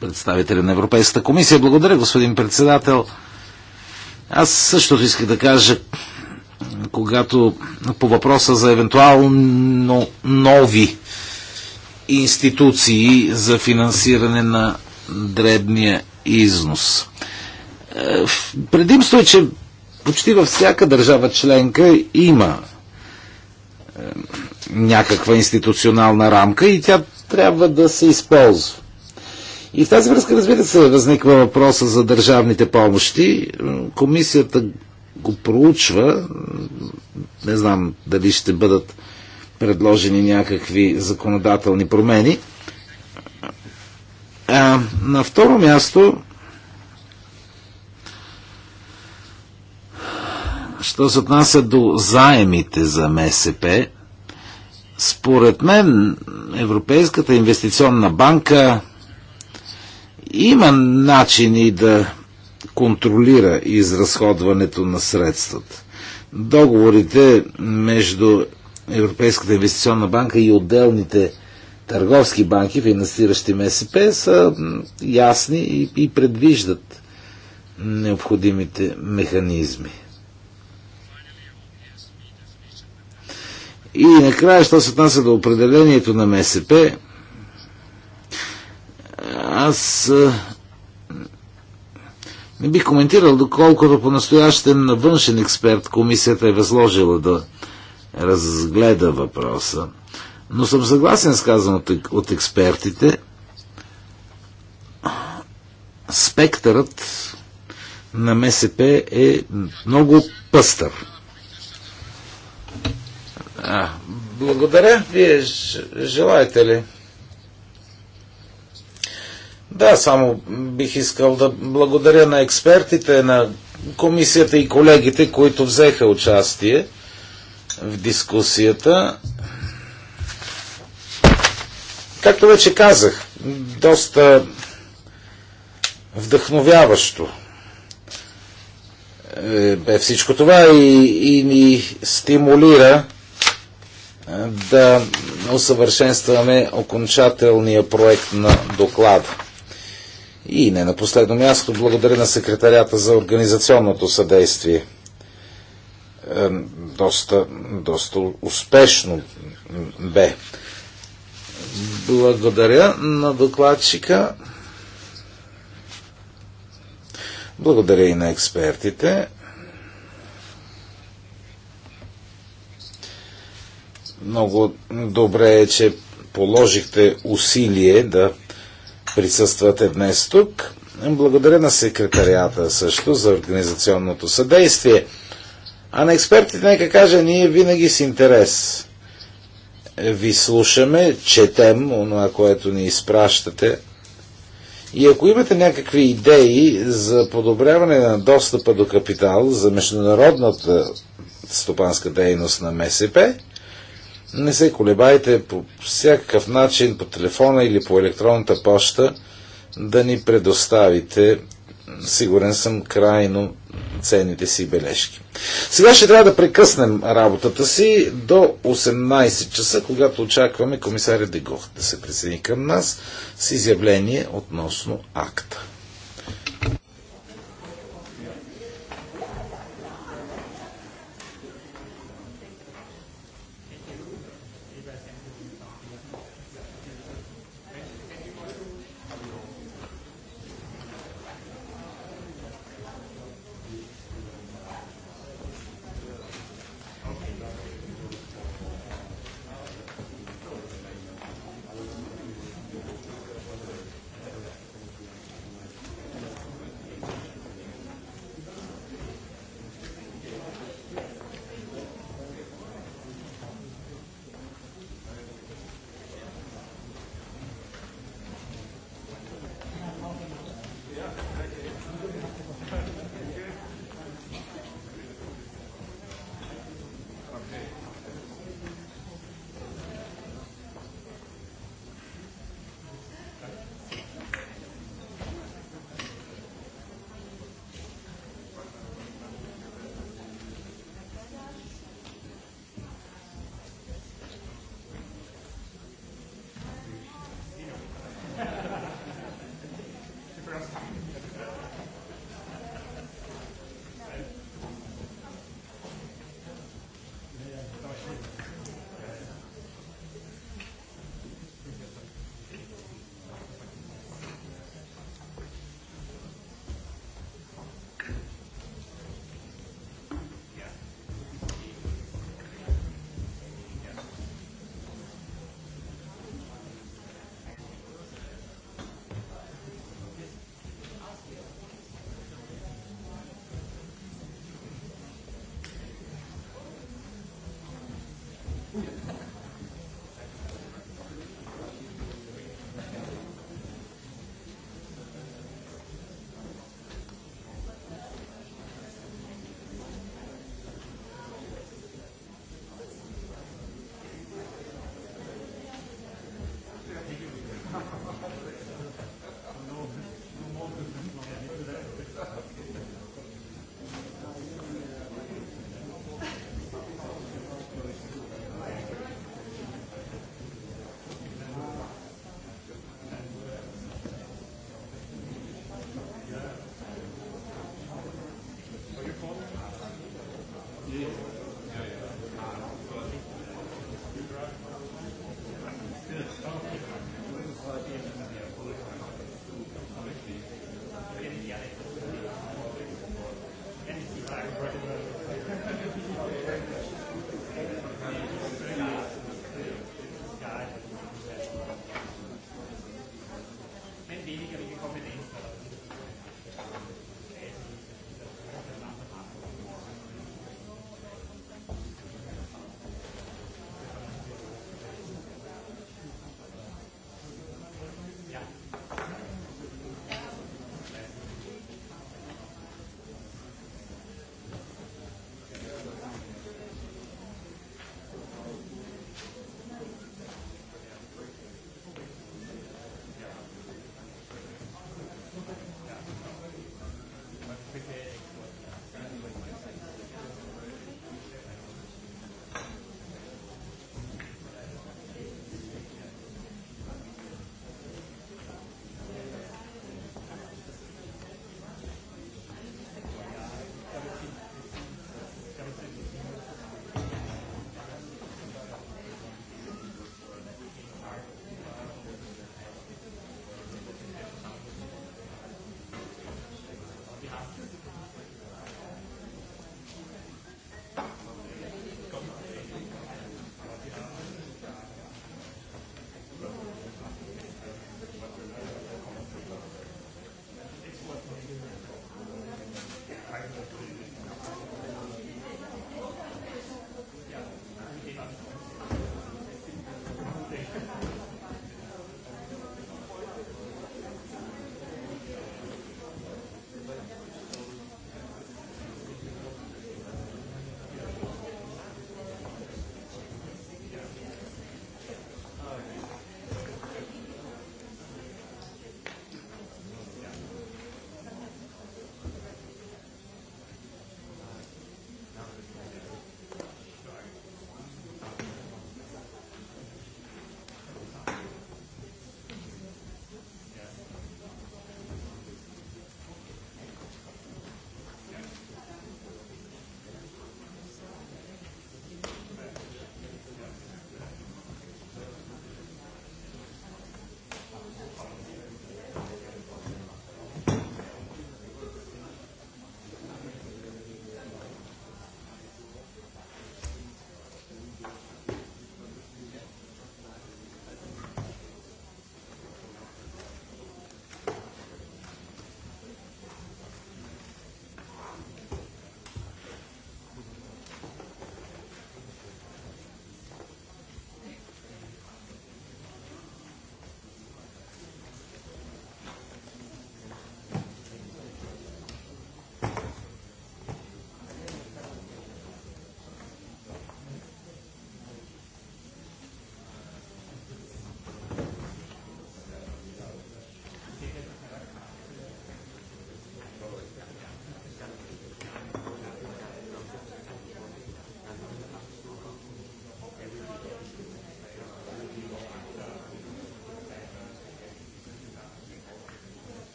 представителя на Европейската комисия. Благодаря, господин председател. Аз същото исках да кажа, когато по въпроса за евентуално нови институции за финансиране на дребния износ. Е, предимство е, че почти във всяка държава членка има е, някаква институционална рамка и тя трябва да се използва. И в тази връзка, разбира се, възниква въпроса за държавните помощи. Комисията го проучва. Не знам дали ще бъдат предложени някакви законодателни промени. А, на второ място, що се отнася до заемите за МСП, според мен Европейската инвестиционна банка има начини да контролира изразходването на средствата. Договорите между Европейската инвестиционна банка и отделните търговски банки, финансиращи МСП, са ясни и, предвиждат необходимите механизми. И накрая, що се отнася до определението на МСП, аз не бих коментирал, доколкото по настоящен на външен експерт комисията е възложила да разгледа въпроса. Но съм съгласен с казаното от експертите. Спектърът на МСП е много пъстър. А, благодаря. Вие желаете ли? Да, само бих искал да благодаря на експертите, на комисията и колегите, които взеха участие в дискусията. Както вече казах, доста вдъхновяващо е, бе всичко това и, и ни стимулира да усъвършенстваме окончателния проект на доклада. И не на последно място, благодаря на секретарята за организационното съдействие. Доста, доста успешно бе. Благодаря на докладчика. Благодаря и на експертите. Много добре е, че положихте усилие да присъствате днес тук. Благодаря на секретарията също за организационното съдействие. А на експертите, нека кажа, ние винаги с интерес ви слушаме, четем онова, което ни изпращате. И ако имате някакви идеи за подобряване на достъпа до капитал за международната стопанска дейност на МСП, не се колебайте по всякакъв начин, по телефона или по електронната почта, да ни предоставите, сигурен съм, крайно ценните си бележки. Сега ще трябва да прекъснем работата си до 18 часа, когато очакваме комисаря Дегох да се присъедини към нас с изявление относно акта.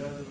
Да, да.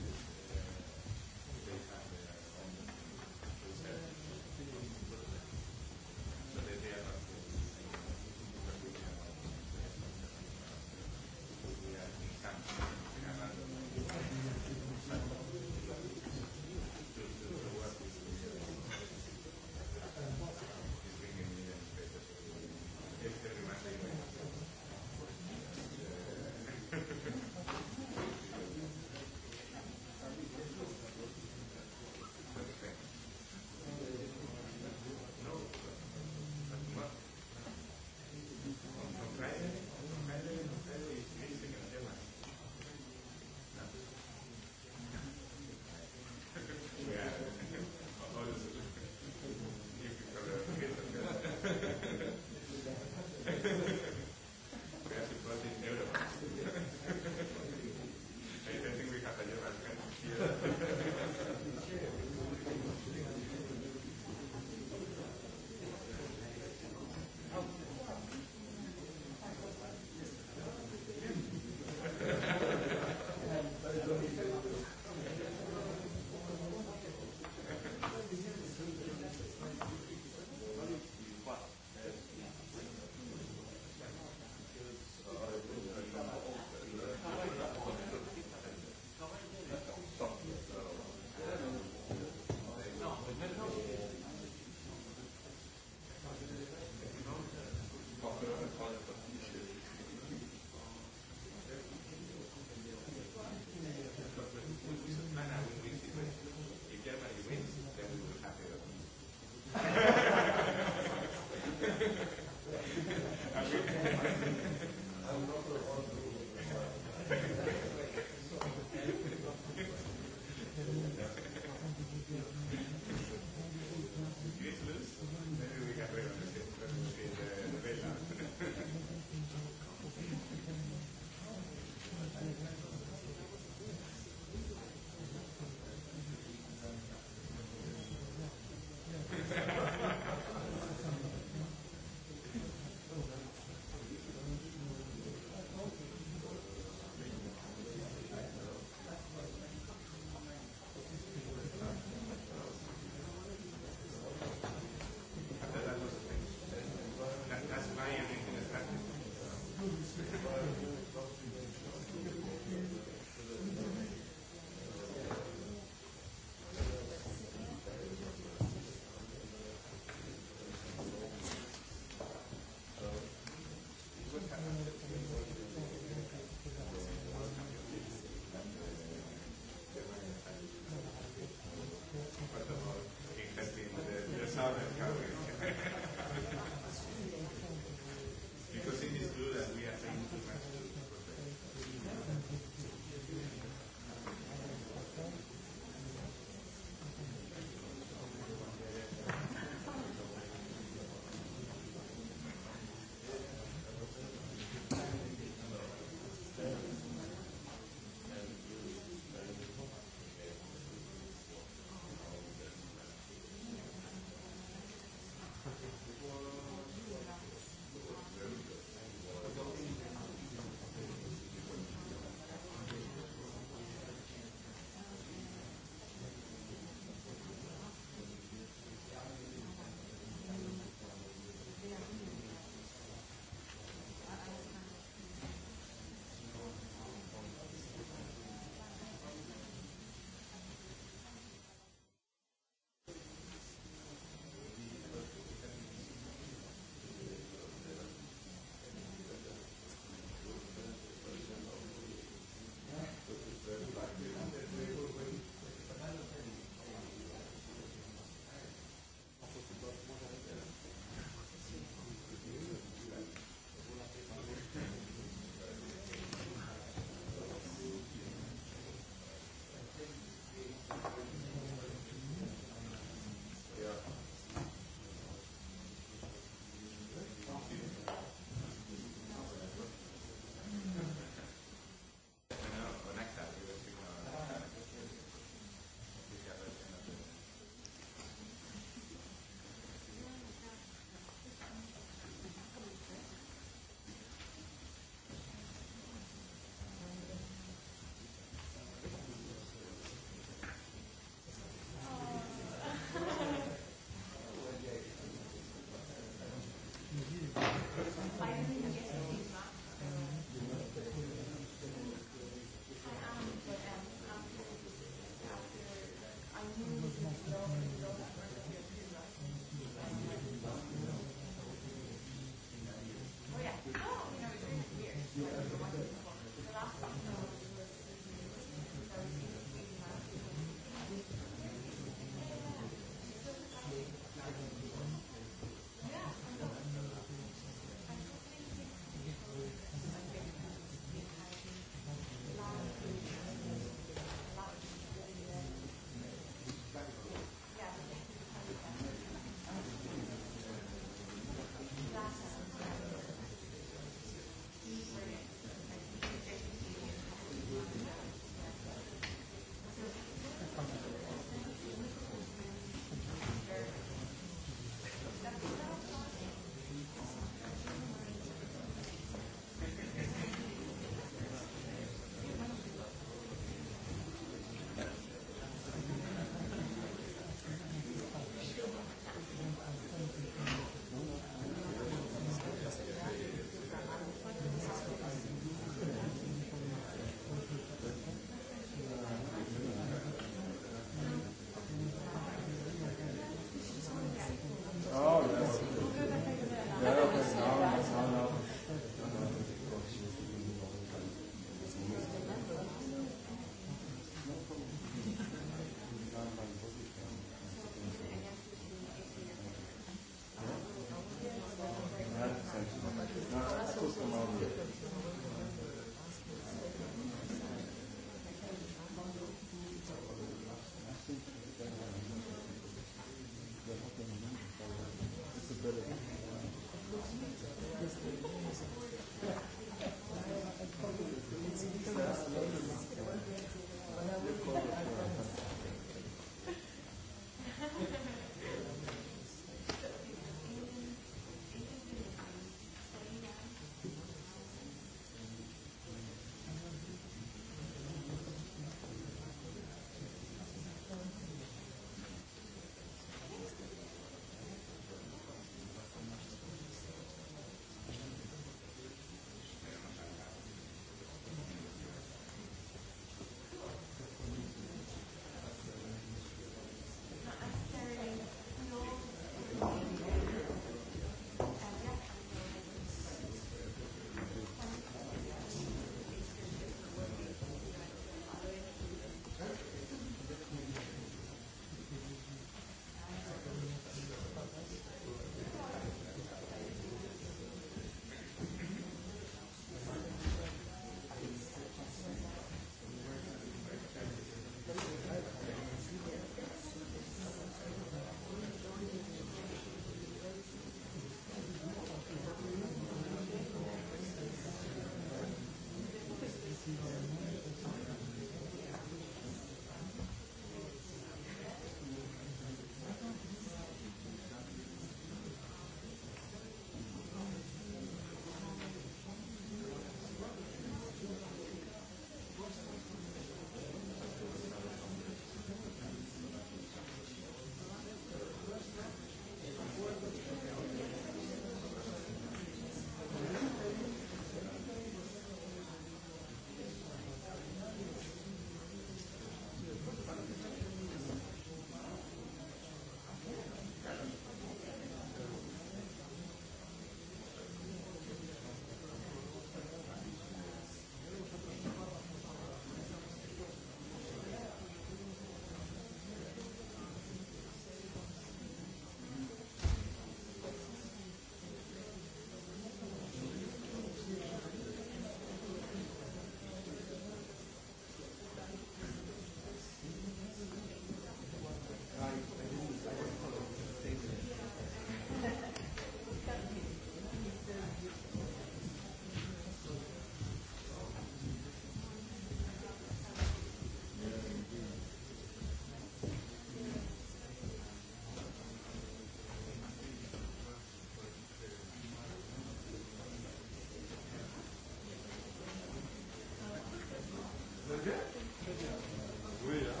Oui, hein.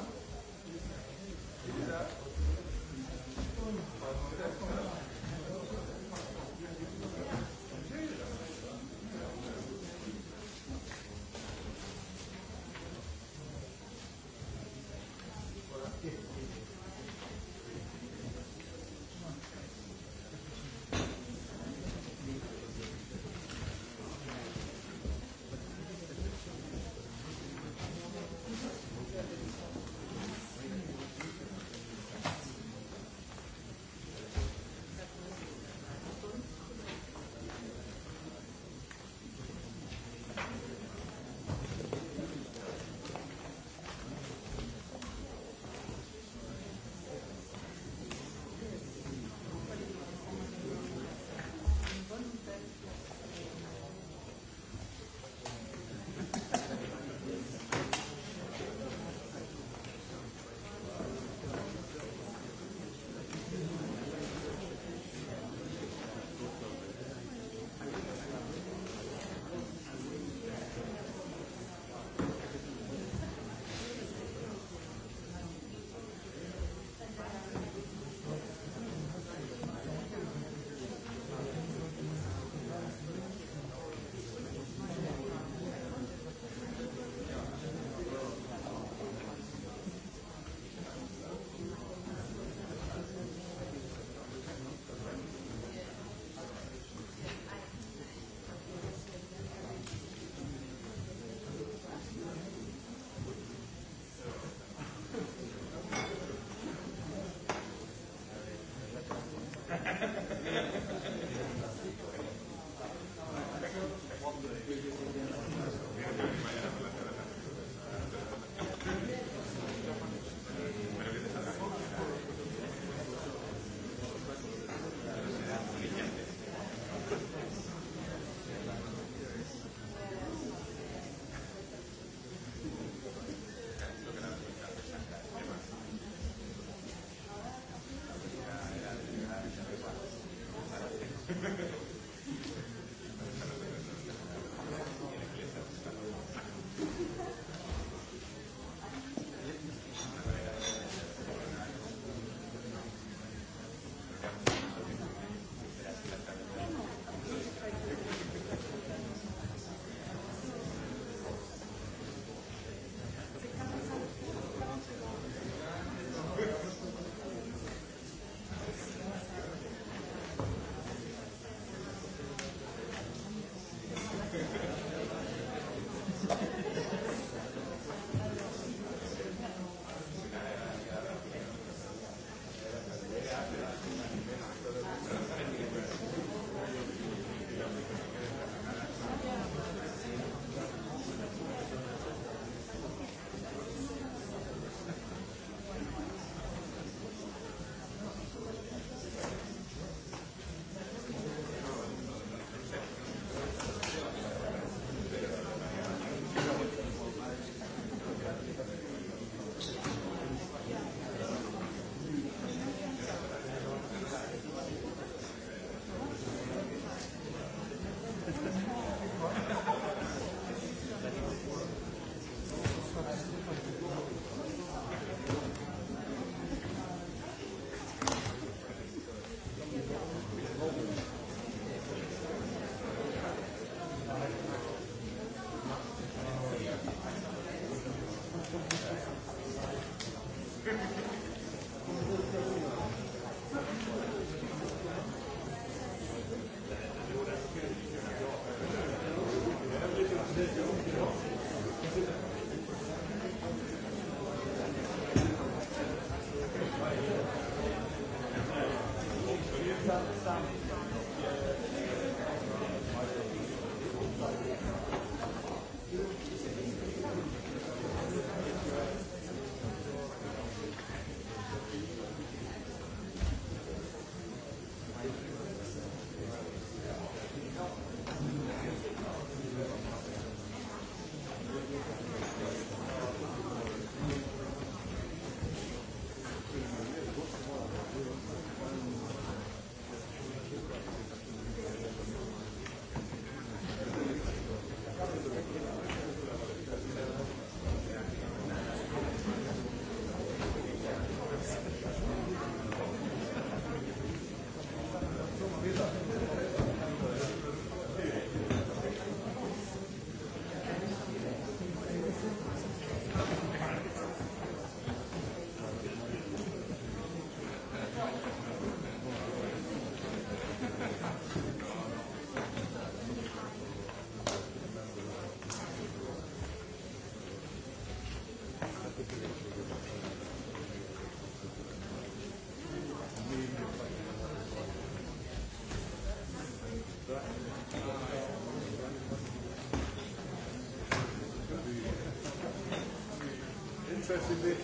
Merci.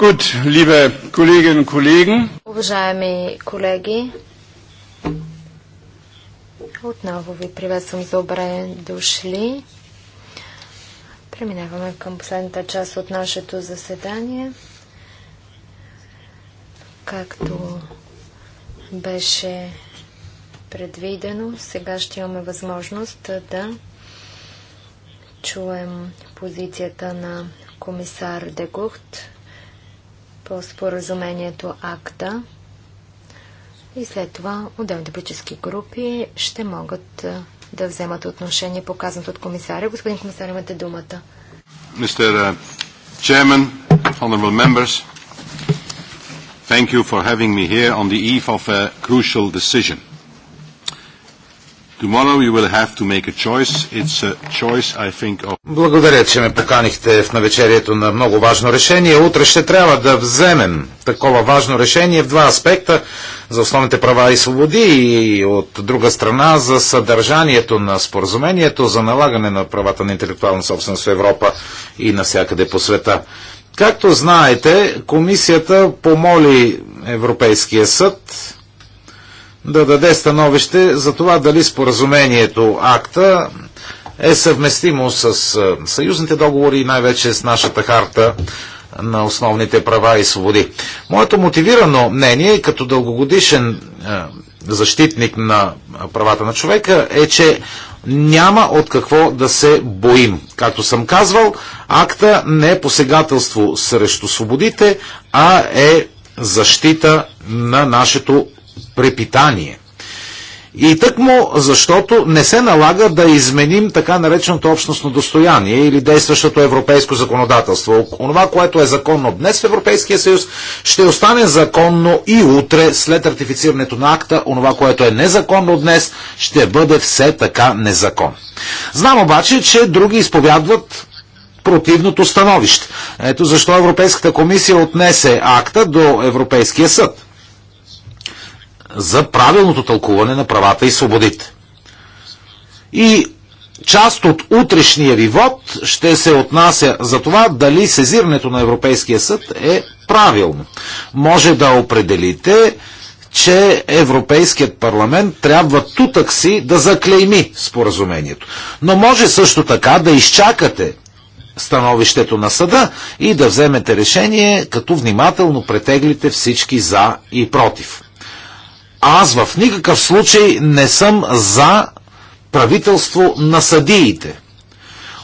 Gut, liebe Kolleginnen und Kollegen. Уважаеми колеги, отново ви приветствам за добре дошли. Преминаваме към последната част от нашето заседание. Както беше предвидено, сега ще имаме възможност да чуем позицията на комисар Дегухт по споразумението АКТА и след това отделните политически групи ще могат да вземат отношение по казаното от комисаря. Господин комисар, имате думата. Мистер Чермен, honorable members, thank you for having me here on the eve of a crucial decision. Choice, think, of... Благодаря, че ме поканихте в навечерието на много важно решение. Утре ще трябва да вземем такова важно решение в два аспекта за основните права и свободи и от друга страна за съдържанието на споразумението за налагане на правата на интелектуална собственост в Европа и навсякъде по света. Както знаете, комисията помоли Европейския съд да даде становище за това дали споразумението акта е съвместимо с съюзните договори и най-вече с нашата харта на основните права и свободи. Моето мотивирано мнение като дългогодишен защитник на правата на човека е, че няма от какво да се боим. Както съм казвал, акта не е посегателство срещу свободите, а е защита на нашето препитание. И тъкмо, защото не се налага да изменим така нареченото общностно достояние или действащото европейско законодателство. Онова, което е законно днес в Европейския съюз, ще остане законно и утре след ратифицирането на акта. Онова, което е незаконно днес, ще бъде все така незакон. Знам обаче, че други изповядват противното становище. Ето защо Европейската комисия отнесе акта до Европейския съд за правилното тълкуване на правата и свободите. И част от утрешния ви вод ще се отнася за това дали сезирането на Европейския съд е правилно. Може да определите, че Европейският парламент трябва тутък си да заклейми споразумението. Но може също така да изчакате становището на съда и да вземете решение, като внимателно претеглите всички за и против. Аз в никакъв случай не съм за правителство на съдиите.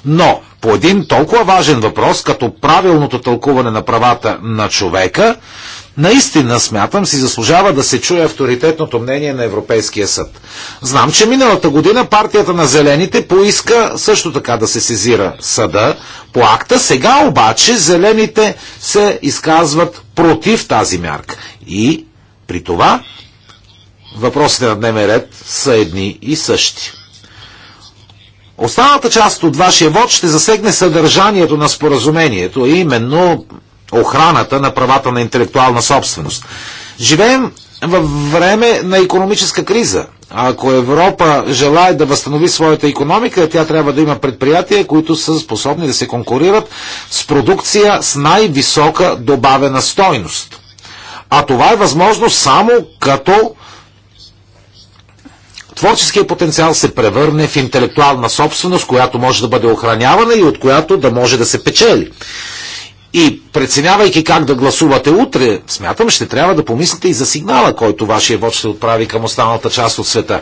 Но по един толкова важен въпрос, като правилното тълкуване на правата на човека, наистина смятам си заслужава да се чуе авторитетното мнение на Европейския съд. Знам, че миналата година партията на Зелените поиска също така да се сезира съда по акта. Сега обаче Зелените се изказват против тази мярка. И при това въпросите на дневен ред са едни и същи. Останалата част от вашия вод ще засегне съдържанието на споразумението, а именно охраната на правата на интелектуална собственост. Живеем във време на економическа криза. ако Европа желая да възстанови своята економика, тя трябва да има предприятия, които са способни да се конкурират с продукция с най-висока добавена стойност. А това е възможно само като творческия потенциал се превърне в интелектуална собственост, която може да бъде охранявана и от която да може да се печели. И преценявайки как да гласувате утре, смятам, ще трябва да помислите и за сигнала, който вашия вод ще отправи към останалата част от света.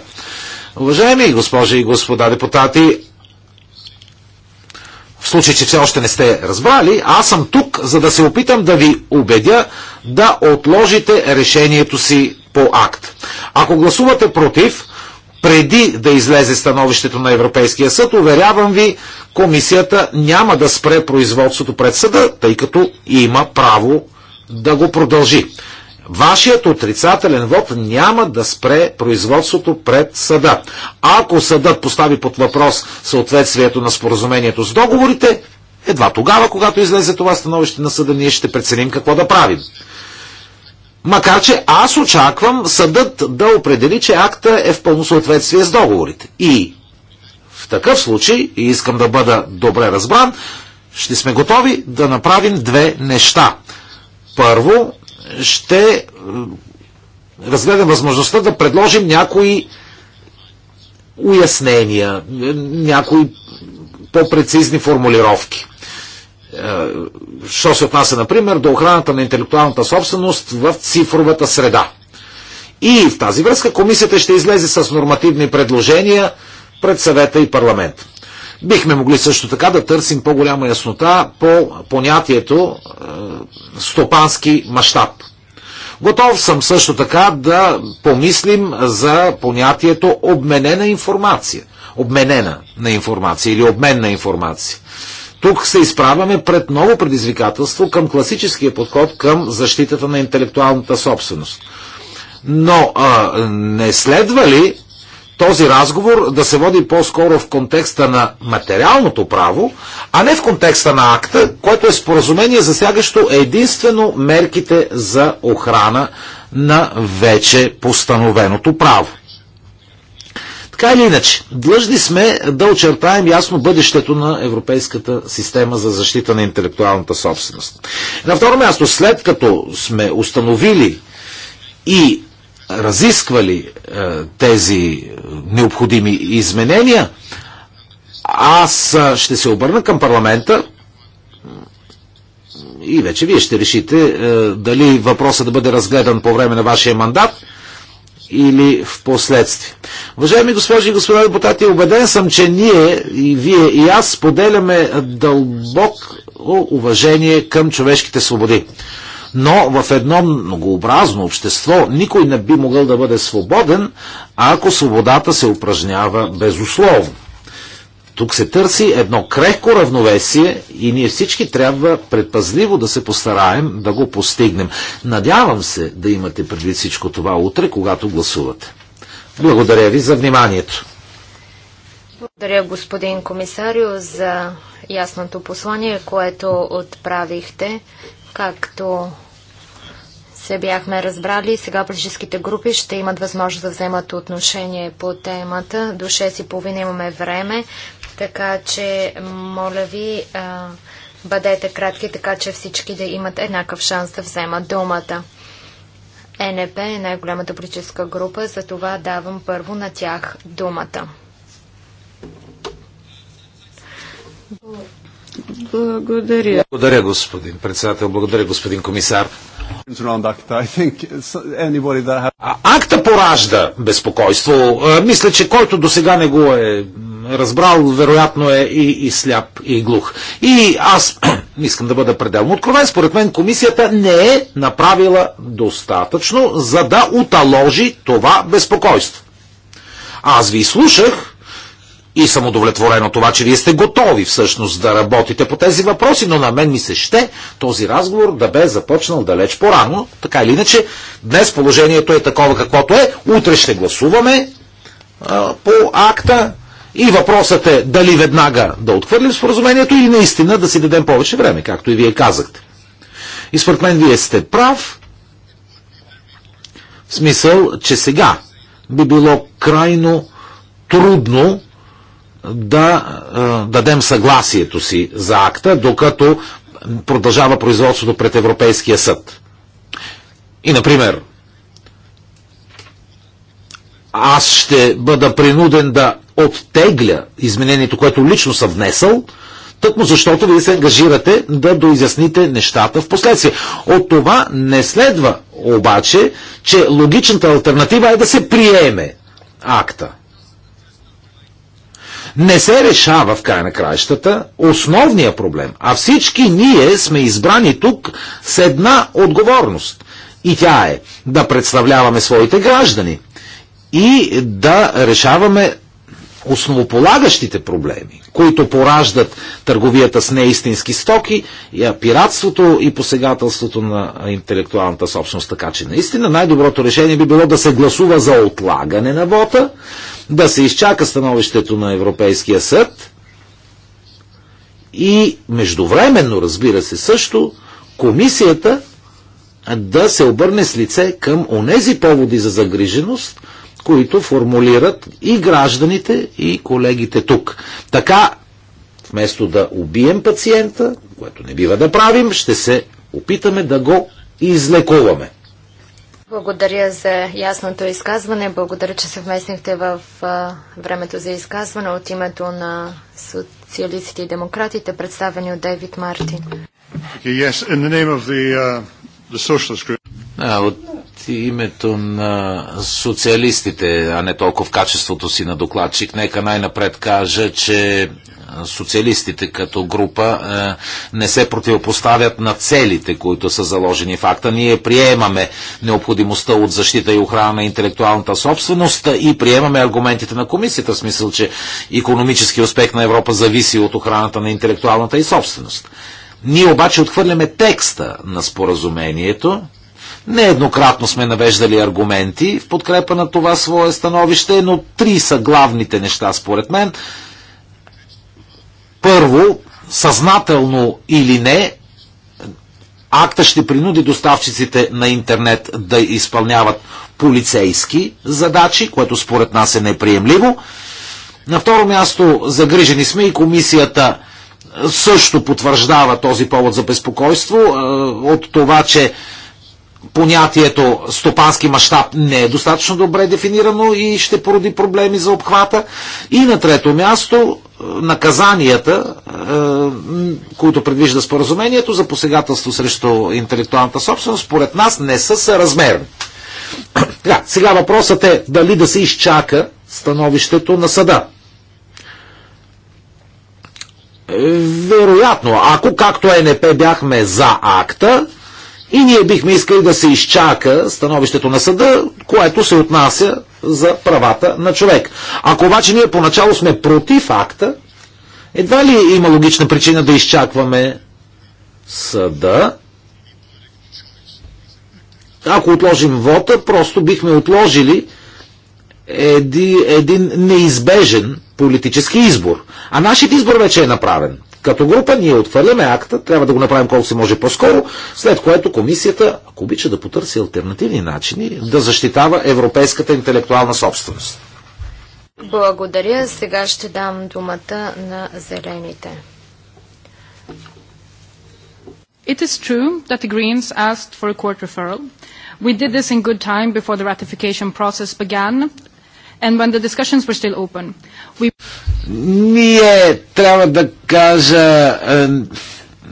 Уважаеми госпожи и господа депутати, в случай, че все още не сте разбрали, аз съм тук, за да се опитам да ви убедя да отложите решението си по акт. Ако гласувате против, преди да излезе становището на Европейския съд, уверявам ви, комисията няма да спре производството пред съда, тъй като има право да го продължи. Вашият отрицателен вод няма да спре производството пред съда. Ако съдът постави под въпрос съответствието на споразумението с договорите, едва тогава, когато излезе това становище на съда, ние ще преценим какво да правим. Макар, че аз очаквам съдът да определи, че акта е в пълно съответствие с договорите. И в такъв случай, и искам да бъда добре разбран, ще сме готови да направим две неща. Първо, ще е, разгледам възможността да предложим някои уяснения, е, някои по-прецизни формулировки що се отнася, например, до охраната на интелектуалната собственост в цифровата среда. И в тази връзка комисията ще излезе с нормативни предложения пред съвета и парламент. Бихме могли също така да търсим по-голяма яснота по понятието е, стопански мащаб. Готов съм също така да помислим за понятието обменена информация. Обменена на информация или обмен на информация. Тук се изправяме пред ново предизвикателство към класическия подход към защитата на интелектуалната собственост. Но а, не следва ли този разговор да се води по-скоро в контекста на материалното право, а не в контекста на акта, което е споразумение засягащо единствено мерките за охрана на вече постановеното право. Така или иначе, длъжни сме да очертаем ясно бъдещето на Европейската система за защита на интелектуалната собственост. На второ място, след като сме установили и разисквали е, тези необходими изменения, аз е, ще се обърна към парламента и вече вие ще решите е, дали въпросът да бъде разгледан по време на вашия мандат – или в последствие. Уважаеми госпожи и господа депутати, убеден съм, че ние и вие и аз споделяме дълбок уважение към човешките свободи. Но в едно многообразно общество никой не би могъл да бъде свободен, ако свободата се упражнява безусловно. Тук се търси едно крехко равновесие и ние всички трябва предпазливо да се постараем да го постигнем. Надявам се да имате предвид всичко това утре, когато гласувате. Благодаря ви за вниманието. Благодаря, господин комисарио, за ясното послание, което отправихте. Както се бяхме разбрали, сега политическите групи ще имат възможност да вземат отношение по темата. До 6.30 имаме време. Така че, моля ви, а, бъдете кратки, така че всички да имат еднакъв шанс да вземат думата. Е НП е най-голямата политическа група, за това давам първо на тях думата. Благодаря. Благодаря, господин председател. Благодаря, господин комисар. Е, Акта поражда безпокойство. Е, мисля, че който до сега не го е разбрал, вероятно е и, и сляп, и глух. И аз (clears throat) искам да бъда пределно откровен. Според мен комисията не е направила достатъчно, за да оталожи това безпокойство. Аз ви слушах и съм удовлетворен от това, че вие сте готови всъщност да работите по тези въпроси, но на мен ми се ще този разговор да бе започнал далеч по-рано. Така или иначе, днес положението е такова каквото е. Утре ще гласуваме а, по акта и въпросът е дали веднага да отхвърлим споразумението или наистина да си дадем повече време, както и вие казахте. И според мен вие сте прав, в смисъл, че сега би било крайно трудно да е, дадем съгласието си за акта, докато продължава производството пред Европейския съд. И, например, аз ще бъда принуден да оттегля изменението, което лично съм внесъл, тъкмо защото вие се ангажирате да доизясните нещата в последствие. От това не следва обаче, че логичната альтернатива е да се приеме акта не се решава в край на краищата основния проблем. А всички ние сме избрани тук с една отговорност. И тя е да представляваме своите граждани и да решаваме основополагащите проблеми, които пораждат търговията с неистински стоки, пиратството и посегателството на интелектуалната собственост. Така че наистина най-доброто решение би било да се гласува за отлагане на вота, да се изчака становището на Европейския съд и междувременно, разбира се, също комисията да се обърне с лице към онези поводи за загриженост, които формулират и гражданите, и колегите тук. Така, вместо да убием пациента, което не бива да правим, ще се опитаме да го излекуваме. Благодаря за ясното изказване. Благодаря, че се вместихте в времето за изказване от името на социалистите и демократите, представени от Дейвид Мартин. Okay, yes, the, uh, the а, от името на социалистите, а не толкова в качеството си на докладчик, нека най-напред кажа, че социалистите като група е, не се противопоставят на целите, които са заложени в акта. Ние приемаме необходимостта от защита и охрана на интелектуалната собственост и приемаме аргументите на комисията, в смисъл, че економически успех на Европа зависи от охраната на интелектуалната и собственост. Ние обаче отхвърляме текста на споразумението, Нееднократно сме навеждали аргументи в подкрепа на това свое становище, но три са главните неща според мен, първо, съзнателно или не, акта ще принуди доставчиците на интернет да изпълняват полицейски задачи, което според нас е неприемливо. На второ място загрижени сме и комисията също потвърждава този повод за безпокойство от това, че понятието стопански мащаб не е достатъчно добре дефинирано и ще породи проблеми за обхвата. И на трето място наказанията, е, които предвижда споразумението за посегателство срещу интелектуалната собственост, според нас не са съразмерни. Сега, сега въпросът е дали да се изчака становището на съда. Е, вероятно, ако както НП бяхме за акта, и ние бихме искали да се изчака становището на съда, което се отнася за правата на човек. Ако обаче ние поначало сме против акта, едва ли има логична причина да изчакваме съда. Ако отложим вота, просто бихме отложили един неизбежен политически избор. А нашият избор вече е направен като група ние отхвърляме акта, трябва да го направим колко се може по-скоро, след което комисията, ако обича да потърси альтернативни начини, да защитава европейската интелектуална собственост. Благодаря. Сега ще дам думата на зелените. It is true that the Greens asked for a court referral. We did this in good time before the ratification process began, and when the discussions were still open. We... Ние трябва да кажа, е,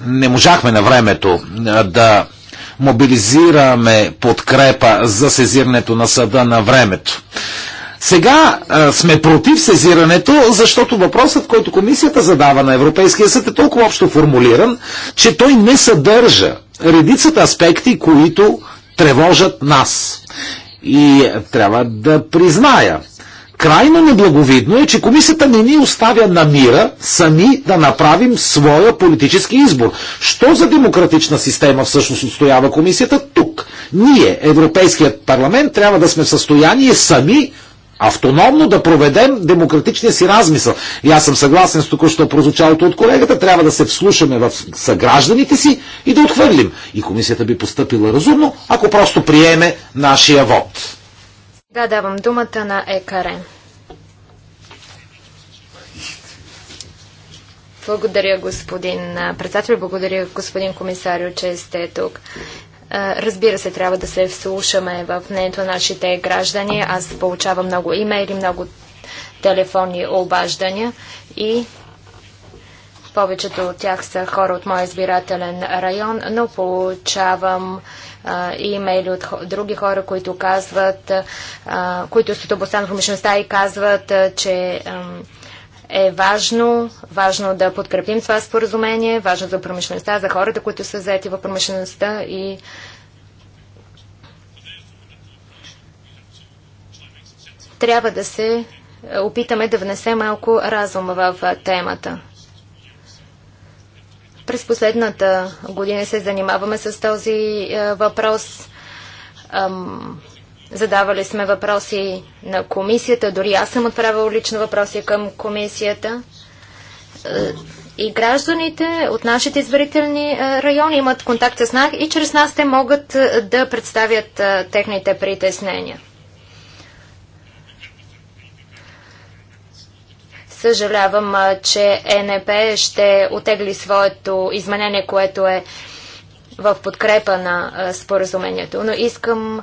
не можахме на времето е, да мобилизираме подкрепа за сезирането на съда на времето. Сега а, е, сме против сезирането, защото въпросът, който комисията задава на Европейския съд е толкова общо формулиран, че той не съдържа редицата аспекти, които тревожат нас. И трябва да призная, крайно неблаговидно е, че комисията не ни оставя на мира сами да направим своя политически избор. Що за демократична система всъщност отстоява комисията тук? Ние, Европейският парламент, трябва да сме в състояние сами автономно да проведем демократичния си размисъл. И аз съм съгласен с току-що прозвучалото от колегата, трябва да се вслушаме в съгражданите си и да отхвърлим. И комисията би поступила разумно, ако просто приеме нашия вод. Да, давам думата на Екаре. Благодаря, господин председател. Благодаря, господин комисарио, че сте тук. Разбира се, трябва да се вслушаме в мнението на нашите граждани. Аз получавам много имейли, много телефонни обаждания и повечето от тях са хора от моя избирателен район, но получавам имейли от други хора, които казват, които стоят обостанно в промишлеността и казват, че а, е важно. Важно да подкрепим това споразумение, важно за промишлеността, за хората, които са заети в промишлеността и трябва да се е, опитаме да внесе малко разум в е, темата. През последната година се занимаваме с този е, въпрос. Задавали сме въпроси на комисията, дори аз съм отправил лично въпроси към комисията. Е, и гражданите от нашите изварителни е, райони имат контакт с нас и чрез нас те могат е, да представят техните притеснения. Съжалявам, че ЕНП ще отегли своето изменение, което е в подкрепа на споразумението. Но искам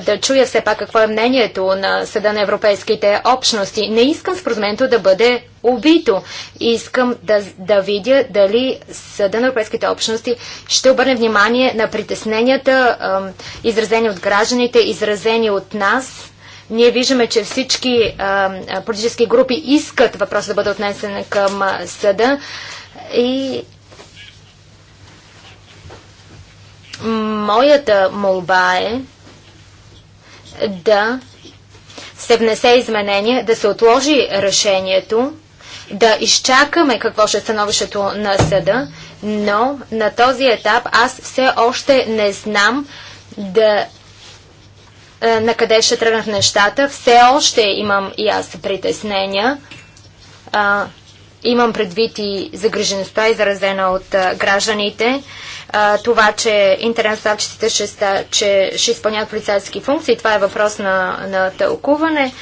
да чуя все пак какво е мнението на Съда на Европейските общности. Не искам споразумението да бъде убито. Искам да, да видя дали Съда на Европейските общности ще обърне внимание на притесненията, изразени от гражданите, изразени от нас. Ние виждаме, че всички а, политически групи искат въпроса да бъде отнесен към съда и моята молба е да се внесе изменение, да се отложи решението, да изчакаме какво ще е становището на съда, но на този етап аз все още не знам да е, на къде ще тръгнат нещата. Все още имам и аз притеснения. Имам предвид и загрижеността, изразена от гражданите, това, че интернет-ставчиците ще, че ще изпълняват полицейски функции. Това е въпрос на, на тълкуване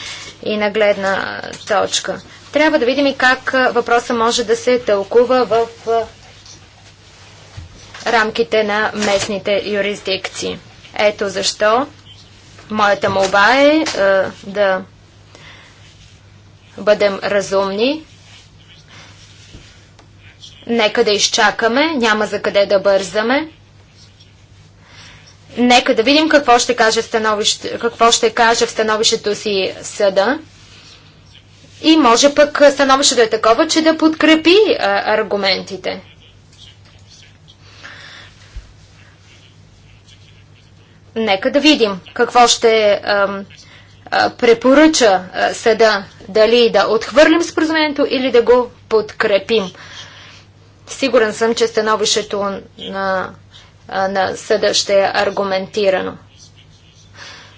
и на гледна точка. Трябва да видим и как въпроса може да се тълкува в рамките на местните юрисдикции. Ето защо моята молба е, е да бъдем разумни Нека да изчакаме, няма за къде да бързаме. Нека да видим какво ще каже, становище, какво ще каже в становището си съда. И може пък становището да е такова, че да подкрепи а, аргументите. Нека да видим какво ще а, а, препоръча съда. Дали да отхвърлим споразумението или да го подкрепим. Сигурен съм, че становището на, на съда ще е аргументирано.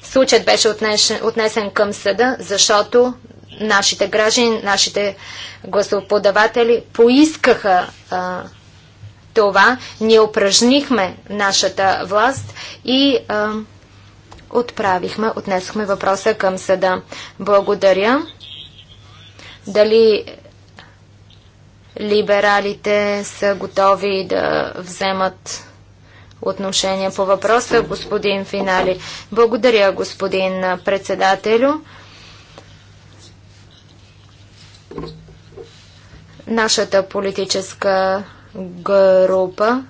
Случаят беше отнесен, отнесен към съда, защото нашите граждани, нашите гласоподаватели поискаха а, това. Ние упражнихме нашата власт и а, отправихме, отнесохме въпроса към съда. Благодаря. Дали Либералите са готови да вземат отношение по въпроса, господин Финали. Благодаря, господин председателю. Нашата политическа група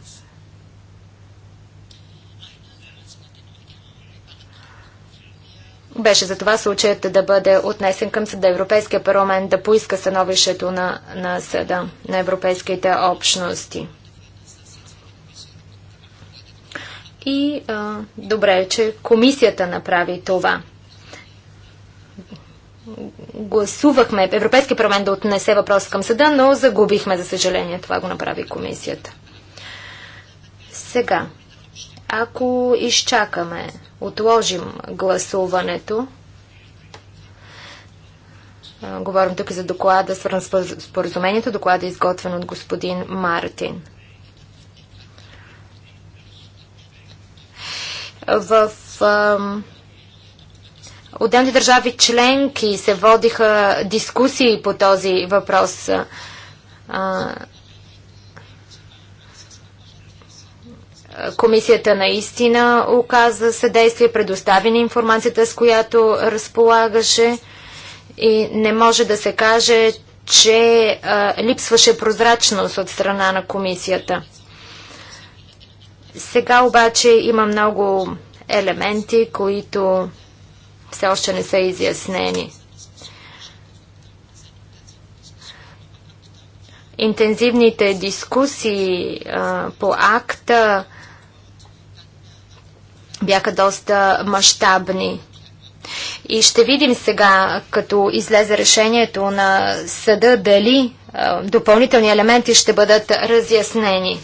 Беше за това случаят да бъде отнесен към съда Европейския парламент да поиска становището на, на съда на европейските общности. И а, добре е, че комисията направи това. Гласувахме Европейския парламент да отнесе въпрос към съда, но загубихме, за съжаление, това го направи комисията. Сега, ако изчакаме, отложим гласуването, говорим тук и за доклада, свързан с споразумението, доклада е изготвен от господин Мартин. В ам, отделни държави членки се водиха дискусии по този въпрос. А, Комисията наистина оказа съдействие, предоставени на информацията, с която разполагаше и не може да се каже, че а, липсваше прозрачност от страна на комисията. Сега обаче има много елементи, които все още не са изяснени. Интензивните дискусии а, по акта, бяха доста мащабни. И ще видим сега, като излезе решението на съда, дали е, допълнителни елементи ще бъдат разяснени.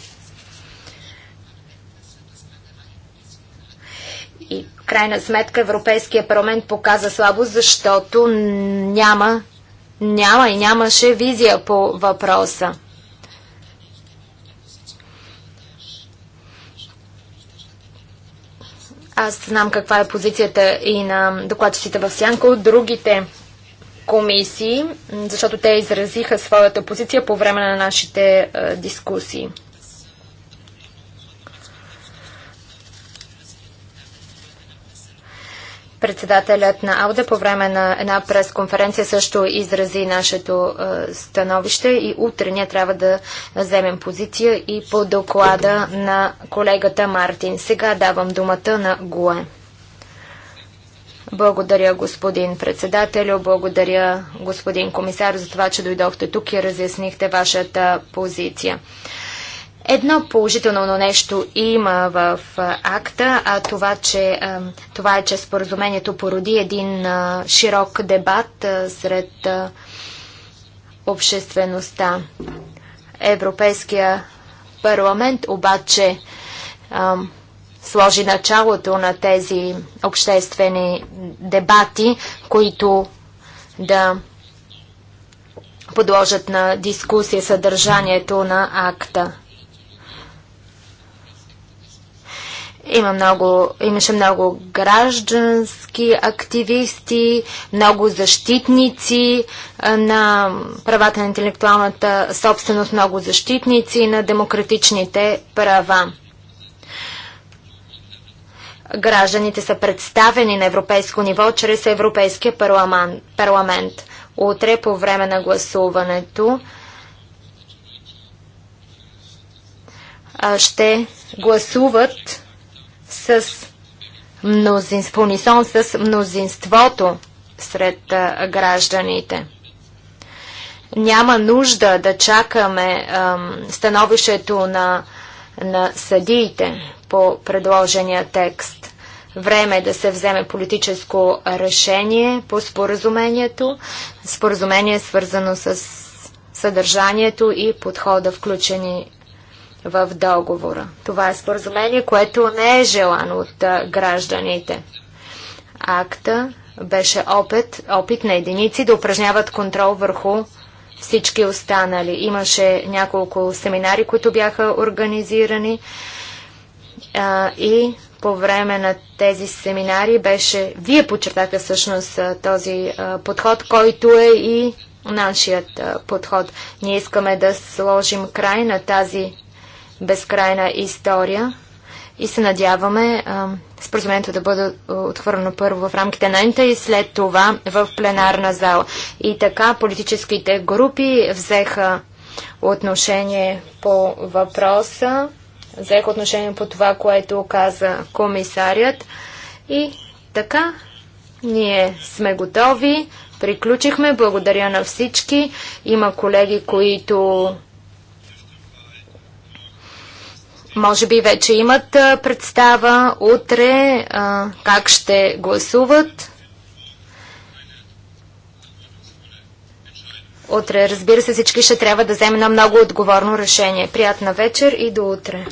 И крайна сметка Европейския парламент показа слабо, защото няма, няма и нямаше визия по въпроса. Аз знам каква е позицията и на докладчиците в Сянка от другите комисии, защото те изразиха своята позиция по време на нашите е, дискусии. Председателят на АУДА по време на една пресконференция също изрази нашето е, становище и утре ние трябва да вземем позиция и по доклада на колегата Мартин. Сега давам думата на ГУЕ. Благодаря, господин председателю, благодаря, господин комисар, за това, че дойдохте тук и разяснихте вашата позиция. Едно положително нещо има в акта, а това, че, това е, че споразумението породи един широк дебат сред обществеността. Европейския парламент обаче сложи началото на тези обществени дебати, които да подложат на дискусия съдържанието на акта. Има много, имаше много граждански активисти, много защитници на правата на интелектуалната собственост, много защитници на демократичните права. Гражданите са представени на европейско ниво чрез Европейския парламент. Утре по време на гласуването ще гласуват с мнозинство, с мнозинството сред гражданите. Няма нужда да чакаме ам, становището на, на съдиите по предложения текст. Време е да се вземе политическо решение по споразумението. Споразумение е свързано с съдържанието и подхода, включени в договора. Това е споразумение, което не е желано от гражданите. Акта беше опит, опит на единици да упражняват контрол върху всички останали. Имаше няколко семинари, които бяха организирани а, и по време на тези семинари беше, вие подчертахте всъщност този а, подход, който е и нашият а, подход. Ние искаме да сложим край на тази безкрайна история и се надяваме а, споразумението да бъде отхвърлено първо в рамките на НТА и след това в пленарна зала. И така политическите групи взеха отношение по въпроса, взеха отношение по това, което каза комисарият, и така ние сме готови. Приключихме. Благодаря на всички. Има колеги, които може би вече имат представа утре как ще гласуват. Утре, разбира се, всички ще трябва да вземем много отговорно решение. Приятна вечер и до утре.